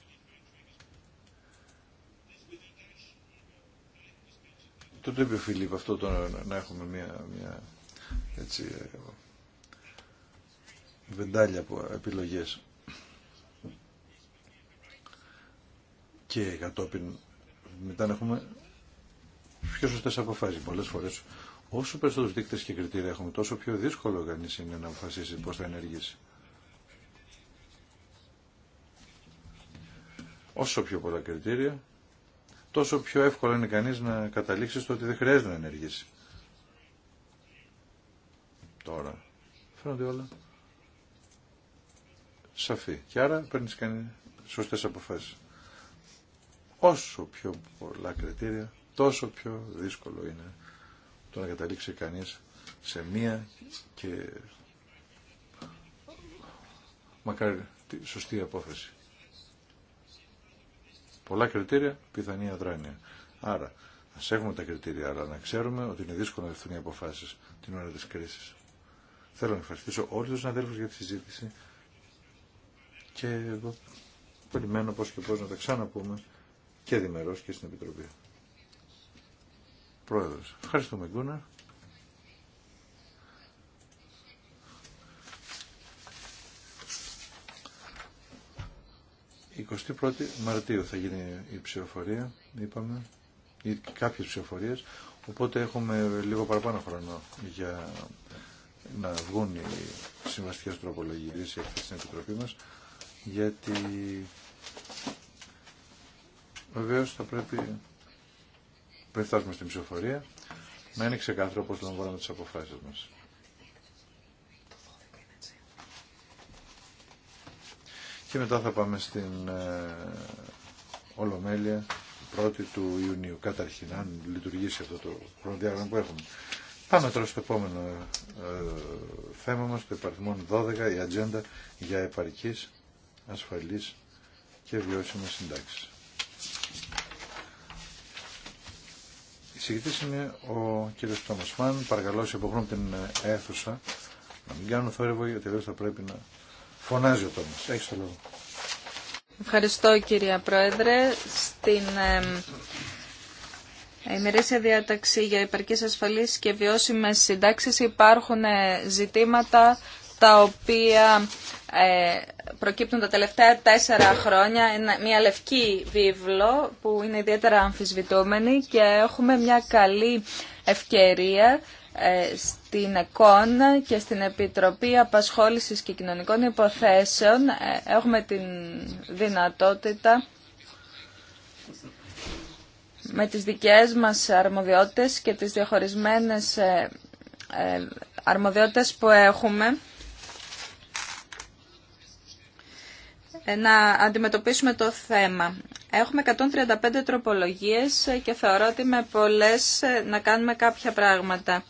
τότε επιφυλεί αυτό το να έχουμε μια, μια έτσι, βεντάλια από επιλογές. Και κατόπιν μετά να έχουμε πιο σωστέ αποφάσει πολλέ φορέ. Όσο περισσότερου δείκτες και κριτήρια έχουμε, τόσο πιο δύσκολο κανεί είναι να αποφασίσει πώ θα ενεργήσει. Όσο πιο πολλά κριτήρια, τόσο πιο εύκολο είναι κανεί να καταλήξει στο ότι δεν χρειάζεται να ενεργήσει. Τώρα φαίνονται όλα σαφή. Και άρα παίρνει κάνει σωστές αποφάσεις. Όσο πιο πολλά κριτήρια, τόσο πιο δύσκολο είναι το να καταλήξει κανείς σε μία και μακάρι τη σωστή απόφαση. Πολλά κριτήρια, πιθανή αδράνεια. Άρα, ας έχουμε τα κριτήρια, αλλά να ξέρουμε ότι είναι δύσκολο να ληφθούν οι αποφάσεις την ώρα της κρίσης. Θέλω να ευχαριστήσω όλους τους αδέλφους για τη συζήτηση και εγώ περιμένω πώς και πώς να τα ξαναπούμε και διμερώς και στην Επιτροπή. Πρόεδρος. Ευχαριστούμε Γκούνα. Η 21η Μαρτίου θα γίνει η ψηφοφορία, είπαμε, ή κάποιες ψηφοφορίες, οπότε έχουμε λίγο παραπάνω χρόνο για να βγουν οι συμβαστικές τροπολογίες στην Επιτροπή μας γιατί βεβαίως θα πρέπει πριν φτάσουμε στην ψηφοφορία να είναι ξεκάθαρο πώς λαμβάνουμε τις αποφάσεις μας. Και μετά θα πάμε στην ε, Ολομέλεια 1η του Ιουνίου. Καταρχήν, αν λειτουργήσει αυτό το χρονοδιάγραμμα που έχουμε. Πάμε τώρα στο επόμενο ε, θέμα μας, το υπαρθμό 12, η ατζέντα για επαρκής ασφαλείς και βιώσιμες συντάξεις. Η είναι ο κύριος Τόμας Μαν. Παρακαλώ, σε αποχρούν την αίθουσα, να μην κάνουν θόρυβο, γιατί εδώ θα πρέπει να φωνάζει ο Τόμας. Έχεις το λόγο. Ευχαριστώ, κυρία Πρόεδρε. Στην... Η ημερήσια διάταξη για υπαρκή ασφαλή και βιώσιμες συντάξεις υπάρχουν ε, ζητήματα τα οποία ε, προκύπτουν τα τελευταία τέσσερα χρόνια μια λευκή βίβλο που είναι ιδιαίτερα αμφισβητούμενη και έχουμε μια καλή ευκαιρία ε, στην ΕΚΟΝ και στην Επιτροπή Απασχόλησης και Κοινωνικών Υποθέσεων ε, έχουμε την δυνατότητα με τις δικές μας αρμοδιότητες και τις διαχωρισμένες αρμοδιότητες που έχουμε Ε, να αντιμετωπίσουμε το θέμα. Έχουμε 135 τροπολογίες και θεωρώ ότι με πολλές ε, να κάνουμε κάποια πράγματα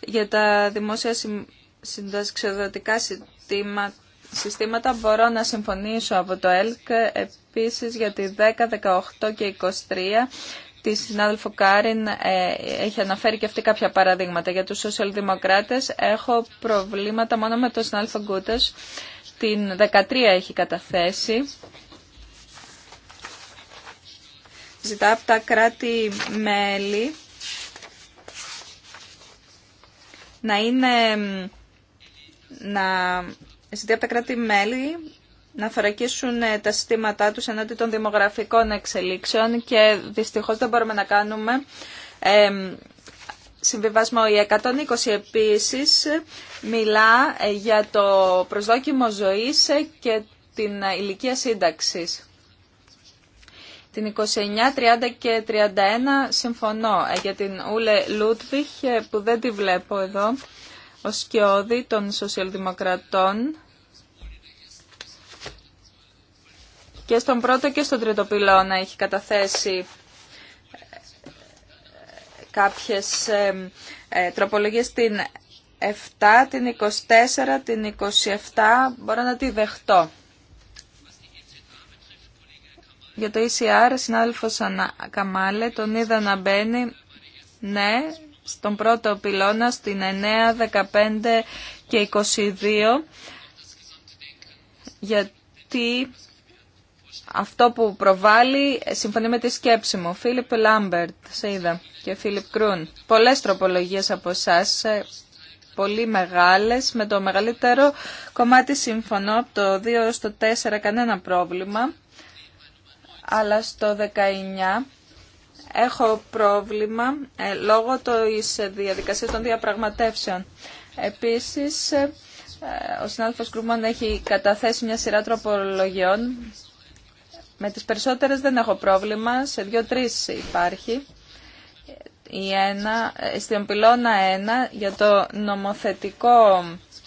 για τα δημόσια συνταξιοδοτικά συστήματα μπορώ να συμφωνήσω από το ΕΛΚ επίσης για τη 10, 18 και 23 τη συνάδελφο Κάριν ε, έχει αναφέρει και αυτή κάποια παραδείγματα για τους σοσιαλδημοκράτες έχω προβλήματα μόνο με τον συνάδελφο Γκούτες την 13 έχει καταθέσει. Ζητά από τα κράτη-μέλη να είναι να ζητεί από τα κράτη-μέλη να θωρακίσουν ε, τα συστήματά τους ενάντια των δημογραφικών εξελίξεων και δυστυχώς δεν μπορούμε να κάνουμε ε, συμβιβασμό. Η 120 επίσης μιλά ε, για το προσδόκιμο ζωής ε, και την ε, ηλικία σύνταξης. Την 29, 30 και 31 συμφωνώ για την Ούλε Λούτβιχ που δεν τη βλέπω εδώ ο σκιώδη των σοσιαλδημοκρατών. Και στον πρώτο και στον τρίτο πυλώνα έχει καταθέσει κάποιες ε, τροπολογίες την 7, την 24, την 27 μπορώ να τη δεχτώ. Για το ECR, συνάδελφος Καμάλε, τον είδα να μπαίνει, ναι, στον πρώτο πυλώνα, στην 9, 15 και 22, γιατί αυτό που προβάλλει συμφωνεί με τη σκέψη μου. Φίλιπ Λάμπερτ, σε είδα, και Φίλιπ Κρούν. Πολλές τροπολογίες από εσά, ε, πολύ μεγάλες, με το μεγαλύτερο κομμάτι συμφωνώ, από το 2 στο 4 κανένα πρόβλημα, αλλά στο 19... Έχω πρόβλημα ε, λόγω της διαδικασία των διαπραγματεύσεων. Επίσης, ε, ο συνάδελφος Κρουμάν έχει καταθέσει μια σειρά τροπολογιών με τις περισσότερες δεν έχω πρόβλημα, σε δύο-τρεις υπάρχει. Η ένα, στην πυλώνα 1 για το νομοθετικό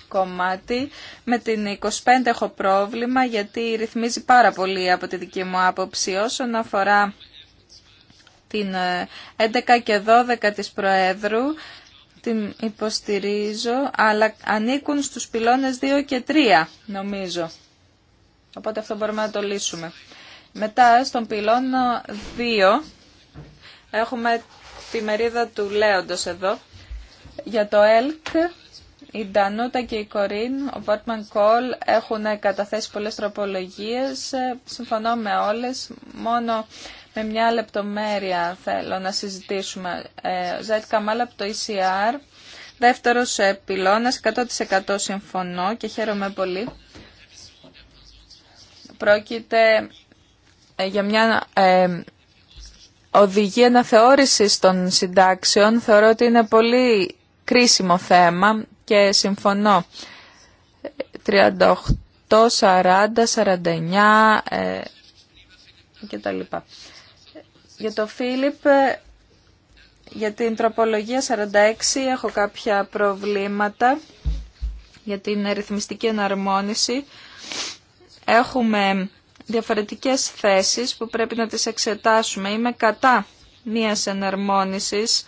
κομμάτι. Με την 25 έχω πρόβλημα γιατί ρυθμίζει πάρα πολύ από τη δική μου άποψη όσον αφορά την 11 ε, και 12 της Προέδρου την υποστηρίζω, αλλά ανήκουν στους πυλώνες 2 και 3, νομίζω. Οπότε αυτό μπορούμε να το λύσουμε. Μετά στον πυλώνα 2 έχουμε τη μερίδα του Λέοντος εδώ. Για το ΕΛΚ η Ντανούτα και η Κορίν, ο Βόρτμαν Κόλ έχουν καταθέσει πολλές τροπολογίες. Συμφωνώ με όλες, μόνο με μια λεπτομέρεια θέλω να συζητήσουμε. Ε, Ζάιτ Καμάλα από το ECR, δεύτερος πυλώνας, 100% συμφωνώ και χαίρομαι πολύ. Πρόκειται ε, για μια ε, οδηγία αναθεώρησης των συντάξεων θεωρώ ότι είναι πολύ κρίσιμο θέμα και συμφωνώ. 38, 40, 49 ε, και τα λοιπά. Για το Φίλιπ, ε, για την τροπολογία 46 έχω κάποια προβλήματα για την ρυθμιστική εναρμόνιση. Έχουμε διαφορετικές θέσεις που πρέπει να τις εξετάσουμε. Είμαι κατά μίας εναρμόνισης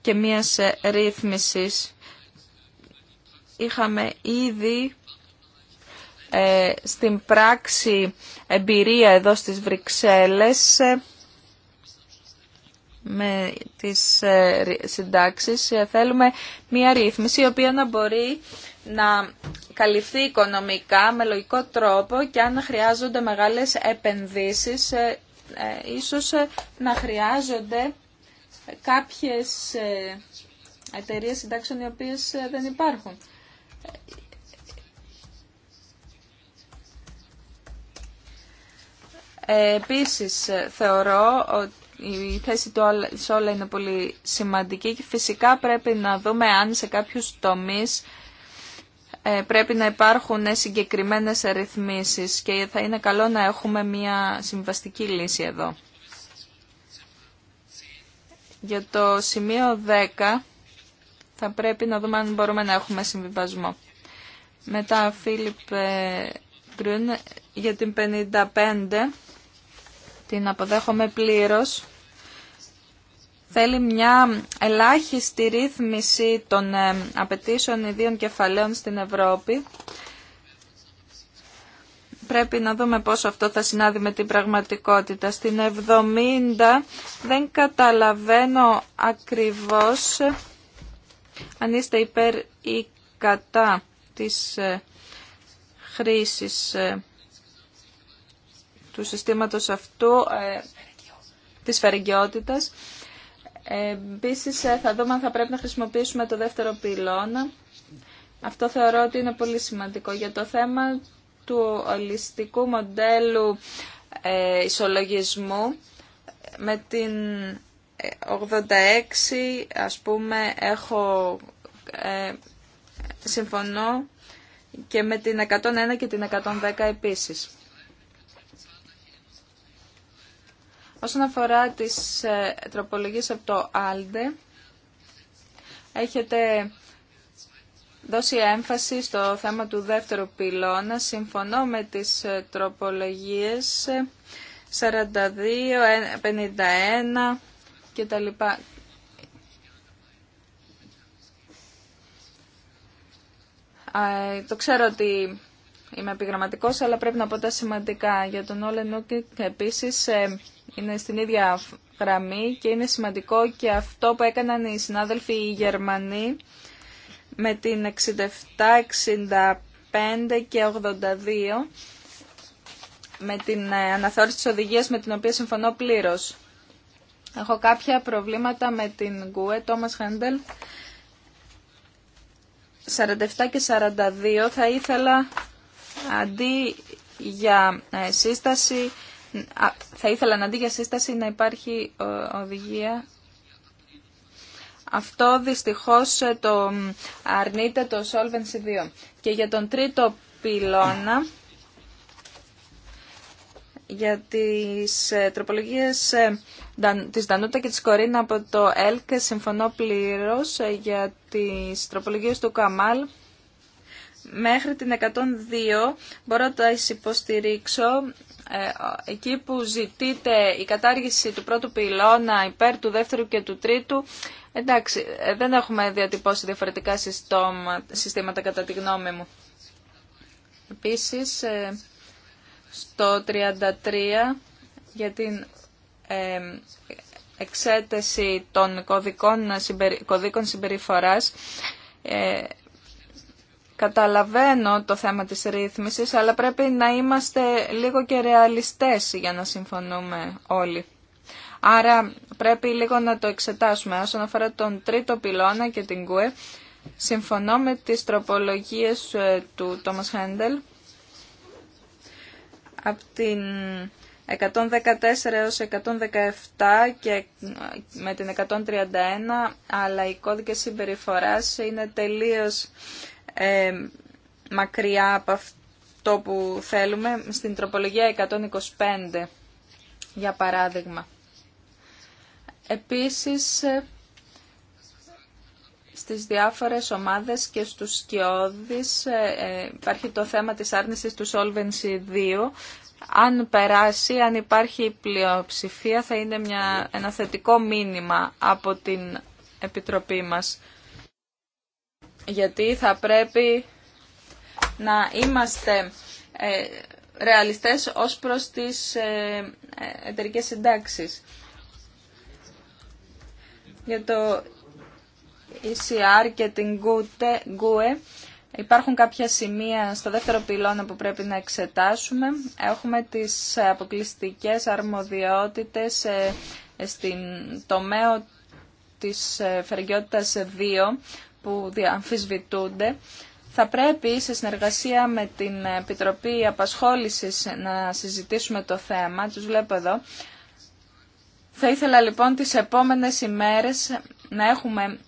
και μίας ρύθμισης. Είχαμε ήδη ε, στην πράξη εμπειρία εδώ στις Βρυξέλλες ε, με τις ε, συντάξεις θέλουμε μία ρύθμιση η οποία να μπορεί να καλυφθεί οικονομικά με λογικό τρόπο και αν χρειάζονται μεγάλες επενδύσεις, ε, ε, ίσως ε, να χρειάζονται κάποιες εταιρείες συντάξεων οι οποίες δεν υπάρχουν. Επίσης, θεωρώ ότι η θέση του όλα είναι πολύ σημαντική και φυσικά πρέπει να δούμε αν σε κάποιους τομείς ε, πρέπει να υπάρχουν ναι, συγκεκριμένες ρυθμίσεις και θα είναι καλό να έχουμε μια συμβαστική λύση εδώ. Για το σημείο 10 θα πρέπει να δούμε αν μπορούμε να έχουμε συμβιβασμό. Μετά, Φίλιπ ε, Προυν, για την 55 την αποδέχομαι πλήρως θέλει μια ελάχιστη ρύθμιση των ε, απαιτήσεων ιδίων κεφαλαίων στην Ευρώπη. Πρέπει να δούμε πόσο αυτό θα συνάδει με την πραγματικότητα. Στην 70 δεν καταλαβαίνω ακριβώς αν είστε υπέρ ή κατά της ε, χρήσης ε, του συστήματος αυτού, της φερικιότητας. Επίση ε, θα δούμε αν θα πρέπει να χρησιμοποιήσουμε το δεύτερο πυλώνα. Αυτό θεωρώ ότι είναι πολύ σημαντικό για το θέμα του ολιστικού μοντέλου ε, ισολογισμού με την 86 ε, ας πούμε έχω ε, συμφωνώ και με την 101 και την 110 επίσης. Όσον αφορά τις ε, τροπολογίες από το ALDE, έχετε δώσει έμφαση στο θέμα του δεύτερου πυλώνα. Συμφωνώ με τις ε, τροπολογίες 42, 51 κτλ. Το ξέρω ότι είμαι επιγραμματικός, αλλά πρέπει να πω τα σημαντικά για τον Όλε Νούκη Επίσης, ε, είναι στην ίδια γραμμή και είναι σημαντικό και αυτό που έκαναν οι συνάδελφοι οι Γερμανοί με την 67, 65 και 82 με την ε, αναθεώρηση της οδηγίας με την οποία συμφωνώ πλήρως. Έχω κάποια προβλήματα με την Γκουέ, Τόμας Χέντελ. 47 και 42 θα ήθελα αντί για ε, σύσταση θα ήθελα να αντί για σύσταση να υπάρχει ε, οδηγία. Αυτό δυστυχώς ε, το αρνείται το Solvency 2. Και για τον τρίτο πυλώνα, για τις ε, τροπολογίες της Δανούτα και της Κορίνα από το ΕΛΚ συμφωνώ πλήρως για τις τροπολογίες του Καμάλ μέχρι την 102 μπορώ να τα υποστηρίξω ε, εκεί που ζητείτε η κατάργηση του πρώτου πυλώνα υπέρ του δεύτερου και του τρίτου εντάξει ε, δεν έχουμε διατυπώσει διαφορετικά συστήματα κατά τη γνώμη μου επίσης ε, στο 33 για την εξέταση των κωδικών συμπεριφοράς Καταλαβαίνω το θέμα της ρύθμισης, αλλά πρέπει να είμαστε λίγο και ρεαλιστές για να συμφωνούμε όλοι. Άρα πρέπει λίγο να το εξετάσουμε. Όσον αφορά τον τρίτο πυλώνα και την ΚΟΕ, συμφωνώ με τις τροπολογίες ε, του Τόμας Χέντελ. Από την 114 έως 117 και ε, με την 131, αλλά οι κώδικες συμπεριφοράς είναι τελείως ε, μακριά από αυτό που θέλουμε, στην τροπολογία 125, για παράδειγμα. Επίσης, ε, στις διάφορες ομάδες και στους σκιώδεις ε, υπάρχει το θέμα της άρνησης του Solvency 2. Αν περάσει, αν υπάρχει πλειοψηφία, θα είναι μια, ένα θετικό μήνυμα από την Επιτροπή μας γιατί θα πρέπει να είμαστε ε, ρεαλιστές ως προς τις ε, ε, εταιρικέ συντάξεις. Για το ECR και την GUE υπάρχουν κάποια σημεία στο δεύτερο πυλώνα που πρέπει να εξετάσουμε. Έχουμε τις αποκλειστικές αρμοδιότητες στην τομέα της φεργιότητας 2 που αμφισβητούνται, θα πρέπει σε συνεργασία με την Επιτροπή Απασχόλησης να συζητήσουμε το θέμα. Τους βλέπω εδώ. Θα ήθελα λοιπόν τις επόμενες ημέρες να έχουμε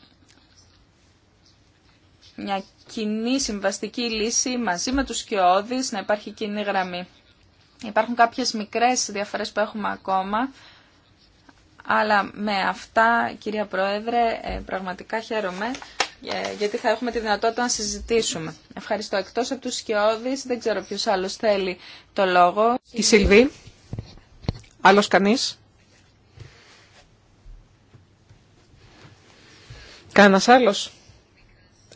μια κοινή συμβαστική λύση μαζί με τους σκιώδεις, να υπάρχει κοινή γραμμή. Υπάρχουν κάποιες μικρές διαφορές που έχουμε ακόμα, αλλά με αυτά, κυρία Πρόεδρε, ε, πραγματικά χαίρομαι ε, γιατί θα έχουμε τη δυνατότητα να συζητήσουμε. Ευχαριστώ. Εκτός από τους Σκιώδης, δεν ξέρω ποιος άλλος θέλει το λόγο. Η Σιλβή. Άλλος κανείς. Κανά άλλο.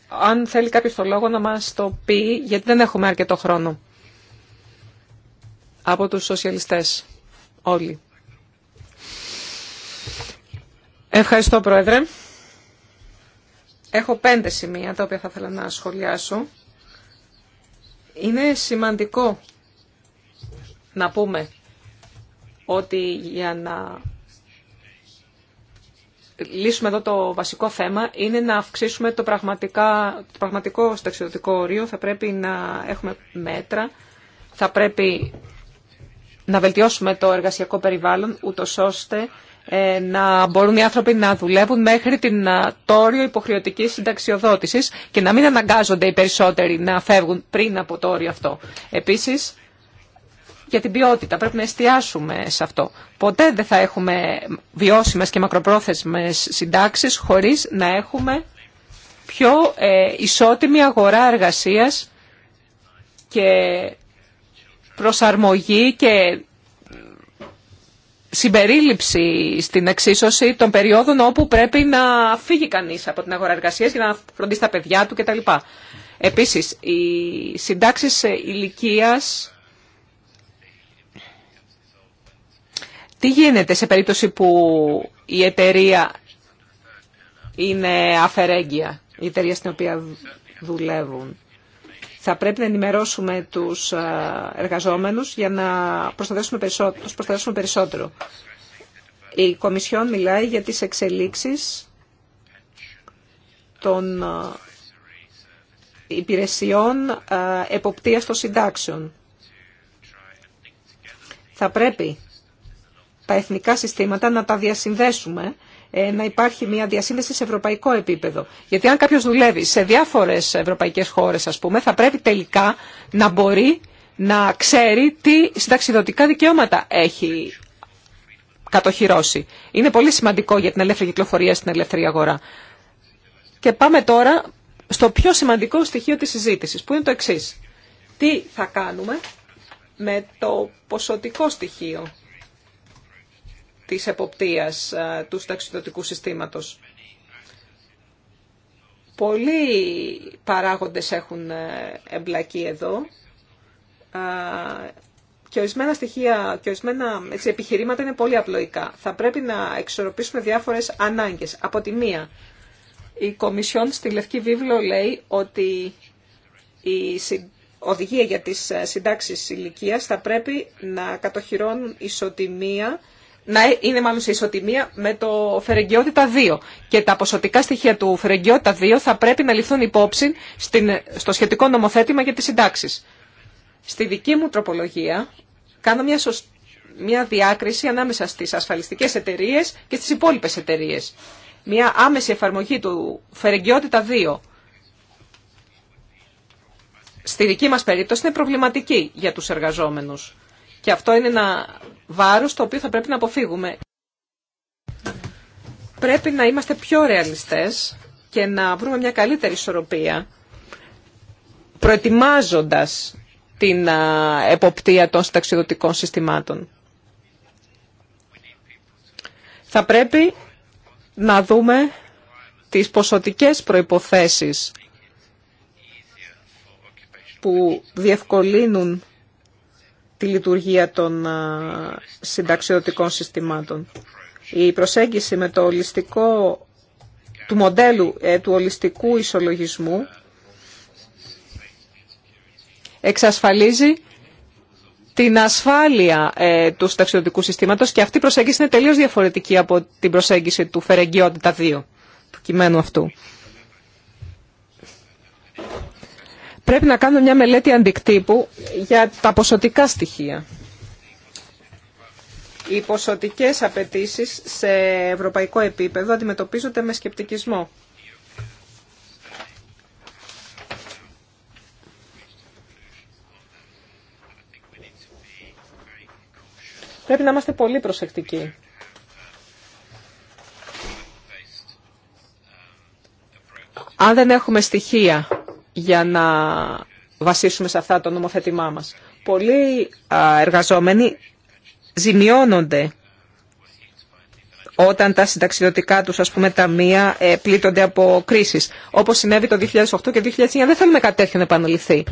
Αν θέλει κάποιος το λόγο να μας το πει, γιατί δεν έχουμε αρκετό χρόνο. Από τους σοσιαλιστές. Όλοι. Ευχαριστώ, Πρόεδρε. Έχω πέντε σημεία τα οποία θα ήθελα να σχολιάσω. Είναι σημαντικό να πούμε ότι για να λύσουμε εδώ το βασικό θέμα είναι να αυξήσουμε το, πραγματικά, το πραγματικό συνταξιδοτικό όριο. Θα πρέπει να έχουμε μέτρα, θα πρέπει να βελτιώσουμε το εργασιακό περιβάλλον, ούτω ώστε ε, να μπορούν οι άνθρωποι να δουλεύουν μέχρι την τόριο υποχρεωτική συνταξιοδότηση και να μην αναγκάζονται οι περισσότεροι να φεύγουν πριν από το όριο αυτό. Επίση, για την ποιότητα πρέπει να εστιάσουμε σε αυτό. Ποτέ δεν θα έχουμε βιώσιμες και μακροπρόθεσμες συντάξεις χωρίς να έχουμε πιο ε, ισότιμη αγορά εργασίας και προσαρμογή και συμπερίληψη στην εξίσωση των περιόδων όπου πρέπει να φύγει κανείς από την αγορά εργασία για να φροντίσει τα παιδιά του κτλ. Επίσης, οι συντάξει ηλικίας... Τι γίνεται σε περίπτωση που η εταιρεία είναι αφαιρέγγια, η εταιρεία στην οποία δουλεύουν. Θα πρέπει να ενημερώσουμε τους ε, εργαζόμενους για να προστατεύσουμε περισσότερο, τους προστατεύσουμε περισσότερο. Η Κομισιόν μιλάει για τις εξελίξεις των ε, υπηρεσιών ε, εποπτείας των συντάξεων. Θα πρέπει τα εθνικά συστήματα να τα διασυνδέσουμε ε, να υπάρχει μια διασύνδεση σε ευρωπαϊκό επίπεδο. Γιατί αν κάποιο δουλεύει σε διάφορε ευρωπαϊκέ χώρε, α πούμε, θα πρέπει τελικά να μπορεί να ξέρει τι συνταξιδοτικά δικαιώματα έχει κατοχυρώσει. Είναι πολύ σημαντικό για την ελεύθερη κυκλοφορία στην ελεύθερη αγορά. Και πάμε τώρα στο πιο σημαντικό στοιχείο της συζήτησης, που είναι το εξής. Τι θα κάνουμε με το ποσοτικό στοιχείο της εποπτείας του ταξιδιωτικού συστήματος. Πολλοί παράγοντες έχουν ε, εμπλακεί εδώ και ορισμένα στοιχεία και ορισμένα επιχειρήματα είναι πολύ απλοϊκά. Θα πρέπει να εξορροπήσουμε διάφορες ανάγκες. Από τη μία, η Κομισιόν στη Λευκή Βίβλο λέει ότι η οδηγία για τις ε, συντάξεις ηλικία θα πρέπει να κατοχυρώνουν ισοτιμία να είναι μάλλον σε ισοτιμία με το Φερεγγιότητα 2. Και τα ποσοτικά στοιχεία του Φερεγγιότητα 2 θα πρέπει να ληφθούν υπόψη στο σχετικό νομοθέτημα για τις συντάξεις. Στη δική μου τροπολογία κάνω μια, μια διάκριση ανάμεσα στις ασφαλιστικές εταιρείες και στις υπόλοιπες εταιρείες. Μια άμεση εφαρμογή του Φερεγγιότητα 2 στη δική μας περίπτωση είναι προβληματική για τους εργαζόμενους. Και αυτό είναι ένα βάρος το οποίο θα πρέπει να αποφύγουμε. Πρέπει να είμαστε πιο ρεαλιστές και να βρούμε μια καλύτερη ισορροπία προετοιμάζοντας την εποπτεία των συνταξιδοτικών συστημάτων. Θα πρέπει να δούμε τις ποσοτικές προϋποθέσεις που διευκολύνουν τη λειτουργία των συνταξιωτικών συστημάτων. Η προσέγγιση με το ολιστικό, του μοντέλου ε, του ολιστικού ισολογισμού εξασφαλίζει την ασφάλεια ε, του συνταξιωτικού συστήματος και αυτή η προσέγγιση είναι τελείως διαφορετική από την προσέγγιση του φερεγγιότητα 2, του κειμένου αυτού. πρέπει να κάνουμε μια μελέτη αντικτύπου για τα ποσοτικά στοιχεία. Οι ποσοτικές απαιτήσει σε ευρωπαϊκό επίπεδο αντιμετωπίζονται με σκεπτικισμό. Πρέπει να είμαστε πολύ προσεκτικοί. Αν δεν έχουμε στοιχεία για να βασίσουμε σε αυτά το νομοθέτημά μας. Πολλοί εργαζόμενοι ζημιώνονται όταν τα συνταξιδοτικά τους, ας πούμε, ταμεία ε, πλήττονται από κρίσεις. Όπως συνέβη το 2008 και 2009, δεν θέλουμε κάτι να επαναληφθεί,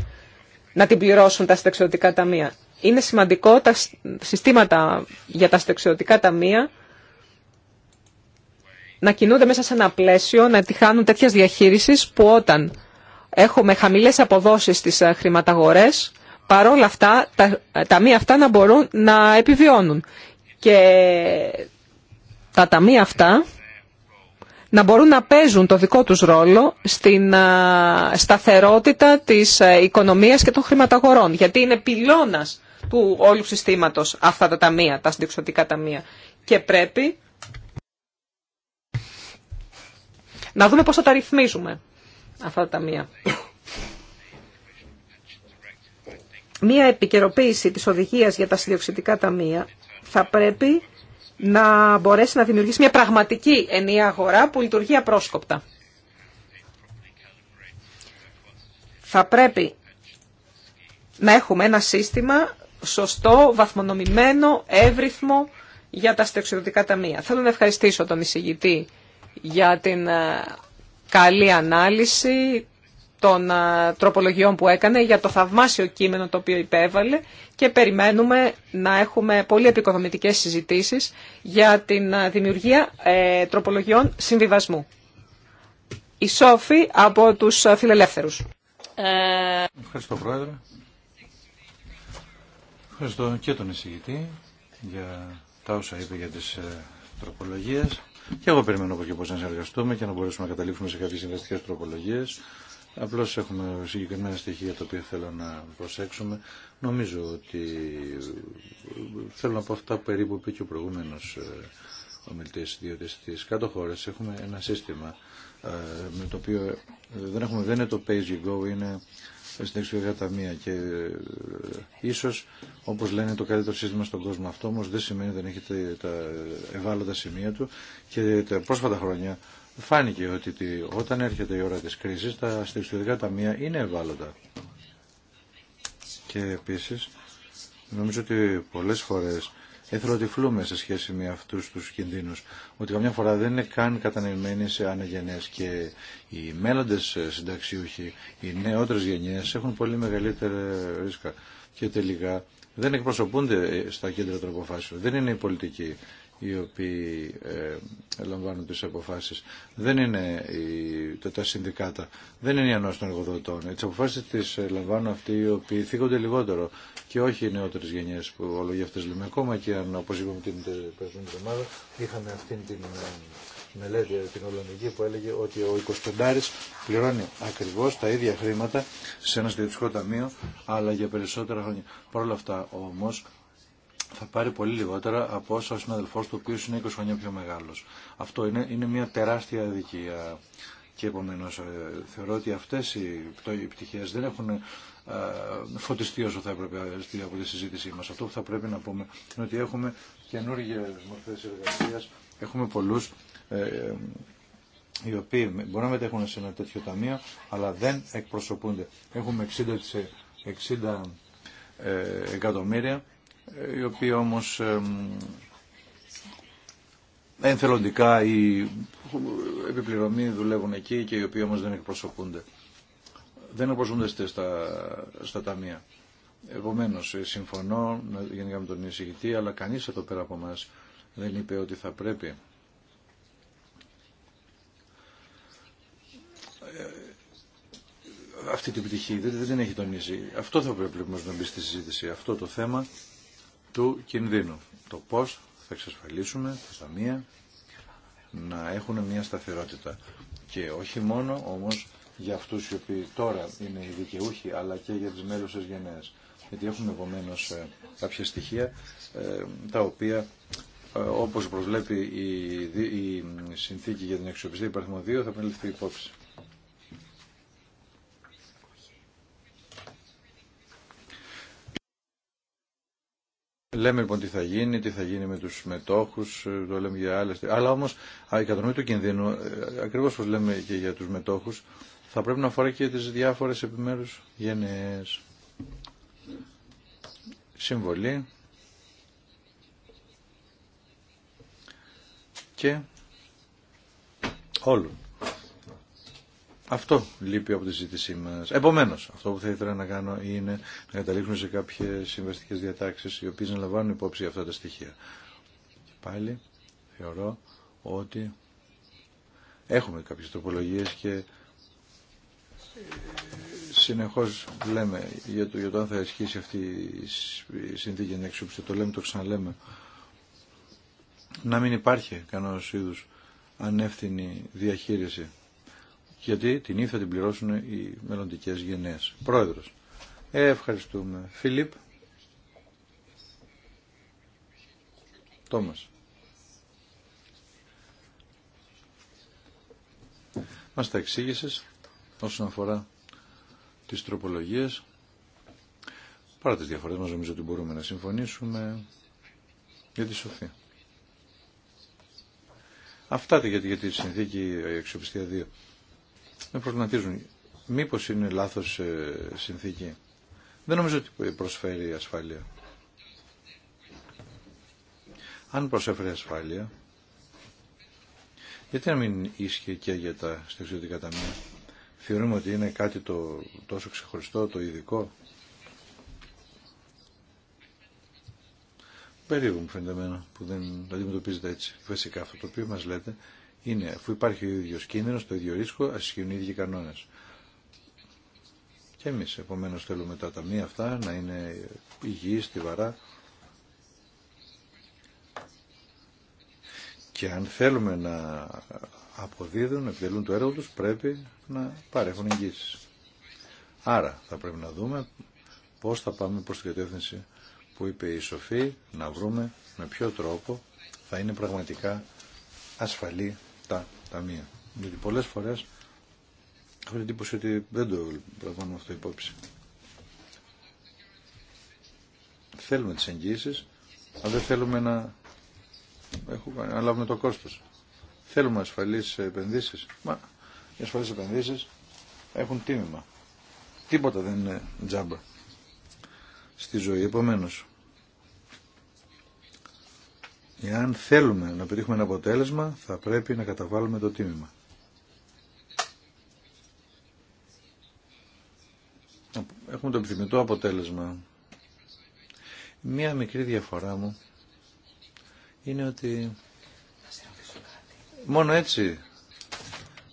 να την πληρώσουν τα συνταξιδοτικά ταμεία. Είναι σημαντικό τα συστήματα για τα συνταξιδοτικά ταμεία να κινούνται μέσα σε ένα πλαίσιο, να τυχάνουν τέτοιας διαχείρισης που όταν έχουμε χαμηλές αποδόσεις στις ε, χρηματαγορές, παρόλα αυτά τα ταμεία αυτά να μπορούν να επιβιώνουν. Και τα ταμεία αυτά να μπορούν να παίζουν το δικό τους ρόλο στην ε, σταθερότητα της ε, οικονομίας και των χρηματαγορών. Γιατί είναι πυλώνας του όλου συστήματος αυτά τα ταμεία, τα συνδεξιωτικά ταμεία. Και πρέπει να δούμε πώς θα τα ρυθμίζουμε αυτά τα ταμεία. Μία επικαιροποίηση της οδηγίας για τα συνδιοξιδικά ταμεία θα πρέπει να μπορέσει να δημιουργήσει μια πραγματική ενιαία αγορά που λειτουργεί απρόσκοπτα. Θα πρέπει να έχουμε ένα σύστημα σωστό, βαθμονομημένο, εύρυθμο για τα συντεξιδοτικά ταμεία. Θέλω να ευχαριστήσω τον εισηγητή για την ε, καλή ανάλυση των τροπολογιών που έκανε για το θαυμάσιο κείμενο το οποίο υπέβαλε και περιμένουμε να έχουμε πολύ επικοδομητικές συζητήσεις για την δημιουργία ε, τροπολογιών συμβιβασμού. Η Σόφη από τους φιλελεύθερους. Ε, Ευχαριστώ Πρόεδρε. Ευχαριστώ και τον εισηγητή για τα όσα είπε για τις ε, τροπολογίες. Και εγώ περιμένω από και πώ να συνεργαστούμε και να μπορέσουμε να καταλήξουμε σε κάποιε συμβαστικέ τροπολογίε. Απλώ έχουμε συγκεκριμένα στοιχεία τα οποία θέλω να προσέξουμε. Νομίζω ότι θέλω να πω αυτά περίπου είπε και ο προηγούμενο ε, ομιλητή, διότι στι κάτω χώρε έχουμε ένα σύστημα ε, με το οποίο δεν είναι το pay you go, είναι τα ταμεία και ε, ίσως όπως λένε το καλύτερο σύστημα στον κόσμο αυτό όμως δεν σημαίνει ότι δεν έχετε τα ευάλωτα σημεία του και τα πρόσφατα χρόνια φάνηκε ότι όταν έρχεται η ώρα της κρίσης τα τα ταμεία είναι ευάλωτα και επίσης νομίζω ότι πολλές φορές εθροτυφλούμε σε σχέση με αυτούς τους κινδύνους. Ότι καμιά φορά δεν είναι καν κατανοημένοι σε αναγενές και οι μέλλοντες συνταξιούχοι, οι νεότερες γενιές έχουν πολύ μεγαλύτερη ρίσκα και τελικά δεν εκπροσωπούνται στα κέντρα τροποφάσεων, Δεν είναι οι πολιτικοί οι οποίοι ε, λαμβάνουν τις αποφάσεις. Δεν είναι η, τα, τα συνδικάτα, δεν είναι η ανώση των εργοδοτών. Τις αποφάσεις τις ε, λαμβάνουν αυτοί οι οποίοι θίγονται λιγότερο και όχι οι νεότερες γενιές που όλο για αυτές λέμε ακόμα και αν όπως είπαμε την περσμένη εβδομάδα είχαμε αυτή την ε, μελέτη ε, την Ολλανδική που έλεγε ότι ο 25 πληρώνει ακριβώς τα ίδια χρήματα σε ένα στρατιωτικό ταμείο αλλά για περισσότερα χρόνια. Παρ' όλα αυτά όμως θα πάρει πολύ λιγότερα από όσο ο συναδελφός του, ο οποίος είναι 20 χρόνια πιο μεγάλος. Αυτό είναι, είναι μια τεράστια δικία Και επομένω ε, θεωρώ ότι αυτές οι πτυχές δεν έχουν ε, φωτιστεί όσο θα έπρεπε ε, από τη συζήτησή μας. Αυτό που θα πρέπει να πούμε είναι ότι έχουμε καινούργιες μορφές εργασίας, έχουμε πολλούς ε, οι οποίοι μπορεί να μετέχουν σε ένα τέτοιο ταμείο, αλλά δεν εκπροσωπούνται. Έχουμε 60, 60 εκατομμύρια οι οποίοι όμως ενθελοντικά ή επιπληρωμοί δουλεύουν εκεί και οι οποίοι όμως δεν εκπροσωπούνται. Δεν εκπροσωπούνται στα, στα ταμεία. Επομένως, ε, συμφωνώ γενικά με τον εισηγητή, αλλά κανείς εδώ πέρα από εμά δεν είπε ότι θα πρέπει ε, αυτή την πτυχή δεν, δεν έχει τονίσει. Αυτό θα πρέπει να μπει στη συζήτηση, αυτό το θέμα του κινδύνου. Το πώς θα εξασφαλίσουμε τα ταμεία να έχουν μια σταθερότητα. Και όχι μόνο όμως για αυτούς οι οποίοι τώρα είναι οι δικαιούχοι, αλλά και για τις μέλουσες γενναίες. Γιατί έχουμε επομένω ε, κάποια στοιχεία ε, τα οποία ε, όπως προβλέπει η, η συνθήκη για την αξιοπιστία 2 θα πρέπει να υπόψη. Λέμε λοιπόν τι θα γίνει, τι θα γίνει με τους μετόχους, ε, το λέμε για άλλες. Αλλά όμως η κατανομή του κινδύνου, ε, ακριβώς όπως λέμε και για τους μετόχους, θα πρέπει να αφορά και τις διάφορες επιμέρους γενναίες. Συμβολή. Και όλου. Αυτό λείπει από τη ζήτησή μα. Επομένω, αυτό που θα ήθελα να κάνω είναι να καταλήξουμε σε κάποιε συμβαστικέ διατάξει οι οποίε να λαμβάνουν υπόψη αυτά τα στοιχεία. Και Πάλι θεωρώ ότι έχουμε κάποιε τροπολογίε και συνεχώ λέμε για το, για αν θα ισχύσει αυτή η συνθήκη να εξούψει. Το λέμε, το ξαναλέμε. Να μην υπάρχει κανένα είδου ανεύθυνη διαχείριση γιατί την ύφη την πληρώσουν οι μελλοντικέ γενναίες. Πρόεδρος. Ε, ευχαριστούμε. Φίλιπ. Τόμας. Μας τα εξήγησες όσον αφορά τις τροπολογίες. Παρά τις διαφορές μας νομίζω ότι μπορούμε να συμφωνήσουμε για τη σοφία. Αυτά γιατί γιατί συνθήκη η αξιοπιστία 2 με προβληματίζουν. Μήπως είναι λάθος ε, συνθήκη. Δεν νομίζω ότι προσφέρει ασφάλεια. Αν προσέφερε ασφάλεια, γιατί να μην ίσχυε και για τα στεξιωτικά ταμεία. Θεωρούμε ότι είναι κάτι το τόσο ξεχωριστό, το ειδικό. Περίεργο μου φαίνεται εμένα που δεν αντιμετωπίζεται έτσι. Φυσικά αυτό το οποίο μας λέτε είναι αφού υπάρχει ο ίδιος κίνδυνος, το ίδιο ρίσκο, ας ισχύουν οι ίδιοι κανόνες. Και εμείς επομένως θέλουμε τα ταμεία αυτά να είναι υγιή, στιβαρά. Και αν θέλουμε να αποδίδουν, να επιτελούν το έργο τους, πρέπει να παρέχουν εγγύσεις. Άρα θα πρέπει να δούμε πώς θα πάμε προς την κατεύθυνση που είπε η Σοφή, να βρούμε με ποιο τρόπο θα είναι πραγματικά ασφαλή τα μία, Γιατί πολλές φορές έχω την εντύπωση ότι δεν το λαμβάνουμε αυτό υπόψη. Θέλουμε τις εγγύησεις, αλλά δεν θέλουμε να, έχουμε, να λάβουμε το κόστος. Θέλουμε ασφαλείς επενδύσεις. Μα οι ασφαλείς επενδύσεις έχουν τίμημα. Τίποτα δεν είναι τζάμπα στη ζωή. Επομένως, Εάν θέλουμε να πετύχουμε ένα αποτέλεσμα, θα πρέπει να καταβάλουμε το τίμημα. Έχουμε το επιθυμητό αποτέλεσμα. Μία μικρή διαφορά μου είναι ότι μόνο έτσι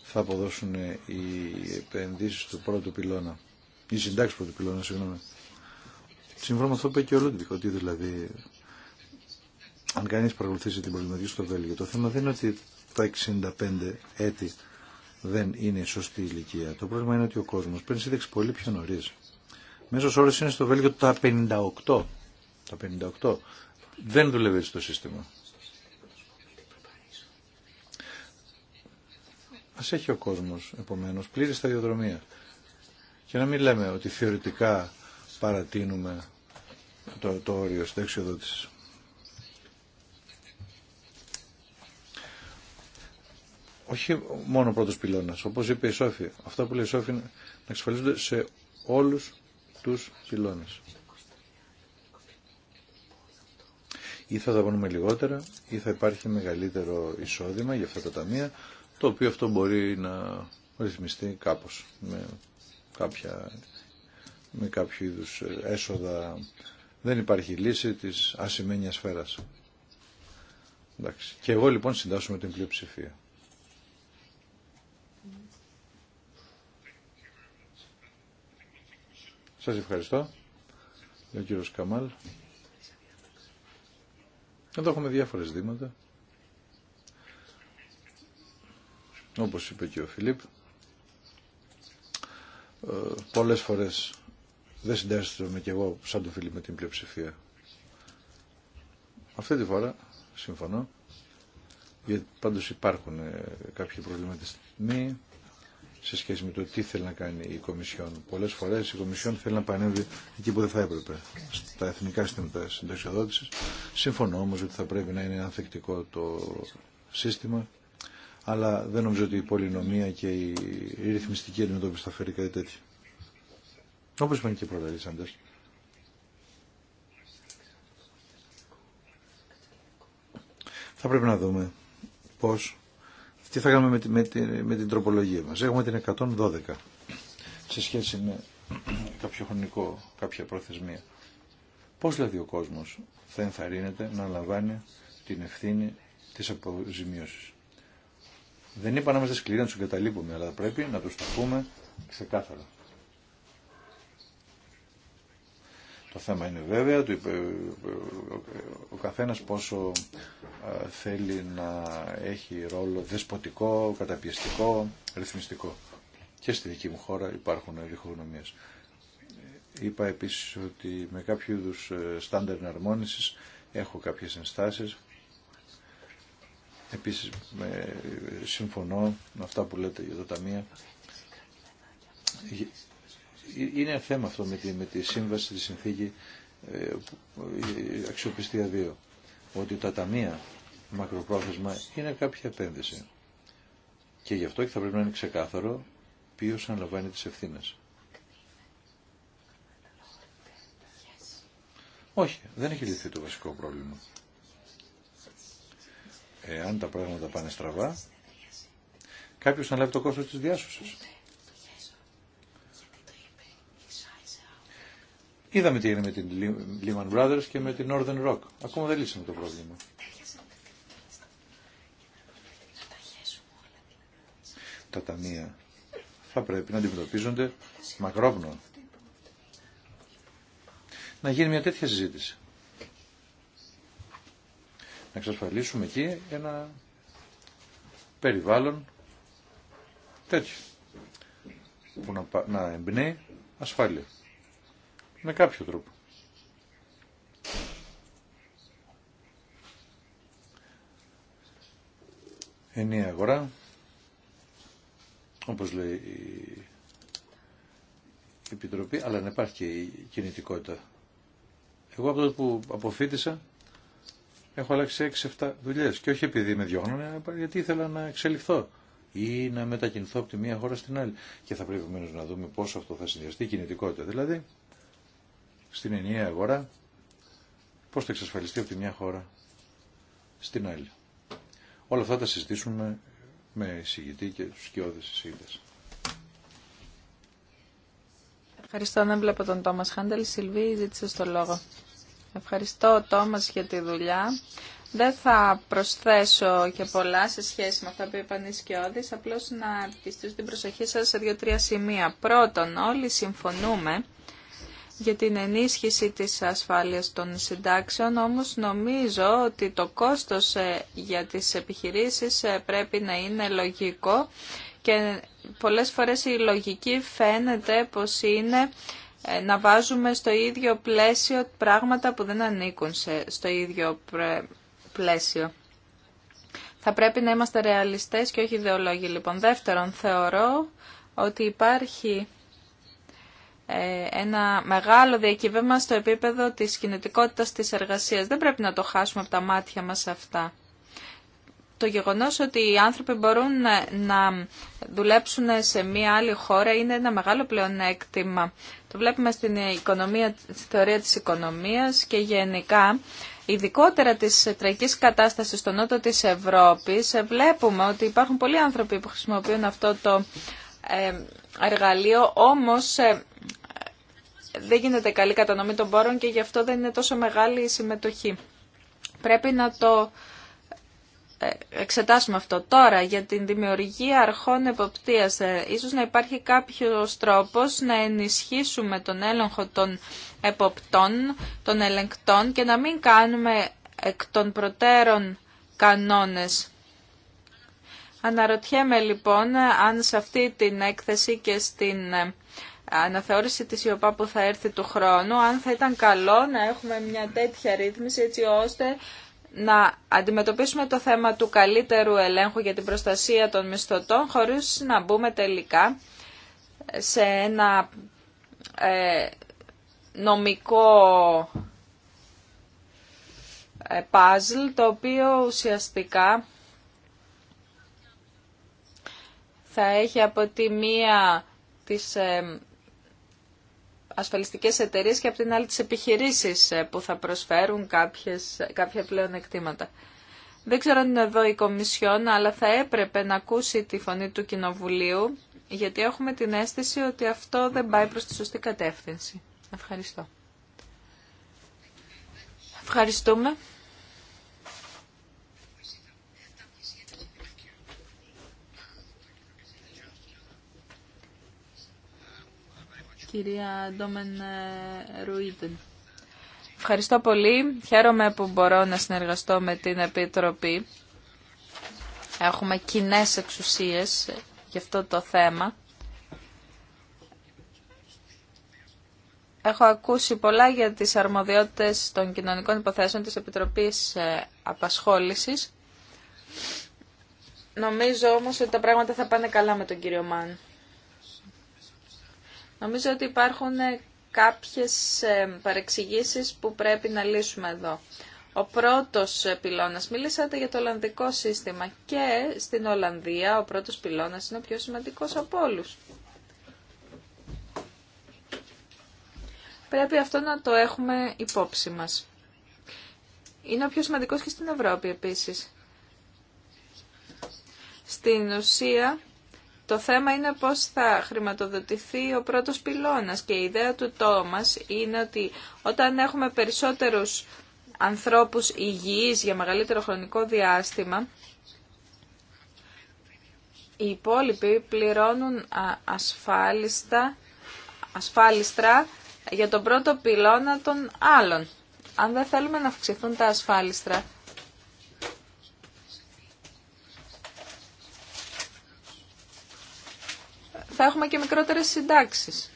θα αποδώσουν οι επενδύσεις του πρώτου πυλώνα. Οι συντάξεις του πρώτου πυλώνα, συγγνώμη. Συμφωνώ με αυτό που είπε και ο Λούντβικ, ότι δηλαδή αν κανείς παρακολουθήσει την προβληματική στο Βέλγιο, το θέμα δεν είναι ότι τα 65 έτη δεν είναι η σωστή ηλικία. Το πρόβλημα είναι ότι ο κόσμος παίρνει σύνδεξη πολύ πιο νωρί. Μέσω ώρες είναι στο Βέλγιο τα 58. Τα 58. Δεν δουλεύει στο σύστημα. Ας έχει ο κόσμος, επομένως, πλήρη σταδιοδρομία. Και να μην λέμε ότι θεωρητικά παρατείνουμε το, το όριο συνταξιοδότησης. όχι μόνο ο πρώτο πυλώνας, όπως είπε η Σόφη. Αυτά που λέει η Σόφη να εξασφαλίζονται σε όλου του πυλώνε. Ή θα δαπανούμε λιγότερα ή θα υπάρχει μεγαλύτερο εισόδημα για αυτά τα ταμεία, το οποίο αυτό μπορεί να ρυθμιστεί κάπω με, κάποια, με κάποιο είδου ε, έσοδα. Δεν υπάρχει λύση τη ασημένια σφαίρα. Εντάξει. Και εγώ λοιπόν συντάσσω την πλειοψηφία. Σας ευχαριστώ. Ο κύριος Καμάλ. Εδώ έχουμε διάφορες δήματα. Όπως είπε και ο Φιλίπ, ε, πολλές φορές δεν συντάστησα και εγώ σαν τον Φιλίπ με την πλειοψηφία. Αυτή τη φορά συμφωνώ, γιατί πάντως υπάρχουν ε, κάποιοι προβληματισμοί σε σχέση με το τι θέλει να κάνει η Κομισιόν. Πολλές φορές η Κομισιόν θέλει να πανέμβει εκεί που δεν θα έπρεπε, στα εθνικά συστήματα συνταξιοδότησης. Συμφωνώ όμως ότι θα πρέπει να είναι ανθεκτικό το σύστημα, αλλά δεν νομίζω ότι η πολυνομία και η, ρυθμιστική αντιμετώπιση θα φέρει κάτι τέτοιο. Όπως είπαν και οι Θα πρέπει να δούμε πώς τι θα κάνουμε με, με, με την τροπολογία μας. Έχουμε την 112 σε σχέση με κάποιο χρονικό, κάποια προθεσμία. Πώς δηλαδή ο κόσμος θα ενθαρρύνεται να λαμβάνει την ευθύνη της αποζημίωσης. Δεν είπα να είμαστε σκληροί να τους εγκαταλείπουμε, αλλά πρέπει να τους τα πούμε ξεκάθαρα. Το θέμα είναι βέβαια ο καθένας πόσο θέλει να έχει ρόλο δεσποτικό, καταπιεστικό, ρυθμιστικό. Και στη δική μου χώρα υπάρχουν ρηχογνωμίες. Είπα επίσης ότι με κάποιο είδου ε, στάνταρ εναρμόνησης έχω κάποιες ενστάσεις. Επίσης συμφωνώ με αυτά που λέτε για τα ταμεία είναι θέμα αυτό με τη, με τη σύμβαση, τη συνθήκη ε, αξιοπιστία 2. Ότι τα ταμεία μακροπρόθεσμα είναι κάποια επένδυση. Και γι' αυτό και θα πρέπει να είναι ξεκάθαρο ποιος αναλαμβάνει τις ευθύνες. Όχι, δεν έχει λυθεί το βασικό πρόβλημα. Εάν τα πράγματα πάνε στραβά, κάποιος να το κόστος της διάσωσης. Είδαμε τι έγινε με την Lehman Brothers και με την Northern Rock. Ακόμα δεν λύσαμε το πρόβλημα. Τα ταμεία θα πρέπει να αντιμετωπίζονται μακρόπνο. Να γίνει μια τέτοια συζήτηση. Να εξασφαλίσουμε εκεί ένα περιβάλλον τέτοιο που να, να εμπνέει ασφάλεια με κάποιο τρόπο. Ενία αγορά, όπως λέει η Επιτροπή, αλλά να υπάρχει και η κινητικότητα. Εγώ από τότε που αποφύτησα έχω αλλάξει 6-7 δουλειές και όχι επειδή με διώχνανε, γιατί ήθελα να εξελιχθώ ή να μετακινηθώ από τη μία χώρα στην άλλη. Και θα πρέπει επομένω να δούμε πώς αυτό θα συνδυαστεί η κινητικότητα. Δηλαδή, στην ενιαία αγορά, πώς θα εξασφαλιστεί από τη μια χώρα στην άλλη. Όλα αυτά τα συζητήσουμε με εισηγητή και τους σκιώδες εισηγητές. Ευχαριστώ. Δεν βλέπω τον Τόμας Χάντελ. Σιλβί, ζήτησε το λόγο. Ευχαριστώ, Τόμας, για τη δουλειά. Δεν θα προσθέσω και πολλά σε σχέση με αυτά που είπαν οι σκιώδεις, απλώς να επιστήσω την προσοχή σας σε δύο-τρία σημεία. Πρώτον, όλοι συμφωνούμε για την ενίσχυση της ασφάλειας των συντάξεων, όμως νομίζω ότι το κόστος ε, για τις επιχειρήσεις ε, πρέπει να είναι λογικό και πολλές φορές η λογική φαίνεται πως είναι ε, να βάζουμε στο ίδιο πλαίσιο πράγματα που δεν ανήκουν στο ίδιο πλαίσιο. Θα πρέπει να είμαστε ρεαλιστές και όχι ιδεολόγοι. Λοιπόν, δεύτερον, θεωρώ ότι υπάρχει ε, ένα μεγάλο διακύβευμα στο επίπεδο της κινητικότητας της εργασίας. Δεν πρέπει να το χάσουμε από τα μάτια μας αυτά. Το γεγονός ότι οι άνθρωποι μπορούν ε, να δουλέψουν σε μία άλλη χώρα είναι ένα μεγάλο πλεονέκτημα. Το βλέπουμε στην οικονομία, στη θεωρία της οικονομίας και γενικά ειδικότερα της τραγικής κατάστασης στο νότο της Ευρώπης, ε, βλέπουμε ότι υπάρχουν πολλοί άνθρωποι που χρησιμοποιούν αυτό το εργαλείο, όμως δεν γίνεται καλή κατανομή των πόρων και γι' αυτό δεν είναι τόσο μεγάλη η συμμετοχή. Πρέπει να το ε, εξετάσουμε αυτό. Τώρα, για την δημιουργία αρχών εποπτείας, ε, ίσως να υπάρχει κάποιος τρόπος να ενισχύσουμε τον έλεγχο των εποπτών, των ελεγκτών και να μην κάνουμε εκ των προτέρων κανόνες. Αναρωτιέμαι λοιπόν αν σε αυτή την έκθεση και στην ε, αναθεώρηση της ΙΟΠΑ που θα έρθει του χρόνου, αν θα ήταν καλό να έχουμε μια τέτοια ρύθμιση έτσι ώστε να αντιμετωπίσουμε το θέμα του καλύτερου ελέγχου για την προστασία των μισθωτών χωρίς να μπούμε τελικά σε ένα ε, νομικό παζλ ε, το οποίο ουσιαστικά θα έχει από τη μία τις ε, ασφαλιστικές εταιρείες και από την άλλη τις επιχειρήσεις ε, που θα προσφέρουν κάποιες, κάποια πλέον εκτήματα. Δεν ξέρω αν είναι εδώ η Κομισιόν, αλλά θα έπρεπε να ακούσει τη φωνή του Κοινοβουλίου, γιατί έχουμε την αίσθηση ότι αυτό δεν πάει προς τη σωστή κατεύθυνση. Ευχαριστώ. Ευχαριστούμε. κυρία Ντόμεν ε, Ρουίτεν. Ευχαριστώ πολύ. Χαίρομαι που μπορώ να συνεργαστώ με την Επιτροπή. Έχουμε κοινέ εξουσίες για αυτό το θέμα. Έχω ακούσει πολλά για τις αρμοδιότητες των κοινωνικών υποθέσεων της Επιτροπής ε, Απασχόλησης. Νομίζω όμως ότι τα πράγματα θα πάνε καλά με τον κύριο Μάν. Νομίζω ότι υπάρχουν ε, κάποιες ε, παρεξηγήσεις που πρέπει να λύσουμε εδώ. Ο πρώτος ε, πυλώνας, μίλησατε για το Ολλανδικό σύστημα και στην Ολλανδία ο πρώτος πυλώνας είναι ο πιο σημαντικός από όλους. Πρέπει αυτό να το έχουμε υπόψη μας. Είναι ο πιο σημαντικός και στην Ευρώπη επίσης. Στην ουσία το θέμα είναι πώς θα χρηματοδοτηθεί ο πρώτος πυλώνας και η ιδέα του Τόμας είναι ότι όταν έχουμε περισσότερους ανθρώπους υγιείς για μεγαλύτερο χρονικό διάστημα, οι υπόλοιποι πληρώνουν ασφάλιστα, ασφάλιστρα για τον πρώτο πυλώνα των άλλων. Αν δεν θέλουμε να αυξηθούν τα ασφάλιστρα, θα έχουμε και μικρότερες συντάξεις.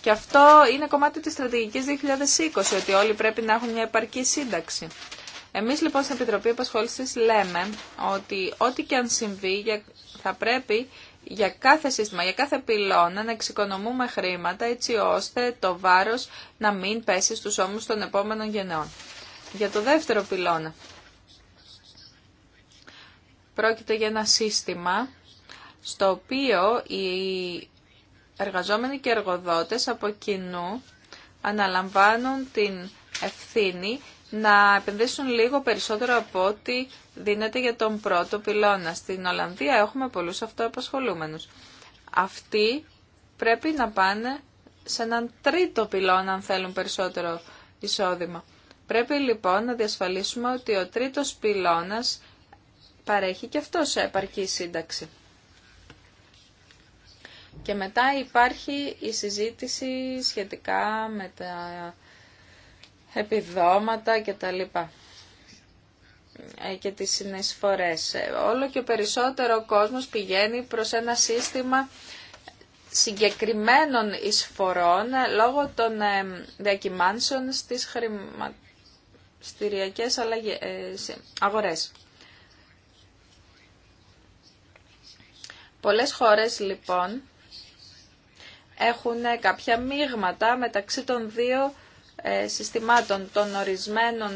Και αυτό είναι κομμάτι της στρατηγικής 2020, ότι όλοι πρέπει να έχουν μια επαρκή σύνταξη. Εμείς λοιπόν στην Επιτροπή Επασχόλησης λέμε ότι ό,τι και αν συμβεί θα πρέπει για κάθε σύστημα, για κάθε πυλώνα να εξοικονομούμε χρήματα έτσι ώστε το βάρος να μην πέσει στους ώμους των επόμενων γενεών. Για το δεύτερο πυλώνα, πρόκειται για ένα σύστημα στο οποίο οι εργαζόμενοι και εργοδότες από κοινού αναλαμβάνουν την ευθύνη να επενδύσουν λίγο περισσότερο από ό,τι δίνεται για τον πρώτο πυλώνα. Στην Ολλανδία έχουμε πολλούς αυτοαπασχολούμενους. Αυτοί πρέπει να πάνε σε έναν τρίτο πυλώνα αν θέλουν περισσότερο εισόδημα. Πρέπει λοιπόν να διασφαλίσουμε ότι ο τρίτος πυλώνας παρέχει και σε επαρκή σύνταξη. Και μετά υπάρχει η συζήτηση σχετικά με τα επιδόματα και τα λοιπά ε, και τις συνεισφορές. Ε, όλο και περισσότερο ο κόσμος πηγαίνει προς ένα σύστημα συγκεκριμένων εισφορών ε, λόγω των διακυμάνσεων στις χρηματιστηριακές αγορές. Πολλές χώρες λοιπόν έχουν κάποια μείγματα μεταξύ των δύο ε, συστημάτων, των ορισμένων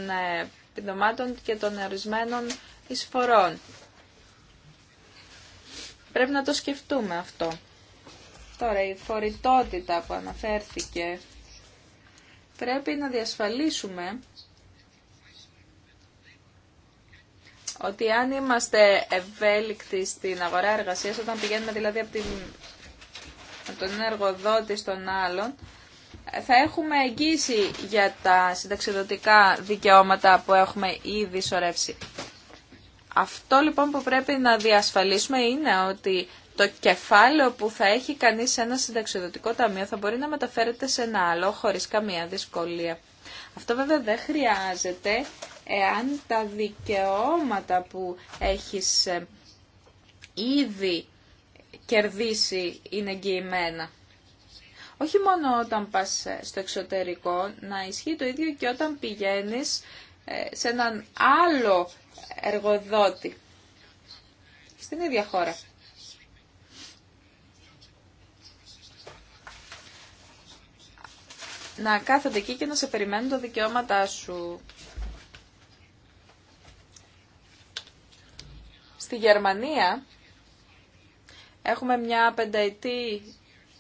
επιδομάτων και των ορισμένων εισφορών. Πρέπει να το σκεφτούμε αυτό. Τώρα, η φορητότητα που αναφέρθηκε. Πρέπει να διασφαλίσουμε ότι αν είμαστε ευέλικτοι στην αγορά εργασίας, όταν πηγαίνουμε δηλαδή από την με τον εργοδότη στον άλλον, θα έχουμε εγγύηση για τα συνταξιδοτικά δικαιώματα που έχουμε ήδη σωρεύσει. Αυτό λοιπόν που πρέπει να διασφαλίσουμε είναι ότι το κεφάλαιο που θα έχει κανείς σε ένα συνταξιδοτικό ταμείο θα μπορεί να μεταφέρεται σε ένα άλλο χωρίς καμία δυσκολία. Αυτό βέβαια δεν χρειάζεται εάν τα δικαιώματα που έχεις ε, ήδη κερδίσει είναι εγγυημένα. Όχι μόνο όταν πας ε, στο εξωτερικό, να ισχύει το ίδιο και όταν πηγαίνεις ε, σε έναν άλλο εργοδότη στην ίδια χώρα. Να κάθονται εκεί και να σε περιμένουν τα δικαιώματά σου. Στη Γερμανία Έχουμε μια πενταετή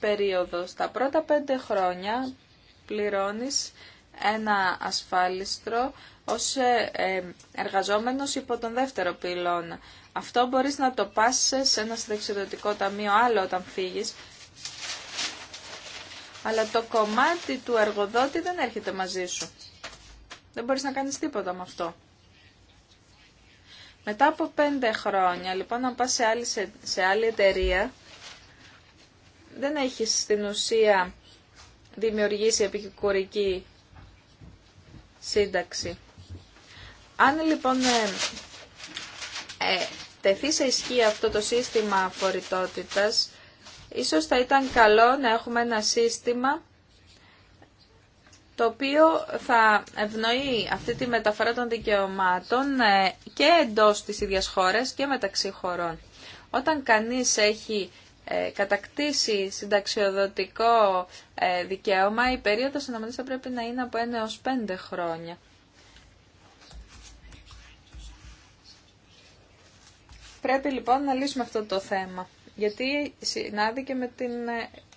περίοδο. Στα πρώτα πέντε χρόνια πληρώνεις ένα ασφάλιστρο ως ε, ε, εργαζόμενος υπό τον δεύτερο πυλώνα. Αυτό μπορείς να το πας σε ένα συνταξιδοτικό ταμείο άλλο όταν φύγεις. Αλλά το κομμάτι του εργοδότη δεν έρχεται μαζί σου. Δεν μπορείς να κάνεις τίποτα με αυτό. Μετά από πέντε χρόνια, λοιπόν, να πας σε άλλη, σε, άλλη εταιρεία, δεν έχεις στην ουσία δημιουργήσει επικουρική σύνταξη. Αν λοιπόν ε, ε, τεθεί σε ισχύ αυτό το σύστημα φορητότητας, ίσως θα ήταν καλό να έχουμε ένα σύστημα το οποίο θα ευνοεί αυτή τη μεταφορά των δικαιωμάτων ε, και εντός της ίδιας χώρας και μεταξύ χωρών. Όταν κανείς έχει ε, κατακτήσει συνταξιοδοτικό ε, δικαίωμα, η περίοδος αναμονής θα πρέπει να είναι από 1 έως 5 χρόνια. Πρέπει λοιπόν να λύσουμε αυτό το θέμα, γιατί συνάδει και με την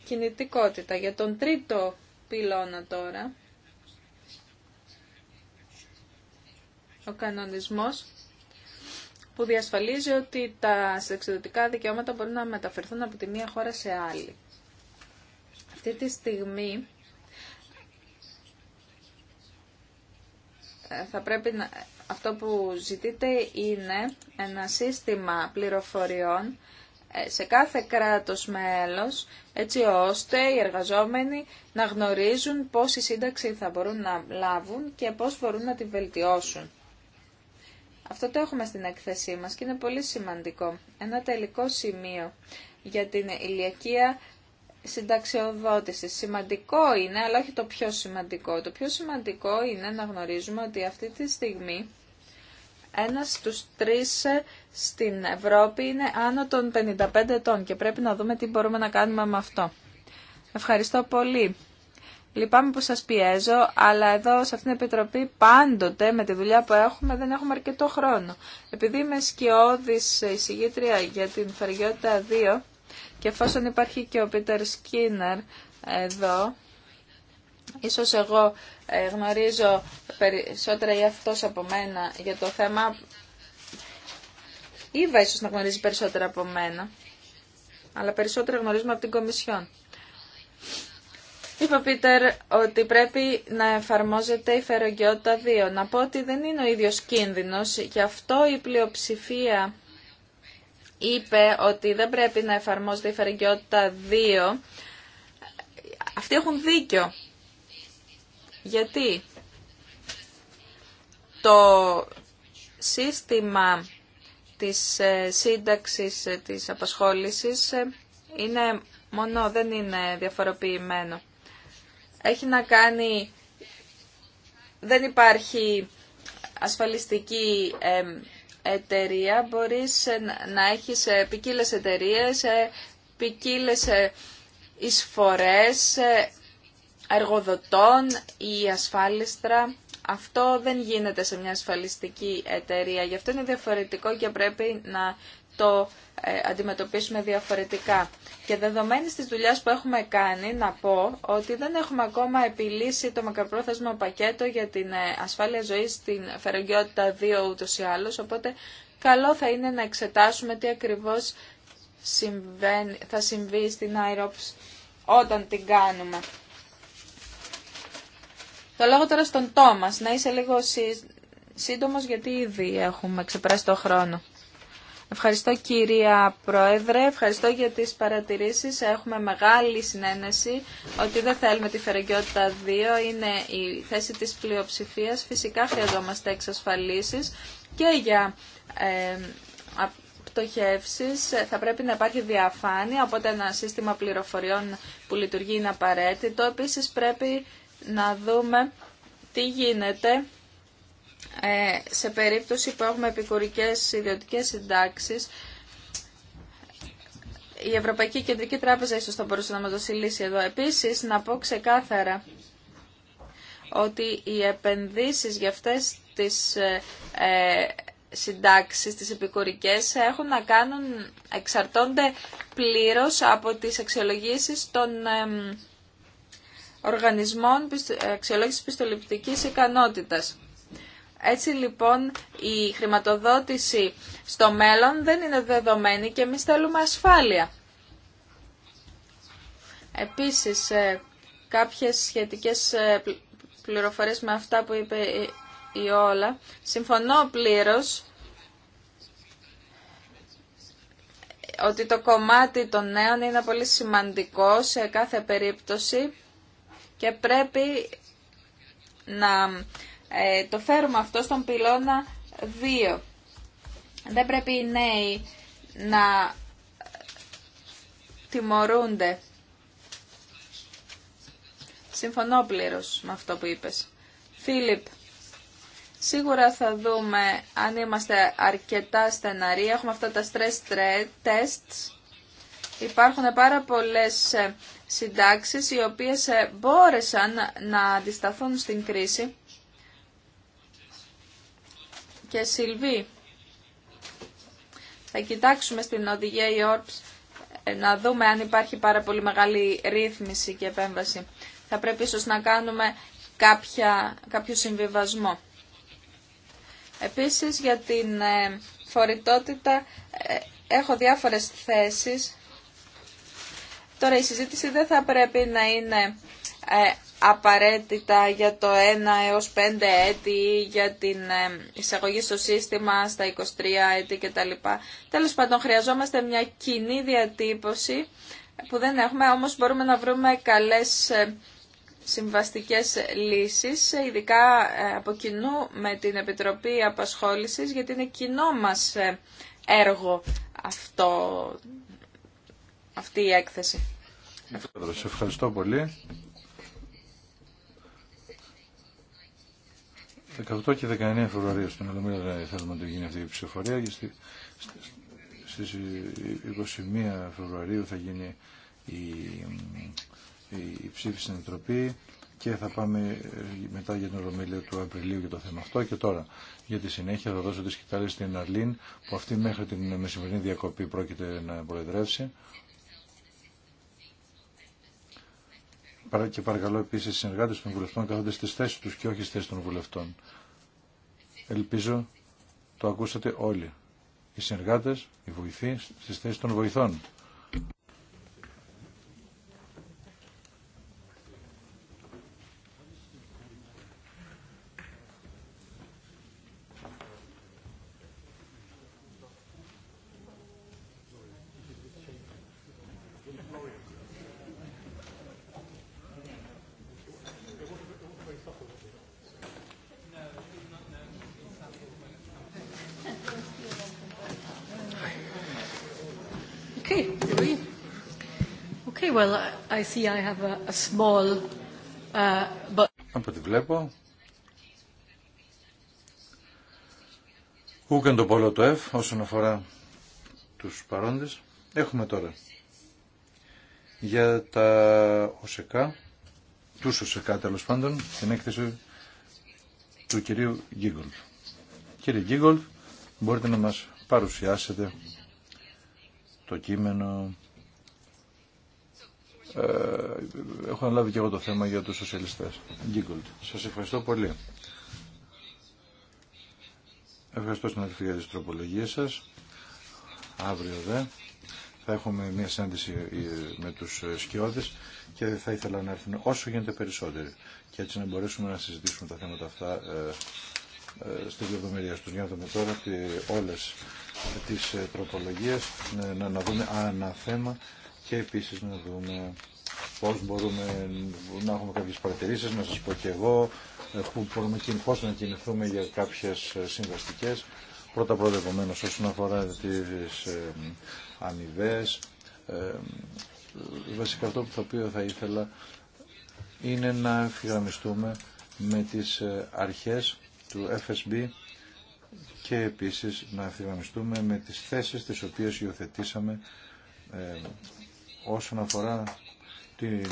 κινητικότητα. Για τον τρίτο πυλώνα τώρα, ο κανονισμός που διασφαλίζει ότι τα συνταξιδοτικά δικαιώματα μπορούν να μεταφερθούν από τη μία χώρα σε άλλη. Αυτή τη στιγμή ε, θα πρέπει αυτό που ζητείτε είναι ένα σύστημα πληροφοριών ε, σε κάθε κράτος μέλος, έτσι ώστε οι εργαζόμενοι να γνωρίζουν πόση σύνταξη θα μπορούν να λάβουν και πώς μπορούν να τη βελτιώσουν. Αυτό το έχουμε στην έκθεσή μας και είναι πολύ σημαντικό. Ένα τελικό σημείο για την ηλιακία συνταξιοδότηση. Σημαντικό είναι, αλλά όχι το πιο σημαντικό. Το πιο σημαντικό είναι να γνωρίζουμε ότι αυτή τη στιγμή ένας στους τρεις στην Ευρώπη είναι άνω των 55 ετών και πρέπει να δούμε τι μπορούμε να κάνουμε με αυτό. Ευχαριστώ πολύ. Λυπάμαι που σας πιέζω, αλλά εδώ σε αυτήν την Επιτροπή πάντοτε με τη δουλειά που έχουμε δεν έχουμε αρκετό χρόνο. Επειδή είμαι σκιώδης εισηγήτρια για την Φεργιότητα 2 και εφόσον υπάρχει και ο Πίτερ Σκίνερ εδώ, ίσως εγώ ε, γνωρίζω περισσότερα για αυτός από μένα για το θέμα, Ήβα ίσως να γνωρίζει περισσότερα από μένα, αλλά περισσότερα γνωρίζουμε από την Κομισιόν. Είπα ο Πίτερ ότι πρέπει να εφαρμόζεται η φερογγιότητα 2. Να πω ότι δεν είναι ο ίδιος κίνδυνος, γι' αυτό η πλειοψηφία είπε ότι δεν πρέπει να εφαρμόζεται η φερογγιότητα 2. Αυτοί έχουν δίκιο. Γιατί το σύστημα της ε, σύνταξης ε, της απασχόλησης ε, είναι μόνο, δεν είναι διαφοροποιημένο έχει να κάνει... Δεν υπάρχει ασφαλιστική εταιρεία. Μπορείς να έχεις ε, ποικίλε εταιρείε, ε, ποικίλε ε, εισφορές εργοδοτών ή ασφάλιστρα. Αυτό δεν γίνεται σε μια ασφαλιστική εταιρεία. Γι' αυτό είναι διαφορετικό και πρέπει να το ε, αντιμετωπίσουμε διαφορετικά. Και δεδομένη της δουλειά που έχουμε κάνει, να πω ότι δεν έχουμε ακόμα επιλύσει το μακροπρόθεσμο πακέτο για την ε, ασφάλεια ζωής στην φερογγιότητα 2 ούτως ή άλλως, οπότε καλό θα είναι να εξετάσουμε τι ακριβώς θα συμβεί στην IROPS όταν την κάνουμε. Το λόγο τώρα στον Τόμας, να είσαι λίγο σύντομος γιατί ήδη έχουμε ξεπεράσει το χρόνο. Ευχαριστώ κυρία Πρόεδρε, ευχαριστώ για τις παρατηρήσεις. Έχουμε μεγάλη συνένεση ότι δεν θέλουμε τη φερεγγιότητα 2, είναι η θέση της πλειοψηφίας. Φυσικά χρειαζόμαστε εξασφαλίσεις και για ε, πτωχεύσεις θα πρέπει να υπάρχει διαφάνεια, οπότε ένα σύστημα πληροφοριών που λειτουργεί είναι απαραίτητο. Επίσης πρέπει να δούμε τι γίνεται ε, σε περίπτωση που έχουμε επικουρικές ιδιωτικές συντάξεις, η Ευρωπαϊκή Κεντρική Τράπεζα ίσως θα μπορούσε να μας δώσει λύση εδώ. Επίσης, να πω ξεκάθαρα ότι οι επενδύσεις για αυτές τις ε, ε συντάξεις, τις επικουρικές, έχουν να κάνουν, εξαρτώνται πλήρως από τις αξιολογήσεις των οργανισμών αξιολόγησης πιστοληπτικής ικανότητας. Έτσι λοιπόν η χρηματοδότηση στο μέλλον δεν είναι δεδομένη και εμείς θέλουμε ασφάλεια. Επίσης, ε, κάποιες σχετικές ε, πληροφορίες με αυτά που είπε ε, η Όλα. Συμφωνώ πλήρως ότι το κομμάτι των νέων είναι πολύ σημαντικό σε κάθε περίπτωση και πρέπει να ε, το φέρουμε αυτό στον πυλώνα 2. Δεν πρέπει οι νέοι να τιμωρούνται. Συμφωνώ πλήρως με αυτό που είπες. Φίλιπ, σίγουρα θα δούμε αν είμαστε αρκετά στεναροί. Έχουμε αυτά τα stress tests. Υπάρχουν πάρα πολλές ε, συντάξεις οι οποίες ε, μπόρεσαν να αντισταθούν στην κρίση και Σιλβί, Θα κοιτάξουμε στην οδηγία Ορπς ε, να δούμε αν υπάρχει πάρα πολύ μεγάλη ρύθμιση και επέμβαση. Θα πρέπει ίσως να κάνουμε κάποια, κάποιο συμβιβασμό. Επίσης για την ε, φορητότητα ε, έχω διάφορες θέσεις. Τώρα η συζήτηση δεν θα πρέπει να είναι απαραίτητα για το 1 έως 5 έτη, για την εισαγωγή στο σύστημα στα 23 έτη κτλ. Τέλος πάντων, χρειαζόμαστε μια κοινή διατύπωση που δεν έχουμε, όμως μπορούμε να βρούμε καλές συμβαστικές λύσεις, ειδικά ε, από κοινού με την Επιτροπή Απασχόλησης, γιατί είναι κοινό μας ε, έργο αυτό, αυτή η έκθεση. Ευχαριστώ πολύ. 18 και 19 Φεβρουαρίου στην Ολομέλεια δεν θέλουμε να το γίνει αυτή η ψηφοφορία και στι στις 21 Φεβρουαρίου θα γίνει η, η, ψήφιση στην Επιτροπή και θα πάμε ε, μετά για την Ολομέλεια του Απριλίου για το θέμα αυτό και τώρα για τη συνέχεια θα δώσω τις σκητάλη στην Αρλίν που αυτή μέχρι την μεσημερινή διακοπή πρόκειται να προεδρεύσει και παρακαλώ επίση οι συνεργάτε των βουλευτών καθόνται στι θέσει του και όχι στι θέσει των βουλευτών. Ελπίζω το ακούσατε όλοι. Οι συνεργάτε, οι βοηθοί στι θέσει των βοηθών. Uh, Από ό,τι βλέπω, ούκαν το πόλο το F όσον αφορά τους παρόντες. Έχουμε τώρα για τα ΟΣΕΚΑ, τους ΟΣΕΚΑ τέλο πάντων, την έκθεση του κυρίου Γιγόλ. Κύριε Γιγόλ μπορείτε να μας παρουσιάσετε το κείμενο ε, έχω αναλάβει και εγώ το θέμα για τους σοσιαλιστές. Γκίγκολτ. Σας ευχαριστώ πολύ. Ευχαριστώ στην αρχή για τις τροπολογίες σας. Αύριο δε θα έχουμε μια συνάντηση ε, με τους ε, σκιώδες και θα ήθελα να έρθουν όσο γίνεται περισσότεροι και έτσι να μπορέσουμε να συζητήσουμε τα θέματα αυτά στις λεπτομέρειες τους. Για να δούμε τώρα όλες τις τροπολογίες, να, να δούμε ανά θέμα και επίσης να δούμε πώς μπορούμε να έχουμε κάποιες παρατηρήσει να σας πω και εγώ που μπορούμε, πώς να κινηθούμε για κάποιες συμβαστικές. Πρώτα πρώτα επομένως όσον αφορά τις ε, αμοιβέ. Ε, βασικά αυτό που το οποίο θα ήθελα είναι να ευθυγραμμιστούμε με τις ε, αρχές του FSB και επίσης να ευθυγραμμιστούμε με τις θέσεις τις οποίες υιοθετήσαμε όσον αφορά την,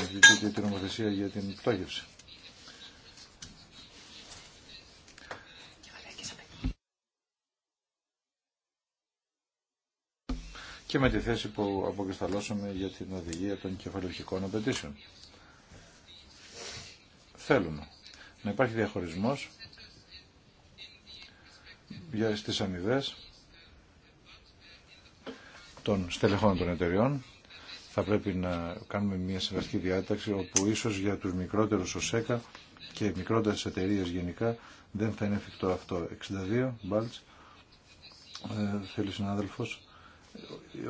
την νομοθεσία για την πτώχευση. και με τη θέση που αποκρισταλώσαμε για την οδηγία των κεφαλαιοχικών απαιτήσεων. Θέλουμε να υπάρχει διαχωρισμός για στις αμοιβέ των στελεχών των εταιριών θα πρέπει να κάνουμε μια συμβαστική διάταξη όπου ίσως για τους μικρότερους ΣΕΚΑ και μικρότερες εταιρείε γενικά δεν θα είναι εφικτό αυτό. 62, Μπάλτς, ε, θέλει συνάδελφος,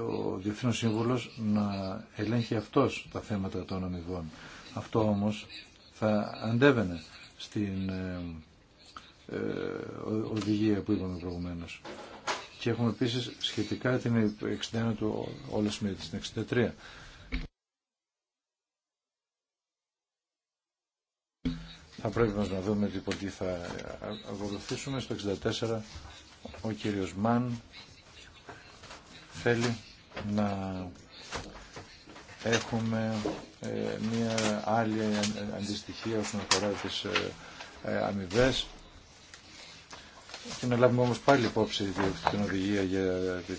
ο Διευθύνων Σύμβουλος να ελέγχει αυτός τα θέματα των αμοιβών. Αυτό όμως θα αντέβαινε στην ε, ε, οδηγία που είπαμε προηγουμένως. Και έχουμε επίσης σχετικά την 61 του Όλε Σμιτ, την 63. Θα πρέπει να δούμε τι θα ακολουθήσουμε. Στο 64 ο κύριος Μαν θέλει να έχουμε ε, μια άλλη αντιστοιχία όσον αφορά τις ε, ε, αμοιβέ και να λάβουμε όμως πάλι υπόψη την οδηγία για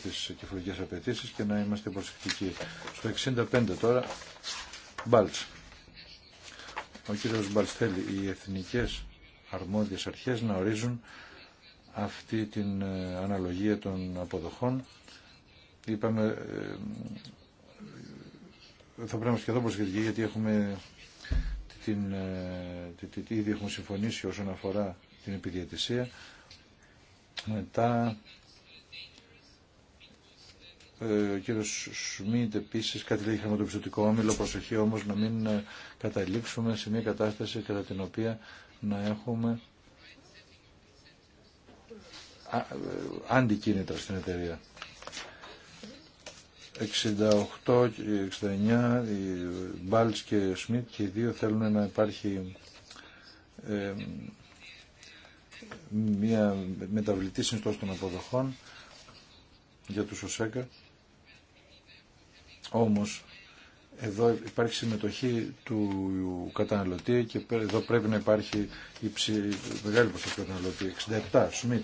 τις κεφαλικές απαιτήσει και να είμαστε προσεκτικοί. Στο 65 τώρα, Μπάλτς. Ο κύριος Μπάλτς θέλει οι εθνικές αρμόδιες αρχές να ορίζουν αυτή την ε, αναλογία των αποδοχών. Είπαμε, ε, ε, θα πρέπει να είμαστε εδώ προσεκτικοί γιατί έχουμε την, ήδη έχουμε συμφωνήσει όσον αφορά την επιδιατησία μετά ε, ο κύριο Σμιτ επίση κάτι λέει χρηματοπιστωτικό όμιλο. Προσοχή όμω να μην ε, καταλήξουμε σε μια κατάσταση κατά την οποία να έχουμε ε, αντικίνητρα στην εταιρεία. 68 και 69, Μπάλτς και Σμιτ και οι δύο θέλουν να υπάρχει μια μεταβλητή συνστόση των αποδοχών για τους ΟΣΕΚΑ. Όμως, εδώ υπάρχει συμμετοχή του καταναλωτή και εδώ πρέπει να υπάρχει ψη... μεγάλη ποσότητα καταναλωτή. 67, Σμιτ,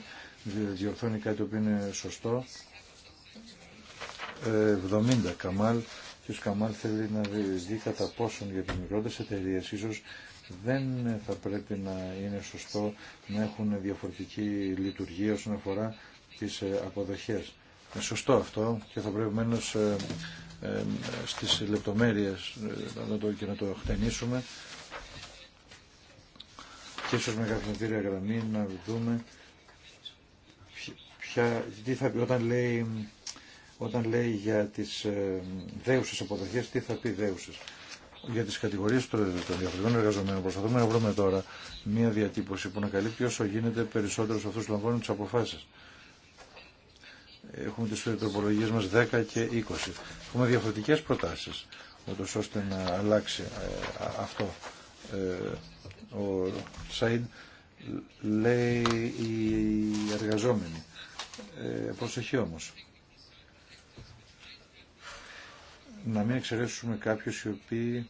διορθώνει κάτι που είναι σωστό. 70, Καμάλ. Και ο Καμάλ θέλει να δει κατά πόσον για τις μικρότερες εταιρείες ίσως δεν θα πρέπει να είναι σωστό να έχουν διαφορετική λειτουργία όσον αφορά τις ε, αποδοχές. Είναι σωστό αυτό και θα πρέπει μένως ε, ε, στις λεπτομέρειες να το, και να το χτενίσουμε και ίσως με καθημερινή γραμμή να δούμε ποια, τι θα όταν λέει, όταν λέει για τις δέουσες αποδοχές, τι θα πει δέουσες για τις κατηγορίες των διαφορετικών εργαζομένων. Προσπαθούμε να βρούμε τώρα μια διατύπωση που να καλύπτει όσο γίνεται περισσότερο σε αυτούς που λαμβάνουν τις αποφάσεις. Έχουμε τις τροπολογίες μας 10 και 20. Έχουμε διαφορετικές προτάσεις, ούτως ώστε να αλλάξει ε, αυτό. Ε, ο Σαΐντ λέει οι εργαζόμενοι. Ε, προσοχή όμως να μην εξαιρέσουμε κάποιους οι οποίοι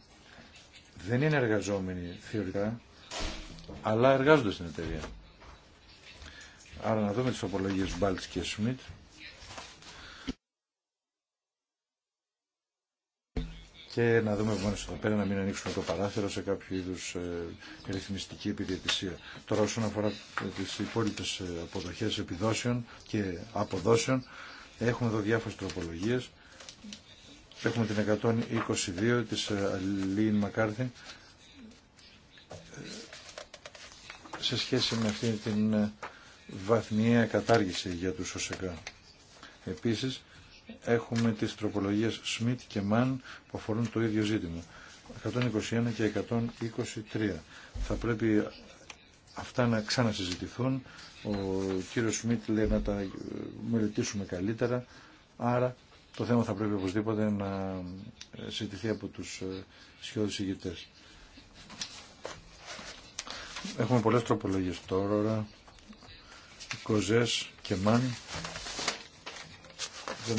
δεν είναι εργαζόμενοι θεωρητικά, αλλά εργάζονται στην εταιρεία. Άρα να δούμε τις τοπολογίες Μπάλτς και Σμιτ. Και να δούμε μόνο εδώ πέρα να μην ανοίξουμε το παράθυρο σε κάποιο είδου ε, ρυθμιστική επιδιαιτησία. Τώρα όσον αφορά τι υπόλοιπε ε, αποδοχέ επιδόσεων και αποδόσεων, έχουμε εδώ διάφορε τροπολογίε Έχουμε την 122 της Αλήν ε, Μακάρθη ε, σε σχέση με αυτή την ε, βαθμιαία κατάργηση για τους ΟΣΕΚΑ. Επίσης, έχουμε τις τροπολογίες Σμιτ και Μαν που αφορούν το ίδιο ζήτημα. 121 και 123. Θα πρέπει αυτά να ξανασυζητηθούν. Ο κύριος Σμιτ λέει να τα μελετήσουμε καλύτερα. Άρα το θέμα θα πρέπει οπωσδήποτε να ε, συζητηθεί από τους ε, σχεδόν ηγητές. Έχουμε πολλές τροπολογίες τώρα, Κοζές και Μάν,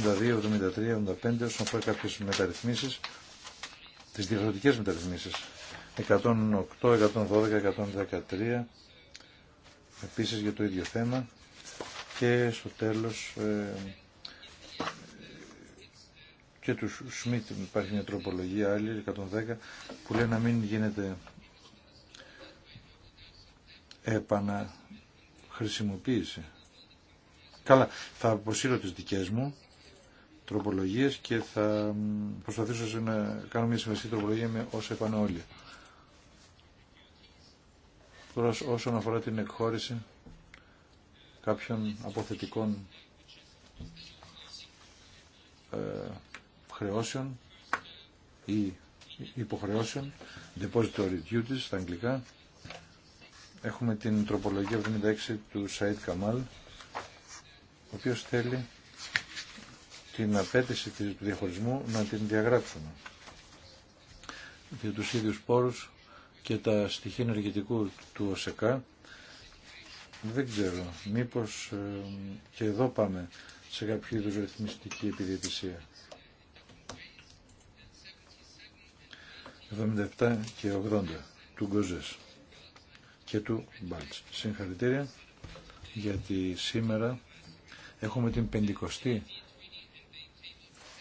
72, 73, 75, όσον αφορά κάποιες μεταρρυθμίσεις, τις διαφορετικές μεταρρυθμίσεις, 108, 112, 113, επίσης για το ίδιο θέμα και στο τέλος ε, και του Σμιτ υπάρχει μια τροπολογία άλλη, 110, που λέει να μην γίνεται επαναχρησιμοποίηση. Καλά, θα αποσύρω τις δικές μου τροπολογίες και θα προσπαθήσω να κάνω μια συμβαστική τροπολογία με όσα είπαν όλοι. Τώρα όσον αφορά την εκχώρηση κάποιων αποθετικών ε, χρεώσεων ή υποχρεώσεων, depository duties στα αγγλικά. Έχουμε την τροπολογία 76 του Σαΐτ Καμάλ, ο οποίος θέλει την απέτηση του διαχωρισμού να την διαγράψουμε. για τους ίδιους πόρους και τα στοιχεία ενεργητικού του ΟΣΕΚΑ. Δεν ξέρω, μήπως ε, και εδώ πάμε σε κάποιο είδους ρυθμιστική επιδιαιτησία. 77 και 80 του Γκοζές και του Μπάλτς. Συγχαρητήρια γιατί σήμερα έχουμε την 50η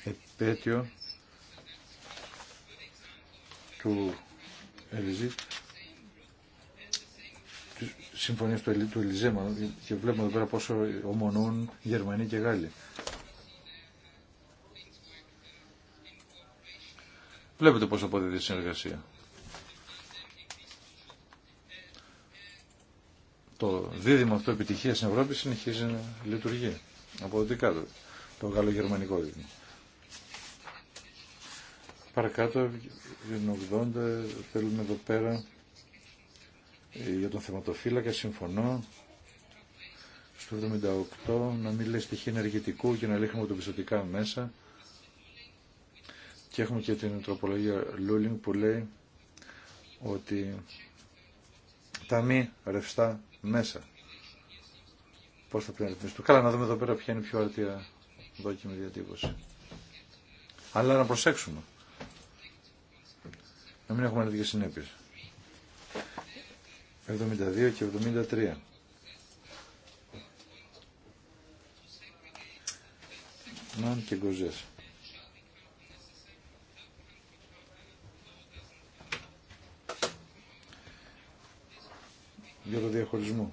επέτειο του Ελιζή συμφωνία του Ελιζέ και βλέπουμε εδώ πέρα πόσο ομονούν Γερμανοί και Γάλλοι. Βλέπετε πώς αποδίδει η συνεργασία. Το δίδυμο αυτό επιτυχία στην Ευρώπη συνεχίζει να λειτουργεί. Αποδοτικά το, το γαλλογερμανικό δίδυμο. Παρακάτω, την 80, θέλουμε εδώ πέρα ε, για τον θεματοφύλακα, συμφωνώ. Στο 78 να μην λέει στοιχεία ενεργητικού και να λέει το μέσα. Και έχουμε και την τροπολογία Λούλινγκ που λέει ότι τα μη ρευστά μέσα. Πώς θα πρέπει να ρυθμιστούν. Καλά να δούμε εδώ πέρα ποια είναι η πιο αρτία δόκιμη διατύπωση. Αλλά να προσέξουμε. Να μην έχουμε αρνητικέ συνέπειε. 72 και 73. Μαν και Γκοζές. για το διαχωρισμό.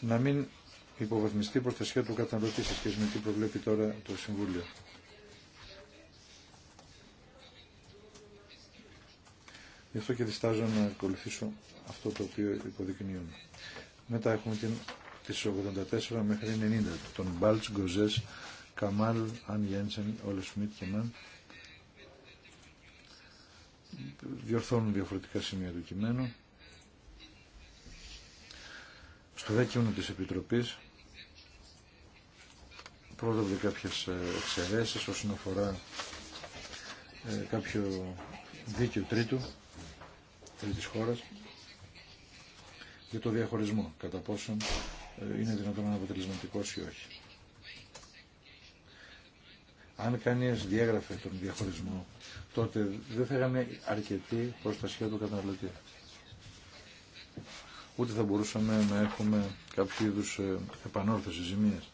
Να μην υποβαθμιστεί η προστασία του καταναλωτή σε σχέση με τι προβλέπει τώρα το Συμβούλιο. Γι' αυτό και διστάζω να ακολουθήσω αυτό το οποίο υποδεικνύουν. Μετά έχουμε την, τις 84 μέχρι 90, τον Μπάλτς, Γκοζές, Καμάλ, Αν Γένσεν, Όλε Σμιτ και Μαν, διορθώνουν διαφορετικά σημεία του κειμένου. Στο δε της Επιτροπής κάποιε κάποιες ε, εξαιρέσεις όσον αφορά ε, κάποιο δίκαιο τρίτου τρίτης χώρας για το διαχωρισμό, κατά πόσον ε, είναι δυνατόν να αποτελεσματικός ή όχι. Αν κανείς διέγραφε τον διαχωρισμό, τότε δεν θα είχαμε αρκετή προστασία του καταναλωτή. Ούτε θα μπορούσαμε να έχουμε κάποιο είδου ε, επανόρθωση ζημίες.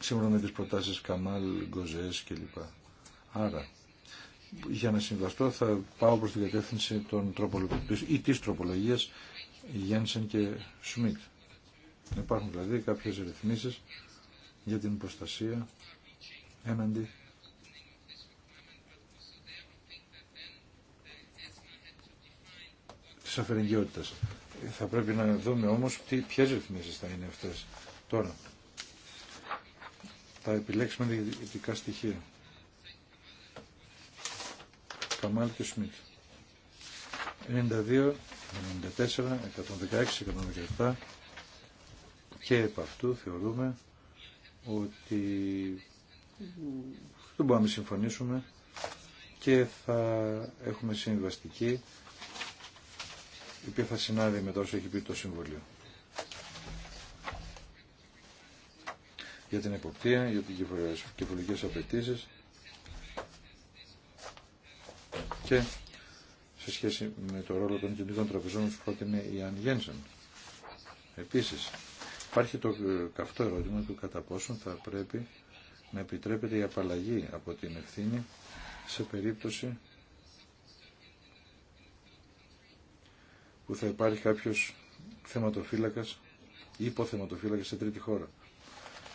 Σύμφωνα με τις προτάσεις Καμάλ, Γκοζές κλπ. Άρα, για να συμβαστώ θα πάω προς την κατεύθυνση των τροπολογιών ή της τροπολογίας Γιάννησεν και Σμιτ. Υπάρχουν δηλαδή κάποιες ρυθμίσεις για την προστασία έναντι της αφαιρεγγιότητας. Θα πρέπει να δούμε όμως τι, ποιες ρυθμίσεις θα είναι αυτές. Τώρα, τα επιλέξουμε επικα στοιχεία. Καμάλ και Σμιτ. 92, 94, 116, 117, και επ' αυτού θεωρούμε ότι δεν μπορούμε να συμφωνήσουμε και θα έχουμε συμβαστική η οποία θα συνάδει με το όσο έχει πει το Συμβουλίο. Για την εποπτεία, για τις κεφαλικές απαιτήσει και σε σχέση με το ρόλο των κοινωνικών τραπεζών που πρότεινε η Αν Γένσεν. Επίσης, Υπάρχει το ε, καυτό ερώτημα του κατά πόσον θα πρέπει να επιτρέπεται η απαλλαγή από την ευθύνη σε περίπτωση που θα υπάρχει κάποιος θεματοφύλακας ή υποθεματοφύλακας σε τρίτη χώρα.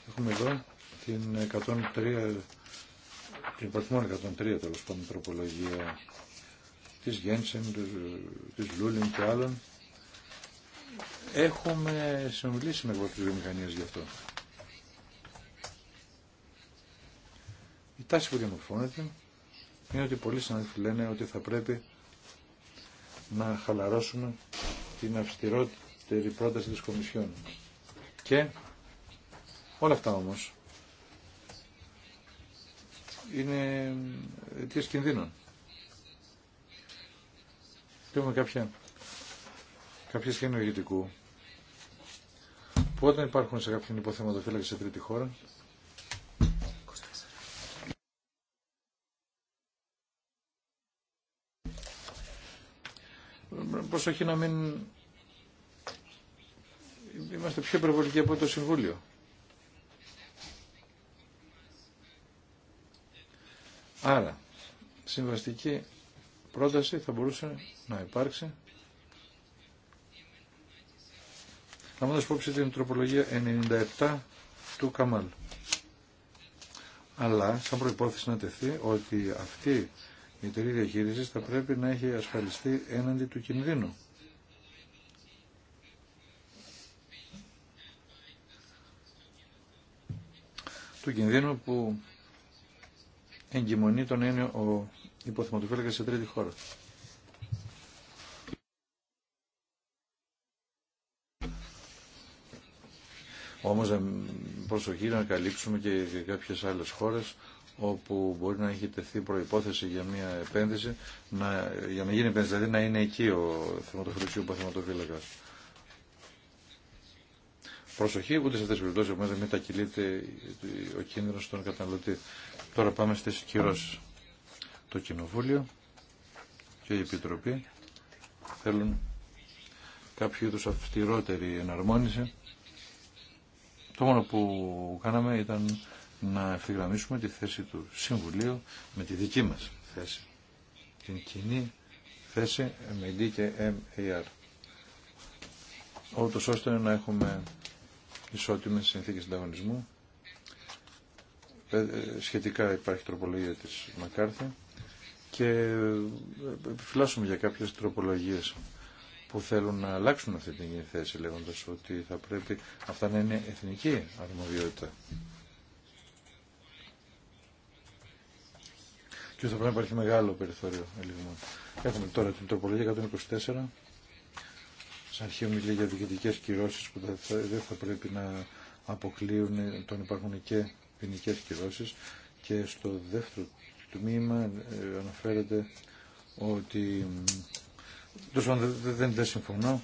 Έχουμε εδώ την 103, την παρθμόν 103 τέλο πάντων τροπολογία της Γένσεν, ε, της Λούλιν και άλλων Έχουμε συνομιλήσει με τη βιομηχανία γι' αυτό. Η τάση που διαμορφώνεται είναι ότι πολλοί συνάδελφοι λένε ότι θα πρέπει να χαλαρώσουμε την αυστηρότερη πρόταση της Κομισιόν. Και όλα αυτά όμως είναι αιτίες κινδύνων. έχουμε κάποια κάποια και ενεργητικού που όταν υπάρχουν σε κάποιον υποθεματοφύλακα σε τρίτη χώρα προσοχή να μην είμαστε πιο υπερβολικοί από το Συμβούλιο. Άρα, συμβαστική πρόταση θα μπορούσε να υπάρξει λαμβάνοντας υπόψη την τροπολογία 97 του Καμάλ. Αλλά, σαν προπόθεση να τεθεί, ότι αυτή η εταιρεία διαχείριση θα πρέπει να έχει ασφαλιστεί έναντι του κινδύνου. Του κινδύνου που εγκυμονεί τον έννοιο ο υποθεματοφύλακας σε τρίτη χώρα. Όμως προσοχή να καλύψουμε και κάποιες άλλες χώρες όπου μπορεί να έχει τεθεί προϋπόθεση για μια επένδυση, να, για να γίνει επένδυση, δηλαδή να είναι εκεί ο θεματοφυλακίου παθηματοφύλακας. Προσοχή, ούτε σε αυτές τις περιπτώσεις που δεν μετακυλείται ο κίνδυνος στον καταναλωτή. Τώρα πάμε στις κυρώσεις. Το Κοινοβούλιο και η Επιτροπή θέλουν κάποιο είδους αυστηρότερη εναρμόνιση το μόνο που κάναμε ήταν να ευθυγραμμίσουμε τη θέση του Συμβουλίου με τη δική μας θέση. Την κοινή θέση MED και MAR. Ότως ώστε να έχουμε ισότιμες συνθήκες συνταγωνισμού. Σχετικά υπάρχει τροπολογία της Μακάρθη και επιφυλάσσουμε για κάποιες τροπολογίες που θέλουν να αλλάξουν αυτή την θέση λέγοντας ότι θα πρέπει αυτά να είναι εθνική αρμοδιότητα. Και θα πρέπει να υπάρχει μεγάλο περιθώριο ελιγμών. Έχουμε τώρα την τροπολογία 124. Σαν αρχή μιλεί για διοικητικέ κυρώσει που δεν θα πρέπει να αποκλείουν τον υπάρχουν και ποινικέ κυρώσει. Και στο δεύτερο τμήμα ε, αναφέρεται ότι Τόσο δεν, δεν συμφωνώ,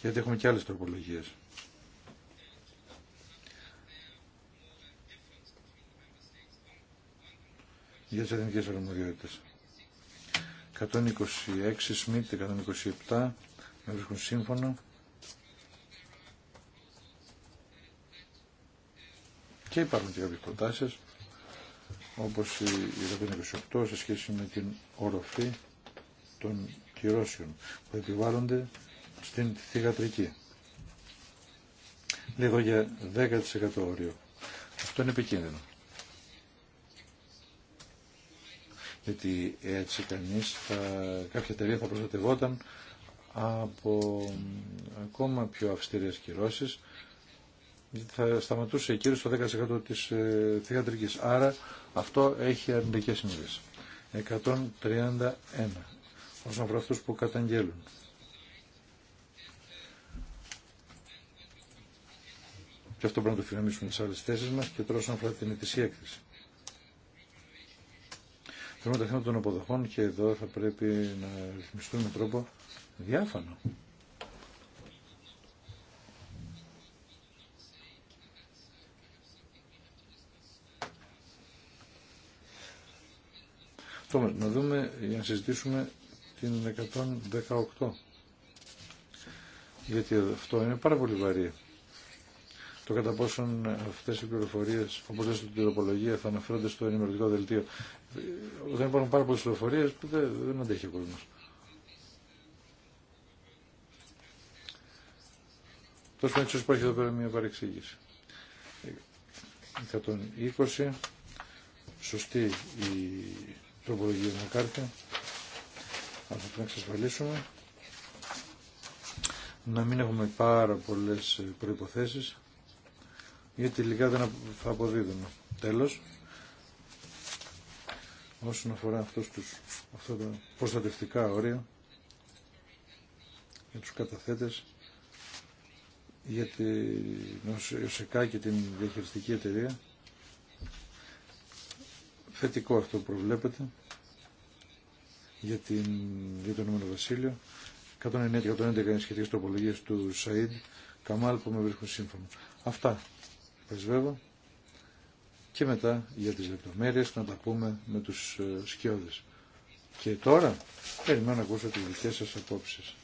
γιατί έχουμε και άλλες τροπολογίες. για τις εθνικές αρμοδιότητες. 126 Σμιτ, 127 με βρίσκουν σύμφωνο. Και υπάρχουν και κάποιες προτάσεις, όπως η 128 σε σχέση με την οροφή των κυρώσεων που επιβάλλονται στην θηγατρική. Λίγο για 10% όριο. Αυτό είναι επικίνδυνο. Γιατί έτσι κανείς κάποια εταιρεία θα προστατευόταν από ακόμα πιο αυστηρές κυρώσεις γιατί θα σταματούσε η κύρωση στο 10% της ε, θηγατρικής. Άρα αυτό έχει αρνητικές συνδύσεις. 131 όσον αφορά αυτούς που καταγγέλουν. Και αυτό πρέπει να το φιλομίσουμε τις άλλες θέσεις μας και τώρα όσον αφορά την ετησία έκθεση. Θέλουμε τα θέματα των αποδοχών και εδώ θα πρέπει να ρυθμιστούν με τρόπο διάφανο. να δούμε για να συζητήσουμε την 118. Γιατί αυτό είναι πάρα πολύ βαρύ. Το κατά πόσον αυτέ οι πληροφορίε, όπω λέει στην τροπολογία, θα αναφέρονται στο ενημερωτικό δελτίο. Όταν υπάρχουν πάρα πολλέ πληροφορίε, δεν, δεν αντέχει ο κόσμο. Τόσο έτσι υπάρχει εδώ πέρα μια παρεξήγηση. 120. Σωστή η τροπολογία με κάρτα. Αλλά πρέπει να εξασφαλίσουμε να μην έχουμε πάρα πολλές προϋποθέσεις γιατί τελικά δεν θα αποδίδουμε. Τέλος, όσον αφορά αυτούς τους, αυτά τα προστατευτικά όρια για τους καταθέτες, για την ΟΣΕΚΑ και την διαχειριστική εταιρεία, θετικό αυτό που προβλέπετε για, την, για το Ηνωμένο Βασίλειο. 109-111 είναι σχετικές τροπολογίες του Σαΐντ Καμάλ που με βρίσκουν σύμφωνο. Αυτά πρεσβεύω και μετά για τις λεπτομέρειες να τα πούμε με τους ε, σκιώδες. Και τώρα περιμένω να ακούσω τις δικές σας απόψεις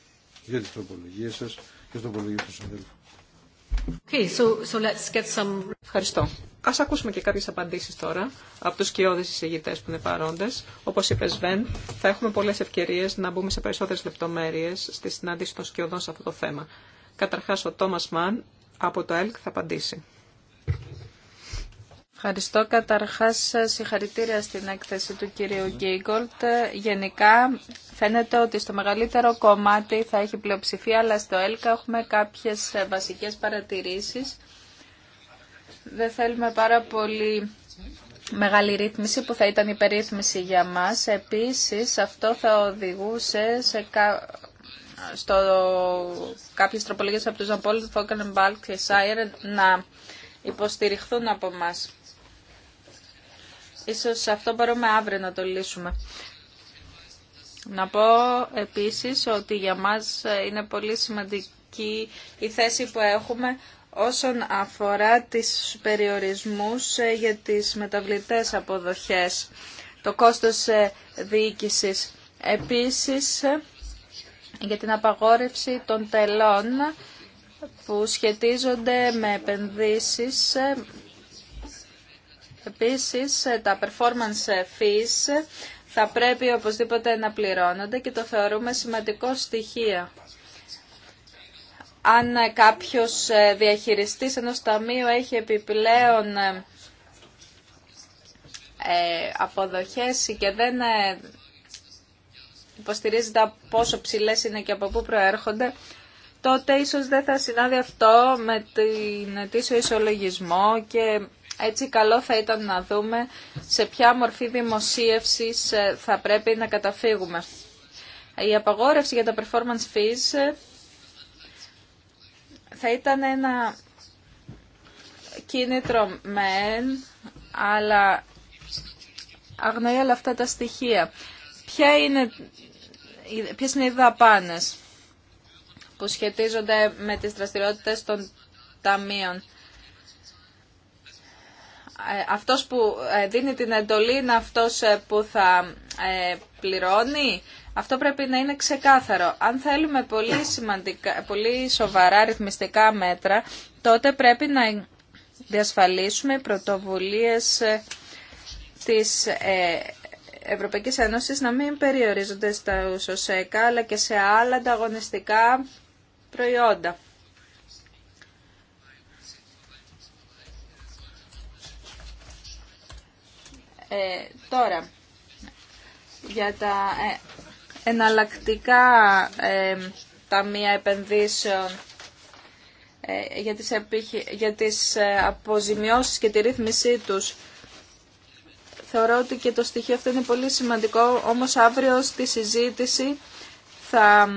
για τις τροπολογίες σας και τις τροπολογίες των συναδέλφων. Okay, so, so let's get some... Ευχαριστώ. Α ακούσουμε και κάποιε απαντήσει τώρα από τους σκιώδει εισηγητέ που είναι παρόντες. Όπω είπε Σβέν, θα έχουμε πολλέ ευκαιρίε να μπούμε σε περισσότερε λεπτομέρειε στη συνάντηση των σκιωδών σε αυτό το θέμα. Καταρχά ο Τόμας Μαν από το ΕΛΚ θα απαντήσει. Ευχαριστώ καταρχάς συγχαρητήρια στην έκθεση του κυρίου Γκίγκολτ. Γενικά φαίνεται ότι στο μεγαλύτερο κομμάτι θα έχει πλειοψηφία, αλλά στο ΕΛΚΑ έχουμε κάποιε βασικέ παρατηρήσει δεν θέλουμε πάρα πολύ μεγάλη ρύθμιση που θα ήταν υπερρύθμιση για μας. Επίσης αυτό θα οδηγούσε σε κα... στο κάποιες τροπολογίες από τους Ζαμπόλου, Φόκανεν, Μπάλκ και Σάιρ να υποστηριχθούν από μας. Ίσως αυτό μπορούμε αύριο να το λύσουμε. Να πω επίσης ότι για μας είναι πολύ σημαντική η θέση που έχουμε όσον αφορά τις περιορισμούς ε, για τις μεταβλητές αποδοχές, το κόστος ε, διοίκησης. Επίσης, ε, για την απαγόρευση των τελών που σχετίζονται με επενδύσεις. Επίσης, τα performance fees θα πρέπει οπωσδήποτε να πληρώνονται και το θεωρούμε σημαντικό στοιχείο αν ε, κάποιος ε, διαχειριστής ενός ταμείου έχει επιπλέον ε, αποδοχές και δεν υποστηρίζεται τα πόσο ψηλές είναι και από πού προέρχονται, τότε ίσως δεν θα συνάδει αυτό με την αιτήσιο ισολογισμό και έτσι καλό θα ήταν να δούμε σε ποια μορφή δημοσίευσης θα πρέπει να καταφύγουμε. Η απαγόρευση για τα performance fees θα ήταν ένα κίνητρο μεν, αλλά αγνοεί όλα αυτά τα στοιχεία. Ποια είναι, ποιες είναι οι δαπάνες που σχετίζονται με τις δραστηριότητες των ταμείων. Ε, αυτός που ε, δίνει την εντολή είναι αυτός ε, που θα πληρώνει αυτό πρέπει να είναι ξεκάθαρο. Αν θέλουμε πολύ, σημαντικά, πολύ σοβαρά ρυθμιστικά μέτρα, τότε πρέπει να διασφαλίσουμε πρωτοβουλίες ε, της ε, Ευρωπαϊκής Ένωσης να μην περιορίζονται στα ουσοσέκα, αλλά και σε άλλα ανταγωνιστικά προϊόντα. Ε, τώρα, για τα εναλλακτικά ταμεία επενδύσεων ε, για τις, επιχει... για ε, αποζημιώσεις και τη ρύθμισή τους. Θεωρώ ότι και το στοιχείο αυτό είναι πολύ σημαντικό, όμως αύριο στη συζήτηση θα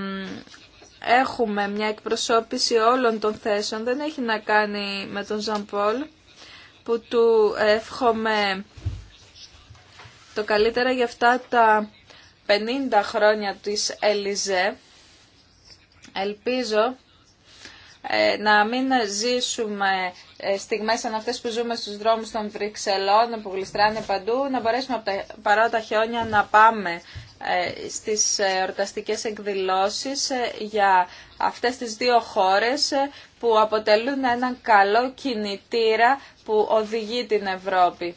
έχουμε μια εκπροσώπηση όλων των θέσεων. Δεν έχει να κάνει με τον Ζαν Πολ, που του εύχομαι το καλύτερα για αυτά τα 50 χρόνια της Ελιζέ. Ελπίζω ε, να μην ζήσουμε ε, στιγμές σαν αυτές που ζούμε στους δρόμους των Βρυξελών που γλιστράνε παντού, να μπορέσουμε παρά τα χιόνια να πάμε ε, στις ορταστικές εκδηλώσεις για αυτές τις δύο χώρες που αποτελούν έναν καλό κινητήρα που οδηγεί την Ευρώπη.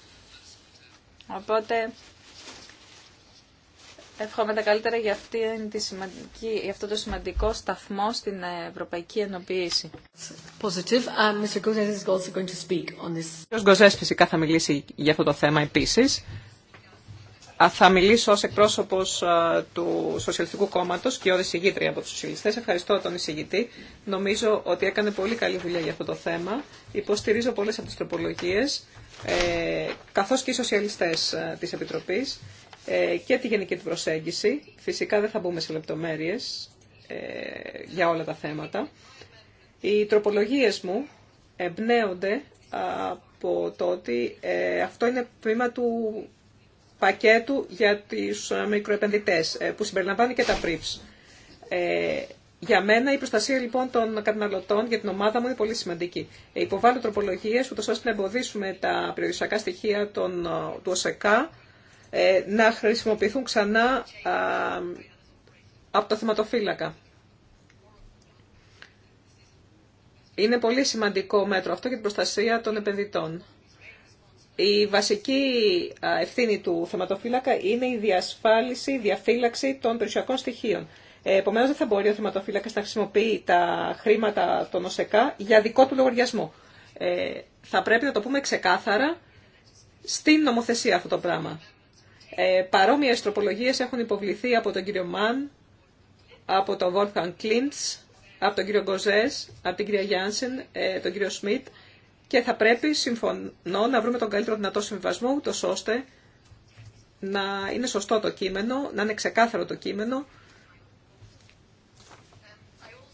Οπότε Εύχομαι τα καλύτερα για, τη σημαντική, για αυτό το σημαντικό σταθμό στην ευρωπαϊκή Ενωποίηση. Uh, Ο Γκοζές φυσικά θα μιλήσει για αυτό το θέμα επίσης. Θα μιλήσω ως εκπρόσωπος του Σοσιαλιστικού Κόμματος και ως εισηγήτρια από τους Σοσιαλιστές. Ευχαριστώ τον εισηγητή. Νομίζω ότι έκανε πολύ καλή δουλειά για αυτό το θέμα. Υποστηρίζω πολλές από τις τροπολογίες, ε, καθώς και οι Σοσιαλιστές ε, της Επιτροπής. Ε, και τη γενική του προσέγγιση. Φυσικά δεν θα μπούμε σε λεπτομέρειες ε, για όλα τα θέματα. Οι τροπολογίες μου εμπνέονται από το ότι ε, αυτό είναι τμήμα του πακέτου για τους μικροεπενδυτές που συμπεριλαμβάνει και τα PRIPS. Για μένα η προστασία λοιπόν των καταναλωτών για την ομάδα μου είναι πολύ σημαντική. Υποβάλλω τροπολογίες, ούτως ώστε να εμποδίσουμε τα περιοριστικά στοιχεία του ΟΣΕΚΑ ε, να χρησιμοποιηθούν ξανά από το θεματοφύλακα. Είναι πολύ σημαντικό μέτρο αυτό για την προστασία των επενδυτών. Η βασική ευθύνη του θεματοφύλακα είναι η διασφάλιση, η διαφύλαξη των περιουσιακών στοιχείων. Ε, Επομένω, δεν θα μπορεί ο θεματοφύλακα να χρησιμοποιεί τα χρήματα των ΟΣΕΚΑ για δικό του λογαριασμό. Ε, θα πρέπει να το πούμε ξεκάθαρα στην νομοθεσία αυτό το πράγμα. Ε, παρόμοιες τροπολογίες έχουν υποβληθεί από τον κύριο Μαν, από τον Βόρθαν Κλίντς, από τον κύριο Γκοζέ, από την κυρία Γιάνσεν, τον κύριο Σμιτ και θα πρέπει, συμφωνώ, να βρούμε τον καλύτερο δυνατό συμβιβασμό, το ώστε να είναι σωστό το κείμενο, να είναι ξεκάθαρο το κείμενο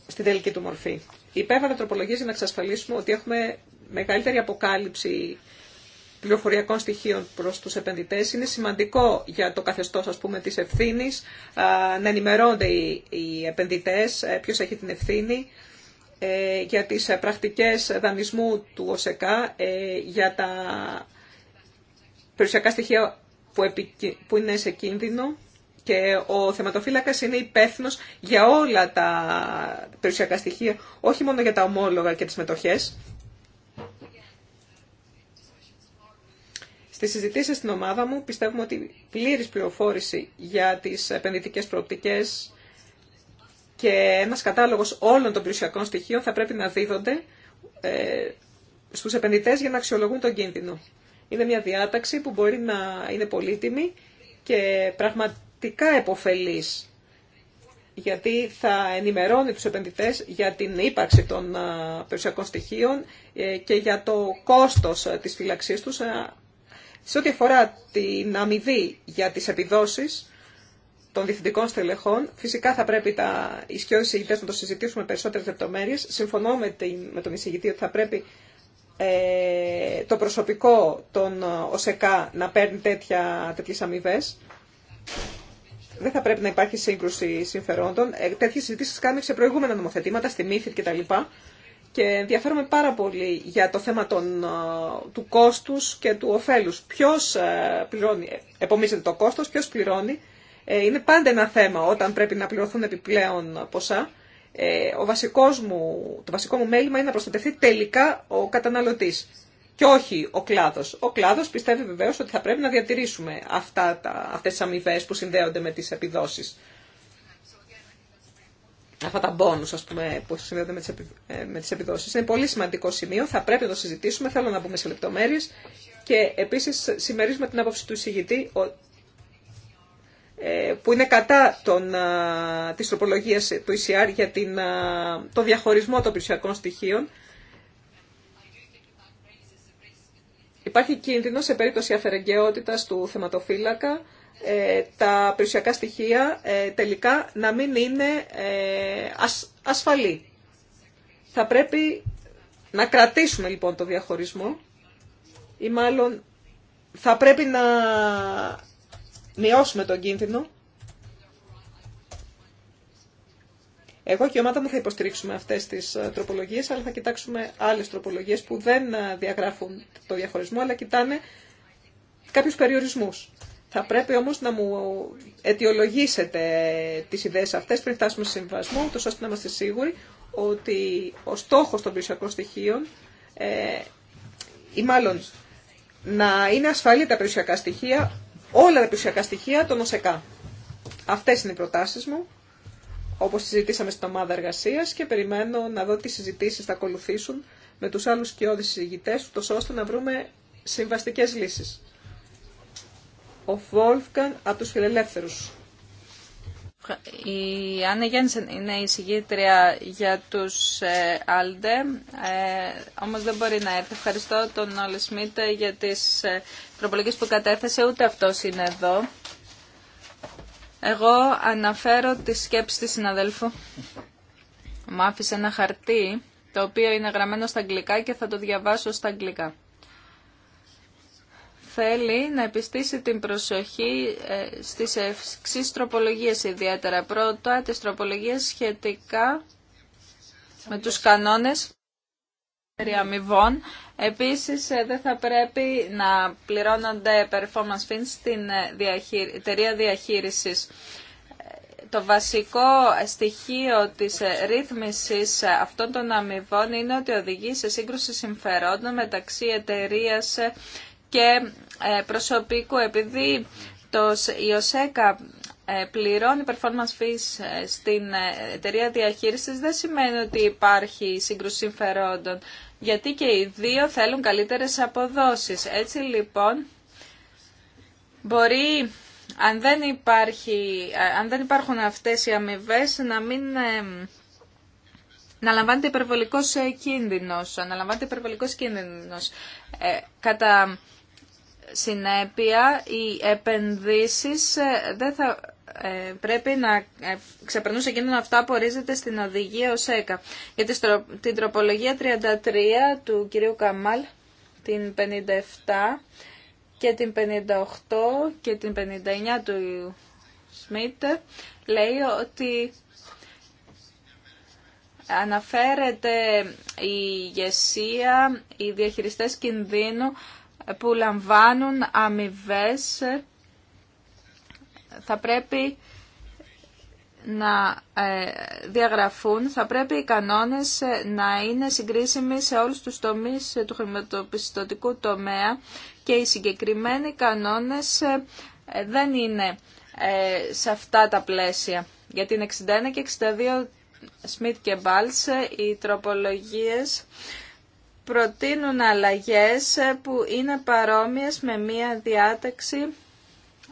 στη τελική του μορφή. Υπέβαλα τροπολογίες για να εξασφαλίσουμε ότι έχουμε μεγαλύτερη αποκάλυψη πληροφοριακών στοιχείων προς τους επενδυτές. Είναι σημαντικό για το καθεστώς ας πούμε, της ευθύνης να ενημερώνται οι επενδυτές ε, ποιος έχει την ευθύνη ε, για τις ε, πρακτικές δανεισμού του ΟΣΕΚΑ, για τα περιουσιακά στοιχεία που είναι σε κίνδυνο και ο θεματοφύλακας είναι υπεύθυνο για όλα τα περιουσιακά στοιχεία, όχι μόνο για τα ομόλογα και τις μετοχές. Στις συζητήσει στην ομάδα μου πιστεύουμε ότι πλήρης πληροφόρηση για τις επενδυτικές προοπτικές και ένα κατάλογος όλων των περιουσιακών στοιχείων θα πρέπει να δίδονται ε, στους επενδυτές για να αξιολογούν τον κίνδυνο. Είναι μια διάταξη που μπορεί να είναι πολύτιμη και πραγματικά επωφελή γιατί θα ενημερώνει τους επενδυτές για την ύπαρξη των ε, περιουσιακών στοιχείων ε, και για το κόστος της φυλαξής τους σε ό,τι αφορά την αμοιβή για τις επιδόσεις των διευθυντικών στελεχών, φυσικά θα πρέπει τα ισχυρό εισηγητές να το συζητήσουμε με περισσότερες λεπτομέρειες. Συμφωνώ με, την, με τον εισηγητή ότι θα πρέπει ε, το προσωπικό των ε, ΟΣΕΚΑ να παίρνει τέτοια, τέτοιες αμοιβέ. Δεν θα πρέπει να υπάρχει σύγκρουση συμφερόντων. Ε, Τέτοιε συζητήσει κάνουμε σε προηγούμενα νομοθετήματα, στη ΜΥΦΙΤ κτλ και ενδιαφέρομαι πάρα πολύ για το θέμα των, ε, του κόστους και του ωφέλους. Ποιος ε, πληρώνει, επομίζεται το κόστος, ποιος πληρώνει. Ε, είναι πάντα ένα θέμα όταν πρέπει να πληρωθούν επιπλέον ποσά. Ο βασικός μου, το βασικό μου μέλημα είναι να προστατευτεί τελικά ο καταναλωτής και όχι ο κλάδος. Ο κλάδος πιστεύει βεβαίως ότι θα πρέπει να διατηρήσουμε αυτά τα, αυτές αμοιβέ που συνδέονται με τις επιδόσεις αυτά τα bonus ας πούμε, που συνδέονται ε, με τις, επιδόσεις. Είναι πολύ σημαντικό σημείο, θα πρέπει να το συζητήσουμε, θέλω να μπούμε σε λεπτομέρειες και επίσης συμμερίζουμε την άποψη του εισηγητή ε, που είναι κατά των, της τροπολογίας του ECR για την, το διαχωρισμό των ψηφιακών στοιχείων. Υπάρχει κίνδυνο σε περίπτωση αφαιρεγκαιότητας του θεματοφύλακα ε, τα περιουσιακά στοιχεία ε, τελικά να μην είναι ε, ασφαλή. Θα πρέπει να κρατήσουμε λοιπόν το διαχωρισμό ή μάλλον θα πρέπει να μειώσουμε τον κίνδυνο. Εγώ και η ομάδα μου θα υποστηρίξουμε αυτές τις τροπολογίες, αλλά θα κοιτάξουμε άλλες τροπολογίες που δεν διαγράφουν το διαχωρισμό, αλλά κοιτάνε κάποιους περιορισμούς. Θα πρέπει όμως να μου αιτιολογήσετε τις ιδέες αυτές πριν φτάσουμε σε συμβασμό, τόσο ώστε να είμαστε σίγουροι ότι ο στόχος των περιουσιακών στοιχείων, ε, ή μάλλον να είναι ασφαλή τα περιουσιακά στοιχεία, όλα τα περιουσιακά στοιχεία των ΟΣΕΚΑ. Αυτές είναι οι προτάσεις μου, όπως συζητήσαμε στην ομάδα εργασίας και περιμένω να δω τι συζητήσεις θα ακολουθήσουν με τους άλλους κοιόδης συζητητές, τόσο ώστε να βρούμε συμβαστικές λύσεις. Ο Βόλφκαν από τους φιλελεύθερους. Η Άννα Γένσεν είναι η συγγήτρια για τους ε, Άλντε, ε, όμως δεν μπορεί να έρθει. Ευχαριστώ τον Όλε Σμίτ για τις προπολογίες ε, που κατέθεσε, ούτε αυτός είναι εδώ. Εγώ αναφέρω τη σκέψη της συναδέλφου. Μου άφησε ένα χαρτί, το οποίο είναι γραμμένο στα αγγλικά και θα το διαβάσω στα αγγλικά θέλει να επιστήσει την προσοχή ε, στις εξής τροπολογίες ιδιαίτερα. Πρώτα, τις τροπολογίες σχετικά με τους κανόνες αμοιβών. Επίσης, ε, δεν θα πρέπει να πληρώνονται performance fees στην ε, εταιρεία διαχείρισης. Το βασικό στοιχείο της ρύθμισης αυτών των αμοιβών είναι ότι οδηγεί σε σύγκρουση συμφερόντων μεταξύ εταιρείας και ε, προσωπικού. Επειδή το ΙΟΣΕΚΑ ε, πληρώνει performance fees ε, στην εταιρεία διαχείρισης, δεν σημαίνει ότι υπάρχει σύγκρουση συμφερόντων, γιατί και οι δύο θέλουν καλύτερες αποδόσεις. Έτσι λοιπόν, μπορεί αν δεν, υπάρχει, αν δεν υπάρχουν αυτές οι αμοιβέ να μην... Να λαμβάνεται υπερβολικός κίνδυνος. Να λαμβάνεται κίνδυνος. κατά συνέπεια οι επενδύσεις ε, δεν θα ε, πρέπει να ε, ξεπερνούν σε κίνδυνο αυτά που ορίζεται στην οδηγία ως ΕΚΑ. Για την τροπολογία 33 του κυρίου Καμάλ, την 57 και την 58 και την 59 του Σμιτ λέει ότι αναφέρεται η ηγεσία, οι διαχειριστές κινδύνου που λαμβάνουν αμοιβέ θα πρέπει να ε, διαγραφούν, θα πρέπει οι κανόνες ε, να είναι συγκρίσιμοι σε όλους τους τομείς ε, του χρηματοπιστωτικού τομέα και οι συγκεκριμένοι κανόνες δεν είναι σε αυτά τα πλαίσια. Για την 61 και 62 Σμιτ και Μπάλς οι τροπολογίες προτείνουν αλλαγές που είναι παρόμοιες με μία διάταξη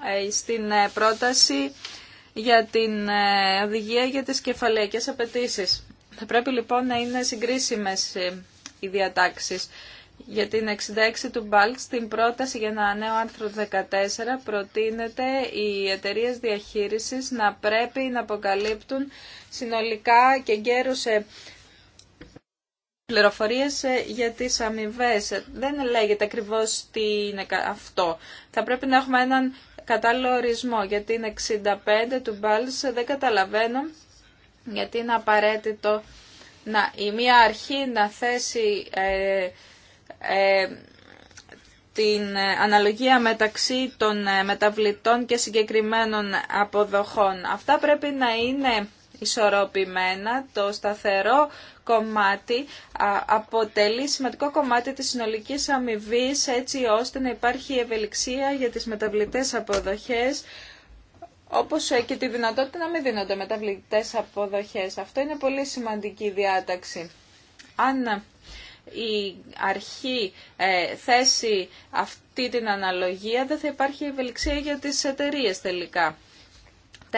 ε, στην ε, πρόταση για την ε, οδηγία για τις κεφαλαίκες απαιτήσει. Θα πρέπει λοιπόν να είναι συγκρίσιμες οι διατάξεις. Για την 66 του Μπάλτ στην πρόταση για ένα νέο άρθρο 14, προτείνεται οι εταιρείε διαχείρισης να πρέπει να αποκαλύπτουν συνολικά και σε πληροφορίες ε, για τις αμοιβέ. Δεν λέγεται ακριβώς τι είναι αυτό. Θα πρέπει να έχουμε έναν κατάλληλο ορισμό, γιατί είναι 65 του Μπάλς, δεν καταλαβαίνω γιατί είναι απαραίτητο να, η μία αρχή να θέσει ε, ε, την αναλογία μεταξύ των μεταβλητών και συγκεκριμένων αποδοχών. Αυτά πρέπει να είναι ισορροπημένα. Το σταθερό κομμάτι αποτελεί σημαντικό κομμάτι της συνολικής αμοιβή έτσι ώστε να υπάρχει ευελιξία για τις μεταβλητές αποδοχές όπως ε, και τη δυνατότητα να μην δίνονται μεταβλητές αποδοχές. Αυτό είναι πολύ σημαντική διάταξη. Αν ε, η αρχή ε, θέσει αυτή την αναλογία, δεν θα υπάρχει ευελιξία για τις εταιρείε τελικά.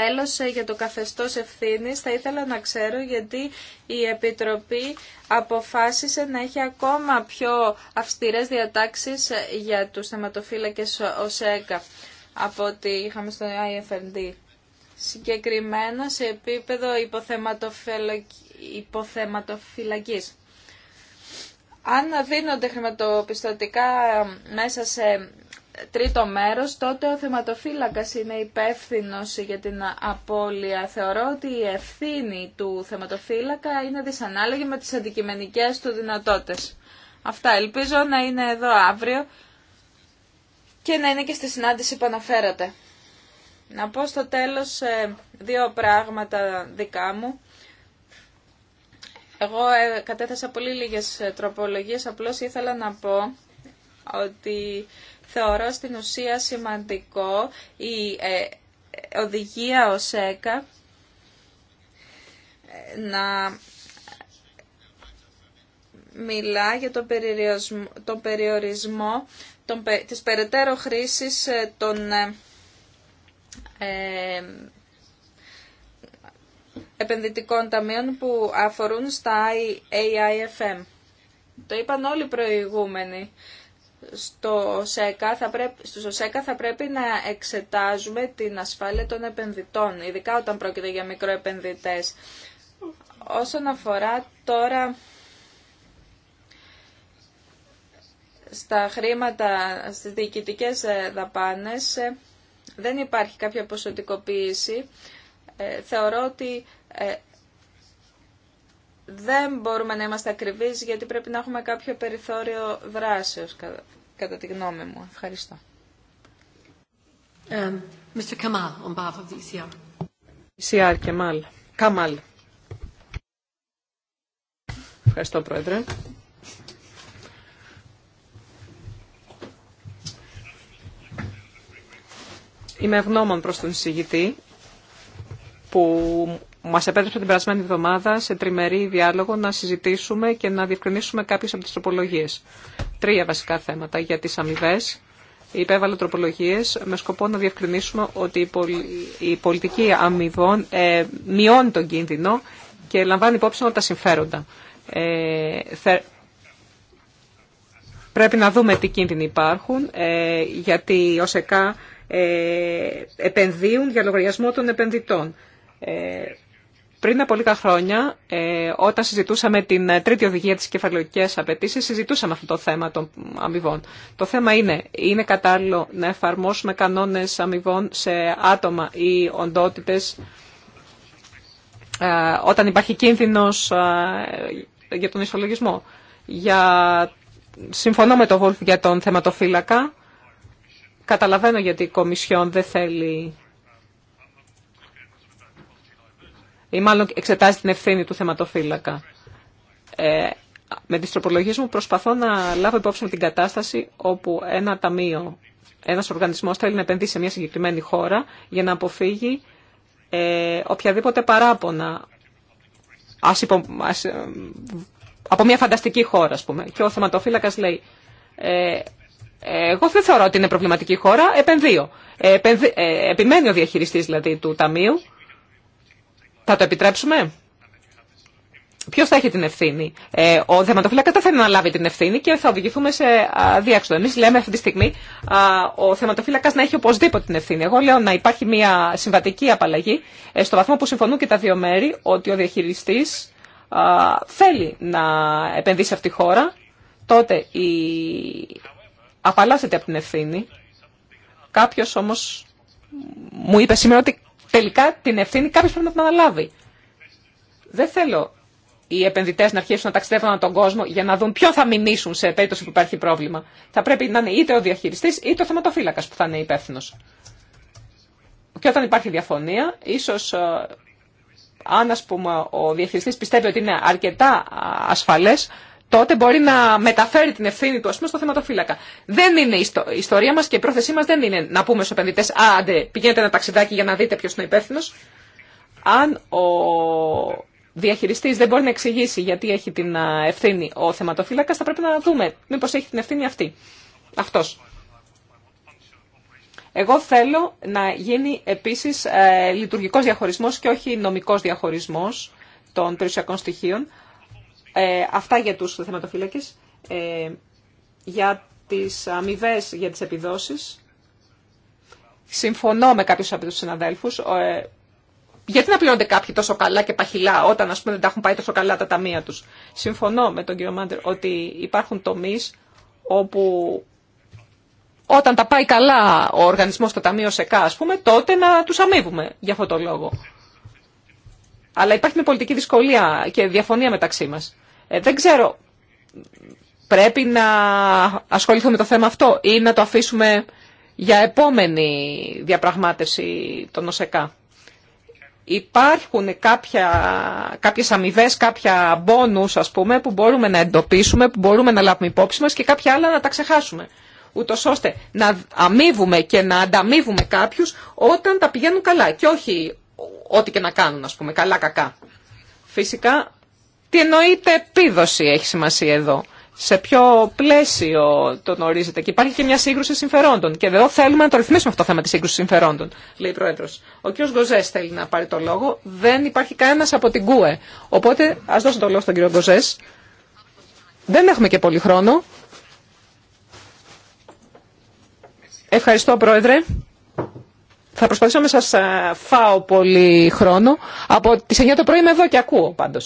Τέλος, ε, για το καθεστώς ευθύνης θα ήθελα να ξέρω γιατί η Επιτροπή αποφάσισε να έχει ακόμα πιο αυστηρές διατάξεις ε, για τους θεματοφύλακες έκα από ό,τι είχαμε στο IFND. Συγκεκριμένα σε επίπεδο υποθεματοφυλακής. Αν δίνονται χρηματοπιστωτικά μέσα σε τρίτο μέρος, τότε ο θεματοφύλακας είναι υπεύθυνο για την απώλεια. Θεωρώ ότι η ευθύνη του θεματοφύλακα είναι δυσανάλογη με τις αντικειμενικές του δυνατότητες. Αυτά. Ελπίζω να είναι εδώ αύριο και να είναι και στη συνάντηση που αναφέρατε. Να πω στο τέλος ε, δύο πράγματα δικά μου. Εγώ ε, κατέθεσα πολύ λίγες τροπολογίες, απλώς ήθελα να πω ότι θεωρώ στην ουσία σημαντικό η ε, οδηγία ο ΕΚΑ ε, να μιλά για τον περιορισμό, τον περιορισμό της περαιτέρω χρήσης ε, των ε, επενδυτικών ταμείων που αφορούν στα AIFM. Το είπαν όλοι οι προηγούμενοι στο ΣΕΚΑ θα πρέπει, στους ΣΕΚΑ θα πρέπει να εξετάζουμε την ασφάλεια των επενδυτών, ειδικά όταν πρόκειται για μικροεπενδυτές. Όσον αφορά τώρα στα χρήματα, στις διοικητικές ε, δαπάνες, ε, δεν υπάρχει κάποια ποσοτικοποίηση. Ε, θεωρώ ότι δεν μπορούμε να είμαστε ακριβείς γιατί πρέπει να έχουμε κάποιο περιθώριο δράσεως κατά τη γνώμη μου. Ευχαριστώ. Ε, Mr. Kamal, on behalf of the ECR. ECR, Kamal. Ευχαριστώ, Πρόεδρε. Είμαι ευγνώμων προς τον συζητητή που μας επέτρεψε την περασμένη εβδομάδα σε τριμερή διάλογο να συζητήσουμε και να διευκρινίσουμε κάποιες από τις τροπολογίες. Τρία βασικά θέματα για τις αμοιβέ. Υπέβαλα τροπολογίε, με σκοπό να διευκρινίσουμε ότι η πολιτική αμοιβών ε, μειώνει τον κίνδυνο και λαμβάνει υπόψη όλα τα συμφέροντα. Ε, πρέπει να δούμε τι κίνδυνοι υπάρχουν, ε, γιατί ως ΕΚΑ επενδύουν για λογαριασμό των επενδυτών. Πριν από λίγα χρόνια, ε, όταν συζητούσαμε την ε, τρίτη οδηγία της κεφαλαιοκές απαιτήσει, συζητούσαμε αυτό το θέμα των αμοιβών. Το θέμα είναι, είναι κατάλληλο να εφαρμόσουμε κανόνες αμοιβών σε άτομα ή οντότητες ε, όταν υπάρχει κίνδυνος για τον ισολογισμό. Για... Συμφωνώ με τον Βόλφ για τον θεματοφύλακα. Καταλαβαίνω γιατί η Κομισιόν δεν θέλει ή μάλλον εξετάζει την ευθύνη του θεματοφύλακα. Ε, με τις τροπολογίες μου προσπαθώ να λάβω υπόψη με την κατάσταση όπου ένα ταμείο, ένας οργανισμός θέλει να επενδύσει σε μια συγκεκριμένη χώρα για να αποφύγει ε, οποιαδήποτε παράπονα ας υπο, ας, ε, από μια φανταστική χώρα, ας πούμε. Και ο θεματοφύλακας λέει, ε, ε εγώ δεν θεωρώ ότι είναι προβληματική χώρα, επενδύω. Ε, επενδυ, επιμένει ο διαχειριστής δηλαδή του ταμείου θα το επιτρέψουμε. Ποιο θα έχει την ευθύνη. Ε, ο θεματοφύλακα δεν θέλει να λάβει την ευθύνη και θα οδηγηθούμε σε διάξοδο. Εμεί λέμε αυτή τη στιγμή α, ο θεματοφύλακα να έχει οπωσδήποτε την ευθύνη. Εγώ λέω να υπάρχει μια συμβατική απαλλαγή ε, στο βαθμό που συμφωνούν και τα δύο μέρη ότι ο διαχειριστή θέλει να επενδύσει αυτή τη χώρα. Τότε η... απαλλάσσεται από την ευθύνη. Κάποιο όμω μου είπε σήμερα ότι τελικά την ευθύνη κάποιο πρέπει να την αναλάβει. Δεν θέλω οι επενδυτέ να αρχίσουν να ταξιδεύουν ανά τον κόσμο για να δουν ποιο θα μηνύσουν σε περίπτωση που υπάρχει πρόβλημα. Θα πρέπει να είναι είτε ο διαχειριστή είτε ο θεματοφύλακα που θα είναι υπεύθυνο. Και όταν υπάρχει διαφωνία, ίσω ε, αν ας πούμε, ο διαχειριστή πιστεύει ότι είναι αρκετά ασφαλέ, τότε μπορεί να μεταφέρει την ευθύνη του, α πούμε, στο θεματοφύλακα. Δεν είναι η ιστορία μα και η πρόθεσή μα δεν είναι να πούμε στου επενδυτέ, άντε, πηγαίνετε ένα ταξιδάκι για να δείτε ποιο είναι υπεύθυνο. Αν ο διαχειριστή δεν μπορεί να εξηγήσει γιατί έχει την ευθύνη ο θεματοφύλακα, θα πρέπει να δούμε μήπω έχει την ευθύνη αυτή. Αυτός. Εγώ θέλω να γίνει επίσης ε, λειτουργικός διαχωρισμός και όχι νομικός διαχωρισμός των περιουσιακών στοιχείων. Ε, αυτά για τους θεματοφύλακες. Ε, για τις αμοιβέ για τις επιδόσεις. Συμφωνώ με κάποιους από τους συναδέλφους. Ε, γιατί να πληρώνται κάποιοι τόσο καλά και παχυλά όταν ας πούμε δεν τα έχουν πάει τόσο καλά τα ταμεία τους. Συμφωνώ με τον κύριο Μάντερ ότι υπάρχουν τομείς όπου όταν τα πάει καλά ο οργανισμός στο ταμείο ΣΕΚΑ, ας πούμε, τότε να τους αμείβουμε για αυτόν τον λόγο. Αλλά υπάρχει μια πολιτική δυσκολία και διαφωνία μεταξύ μας. Ε, δεν ξέρω, πρέπει να ασχοληθούμε με το θέμα αυτό ή να το αφήσουμε για επόμενη διαπραγμάτευση των ΟΣΕΚΑ. Υπάρχουν κάποια, κάποιες αμοιβέ, κάποια μπόνους ας πούμε που μπορούμε να εντοπίσουμε, που μπορούμε να λάβουμε υπόψη μας και κάποια άλλα να τα ξεχάσουμε. Ούτως ώστε να αμείβουμε και να ανταμείβουμε κάποιους όταν τα πηγαίνουν καλά και όχι ό,τι και να κάνουν ας πούμε, καλά κακά. Φυσικά τι εννοείται επίδοση έχει σημασία εδώ. Σε ποιο πλαίσιο τον ορίζεται. Και υπάρχει και μια σύγκρουση συμφερόντων. Και εδώ θέλουμε να το ρυθμίσουμε αυτό το θέμα τη σύγκρουση συμφερόντων, λέει η Πρόεδρο. Ο κ. Γκοζέ θέλει να πάρει το λόγο. Δεν υπάρχει κανένα από την ΚΟΕ. Οπότε α δώσω το λόγο στον κ. Γκοζέ. Δεν έχουμε και πολύ χρόνο. Ευχαριστώ, Πρόεδρε. Θα προσπαθήσω να σα φάω πολύ χρόνο. Από τις 9 το πρωί είμαι εδώ και ακούω πάντω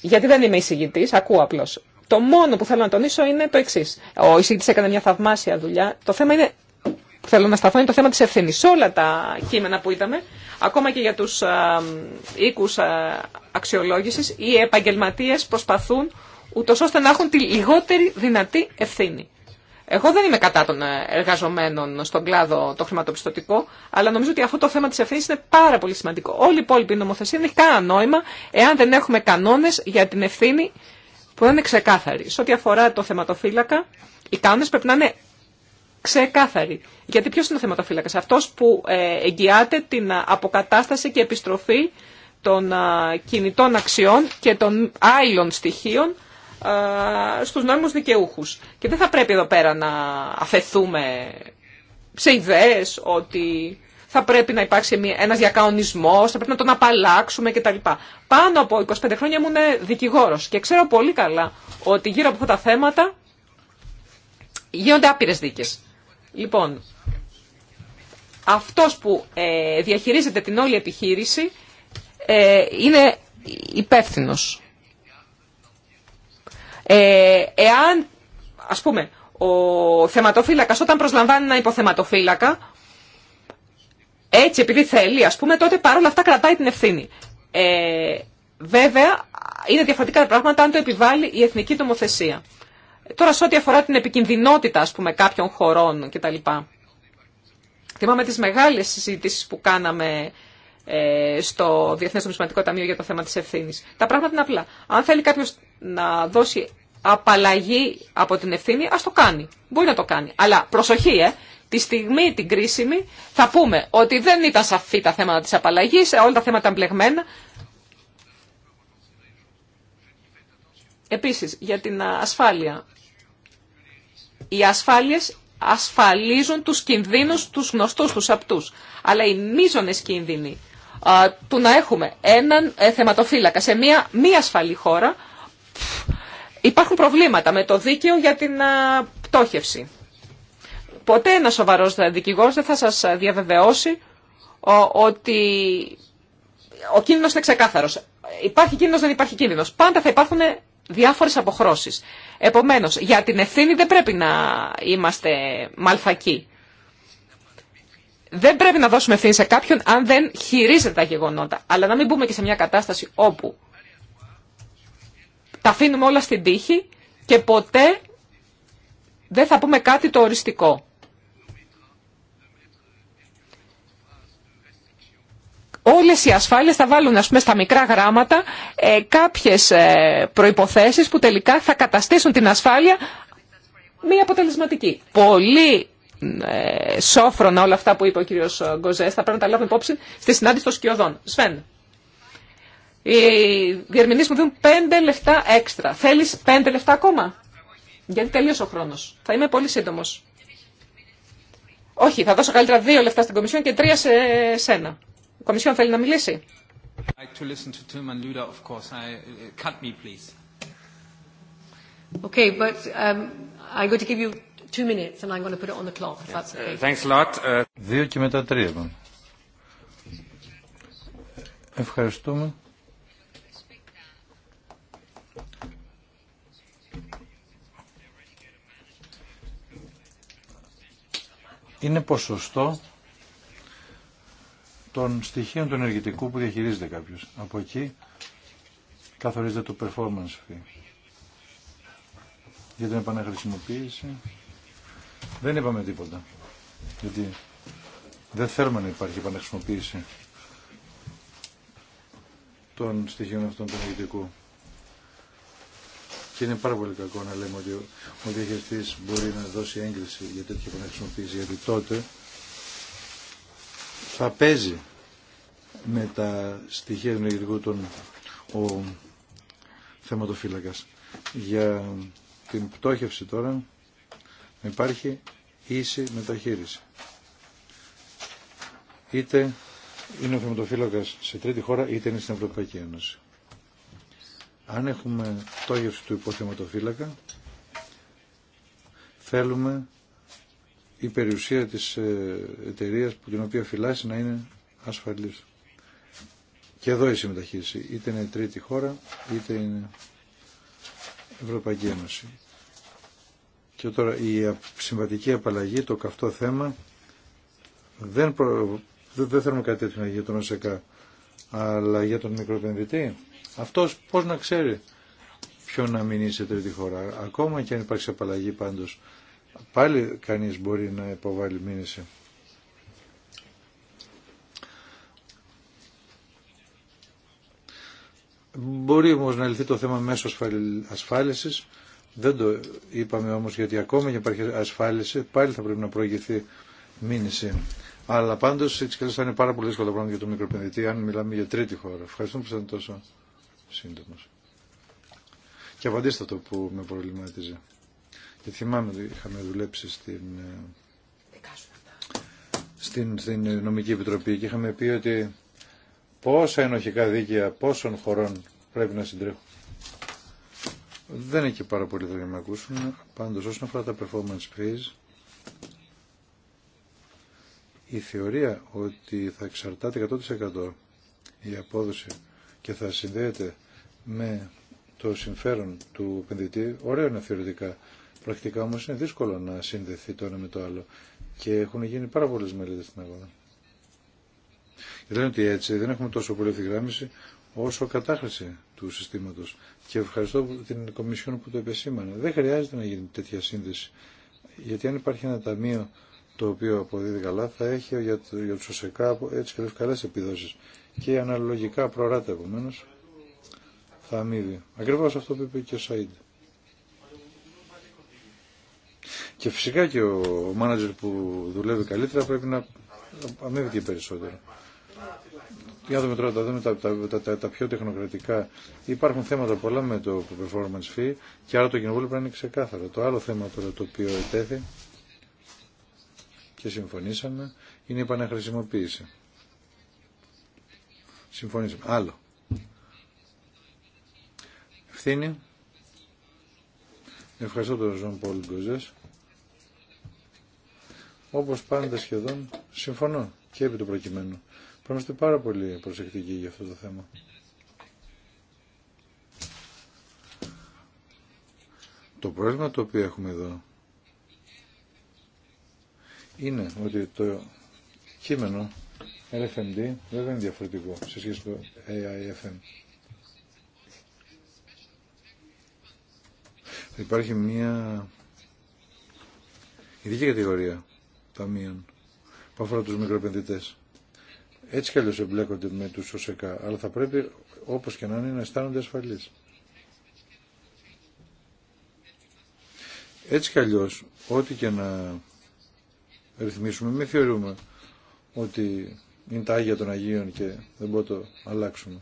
γιατί δεν είμαι εισηγητή, ακούω απλώ. Το μόνο που θέλω να τονίσω είναι το εξή. Ο εισηγητή έκανε μια θαυμάσια δουλειά. Το θέμα είναι, που θέλω να σταθώ, είναι το θέμα τη ευθύνη. Σε όλα τα κείμενα που είδαμε, ακόμα και για του οίκου αξιολόγηση, οι επαγγελματίε προσπαθούν ούτω ώστε να έχουν τη λιγότερη δυνατή ευθύνη. Εγώ δεν είμαι κατά των ε, εργαζομένων στον κλάδο το χρηματοπιστωτικό, αλλά νομίζω ότι αυτό το θέμα τη ευθύνη είναι πάρα πολύ σημαντικό. Όλη η υπόλοιπη νομοθεσία δεν έχει κανένα νόημα εάν δεν έχουμε κανόνε για την ευθύνη που είναι ξεκάθαρη. Σε ό,τι αφορά το θεματοφύλακα, οι κανόνε πρέπει να είναι ξεκάθαροι. Γιατί ποιο είναι ο θεματοφύλακα, αυτό που ε, εγγυάται την αποκατάσταση και επιστροφή των κινητών αξιών και των άλλων στοιχείων στους νόμιμους δικαιούχους. Και δεν θα πρέπει εδώ πέρα να αφαιθούμε σε ιδέες ότι θα πρέπει να υπάρξει ένας διακαονισμός, θα πρέπει να τον απαλλάξουμε κτλ. Πάνω από 25 χρόνια ήμουν δικηγόρος και ξέρω πολύ καλά ότι γύρω από αυτά τα θέματα γίνονται άπειρες δίκες. Λοιπόν, αυτός που ε, διαχειρίζεται την όλη επιχείρηση ε, είναι υπεύθυνος. Ε, εάν, ας πούμε, ο θεματοφύλακας όταν προσλαμβάνει ένα υποθεματοφύλακα, έτσι επειδή θέλει, ας πούμε, τότε παρόλα αυτά κρατάει την ευθύνη. Ε, βέβαια, είναι διαφορετικά τα πράγματα αν το επιβάλλει η εθνική νομοθεσία. Τώρα, σε ό,τι αφορά την επικινδυνότητα, ας πούμε, κάποιων χωρών κτλ. Θυμάμαι τις μεγάλες συζητήσεις που κάναμε ε, στο Διεθνές Νομισματικό Ταμείο για το θέμα της ευθύνη. Τα πράγματα είναι απλά. Αν θέλει κάποιο να δώσει απαλλαγή από την ευθύνη, ας το κάνει. Μπορεί να το κάνει. Αλλά προσοχή, ε, τη στιγμή την κρίσιμη θα πούμε ότι δεν ήταν σαφή τα θέματα της απαλλαγής, ε, όλα τα θέματα μπλεγμένα. Επίσης, για την ασφάλεια. Οι ασφάλειες ασφαλίζουν τους κινδύνους, τους γνωστούς, τους απτούς. Αλλά οι μείζονες κίνδυνοι του να έχουμε έναν ε, θεματοφύλακα σε μία μη ασφαλή χώρα Υπάρχουν προβλήματα με το δίκαιο για την πτώχευση. Ποτέ ένας σοβαρός δικηγόρος δεν θα σας διαβεβαιώσει ότι ο κίνδυνος είναι ξεκάθαρος. Υπάρχει κίνδυνος, δεν υπάρχει κίνδυνος. Πάντα θα υπάρχουν διάφορες αποχρώσεις. Επομένως, για την ευθύνη δεν πρέπει να είμαστε μαλθακοί. Δεν πρέπει να δώσουμε ευθύνη σε κάποιον αν δεν χειρίζεται τα γεγονότα. Αλλά να μην μπούμε και σε μια κατάσταση όπου θα αφήνουμε όλα στην τύχη και ποτέ δεν θα πούμε κάτι το οριστικό. Όλες οι ασφάλειες θα βάλουν, ας πούμε, στα μικρά γράμματα ε, κάποιες ε, προϋποθέσεις που τελικά θα καταστήσουν την ασφάλεια μη αποτελεσματική. Πολύ ε, σόφρονα όλα αυτά που είπε ο κύριος Γκοζές, θα πρέπει να τα λάβουμε υπόψη στη συνάντηση των σκιωδών. Σφέν. Οι διερμηνείς μου δίνουν 5 λεφτά έξτρα. Θέλεις 5 λεφτά ακόμα. Γιατί τελείωσε ο χρόνος. Θα είμαι πολύ σύντομος. Όχι, θα δώσω καλύτερα 2 λεφτά στην Κομισιόν και 3 σε σένα. Η Κομισιόν θέλει να μιλήσει. Uh, okay, but um, I'm going to give you two minutes and I'm going to put it on the clock. If that's okay. Uh, thanks a lot. Uh, δύο και μετά τρία. Ευχαριστούμε. είναι ποσοστό των στοιχείων του ενεργητικού που διαχειρίζεται κάποιος. Από εκεί καθορίζεται το performance fee. Για την επαναχρησιμοποίηση δεν είπαμε τίποτα. Γιατί δεν θέλουμε να υπάρχει επαναχρησιμοποίηση των στοιχείων αυτών του ενεργητικού. Και είναι πάρα πολύ κακό να λέμε ότι ο διαχειριστής μπορεί να δώσει έγκριση για τέτοια που να χρησιμοποιήσει, γιατί τότε θα παίζει με τα στοιχεία του ενεργητικού ο θεματοφύλακας. Για την πτώχευση τώρα υπάρχει ίση μεταχείριση. Είτε είναι ο θεματοφύλακας σε τρίτη χώρα, είτε είναι στην Ευρωπαϊκή Ένωση αν έχουμε πτώγευση του υποθεματοφύλακα, θέλουμε η περιουσία της ε, εταιρεία που την οποία φυλάσει να είναι ασφαλής. Και εδώ η συμμεταχείριση, είτε είναι τρίτη χώρα, είτε είναι Ευρωπαϊκή Ένωση. Και τώρα η συμβατική απαλλαγή, το καυτό θέμα, δεν, δεν θέλουμε κάτι τέτοιο για τον ΟΣΕΚΑ, αλλά για τον μικροπενδυτή αυτός πώς να ξέρει ποιο να μείνει σε τρίτη χώρα. Ακόμα και αν υπάρξει απαλλαγή πάντως, πάλι κανείς μπορεί να υποβάλει μήνυση. Μπορεί όμως να λυθεί το θέμα μέσω ασφάλισης. Δεν το είπαμε όμως γιατί ακόμα και υπάρχει ασφάλιση πάλι θα πρέπει να προηγηθεί μήνυση. Αλλά πάντως έτσι και θα είναι πάρα πολύ δύσκολο το πράγμα για τον μικροπενδυτή αν μιλάμε για τρίτη χώρα. Ευχαριστούμε που ήταν τόσο. Και απαντήστε το που με προβληματίζει. και θυμάμαι ότι είχαμε δουλέψει ε, στην, στην, νομική επιτροπή και είχαμε πει ότι πόσα ενοχικά δίκαια πόσων χωρών πρέπει να συντρέχουν. Δεν έχει πάρα πολύ δουλειά να ακούσουν. Πάντως όσον αφορά τα performance fees, η θεωρία ότι θα εξαρτάται 100% η απόδοση και θα συνδέεται με το συμφέρον του επενδυτή, ωραίο είναι θεωρητικά. Πρακτικά όμως είναι δύσκολο να συνδεθεί το ένα με το άλλο και έχουν γίνει πάρα πολλές μελέτε στην αγορά. Λένε ότι έτσι δεν έχουμε τόσο πολύ ευθυγράμμιση όσο κατάχρηση του συστήματος. Και ευχαριστώ την Κομισιόν που το επεσήμανε. Δεν χρειάζεται να γίνει τέτοια σύνδεση. Γιατί αν υπάρχει ένα ταμείο το οποίο αποδίδει καλά θα έχει για, του για τους ΟΣΕΚΑ έτσι και καλέ επιδόσεις και αναλογικά προράτε επομένω θα αμείβει. Ακριβώς αυτό που είπε και ο Σαΐντ. Και φυσικά και ο μάνατζερ που δουλεύει καλύτερα πρέπει να αμείβει και περισσότερο. Για να δούμε τώρα, τα, τα, τα, τα, πιο τεχνοκρατικά. Υπάρχουν θέματα πολλά με το performance fee και άρα το κοινοβούλιο πρέπει να είναι ξεκάθαρο. Το άλλο θέμα το οποίο ετέθη και συμφωνήσαμε είναι η επαναχρησιμοποίηση. Συμφωνήσαμε. Άλλο. Ευθύνη. Ευχαριστώ τον Ζων Πολ Γκοζές. Όπως πάντα σχεδόν συμφωνώ και επί του προκειμένου. Πρέπει να είστε πάρα πολύ προσεκτικοί για αυτό το θέμα. Το πρόβλημα το οποίο έχουμε εδώ είναι ότι το κείμενο LFMD βέβαια είναι διαφορετικό σε σχέση με το AIFM. Υπάρχει μια ειδική κατηγορία ταμείων που αφορά τους μικροεπενδυτές. Έτσι κι αλλιώς εμπλέκονται με τους ΟΣΕΚΑ, αλλά θα πρέπει όπως και να είναι να αισθάνονται ασφαλείς. Έτσι κι αλλιώς, ό,τι και να ρυθμίσουμε, μην θεωρούμε ότι είναι τα Άγια των Αγίων και δεν μπορώ το αλλάξουμε.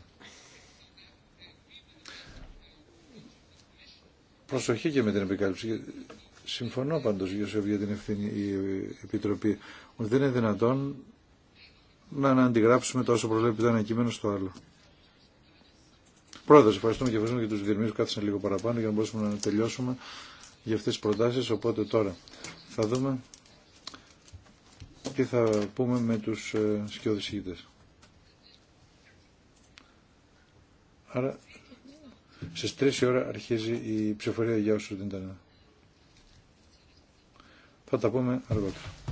Προσοχή και με την επικάλυψη. Συμφωνώ πάντως για την ευθύνη η Επιτροπή ότι δεν είναι δυνατόν να, να αντιγράψουμε το όσο προβλέπει το ένα κείμενο στο άλλο. Πρόεδρε, ευχαριστούμε και ευχαριστούμε και του διερμηνεί που κάθισαν λίγο παραπάνω για να μπορέσουμε να τελειώσουμε για αυτέ τι προτάσει. Οπότε τώρα θα δούμε τι θα πούμε με τους ε, σκιοδησίτες. Άρα στις 3 η ώρα αρχίζει η ψηφορία για όσους δεν ήταν. Θα τα πούμε αργότερα.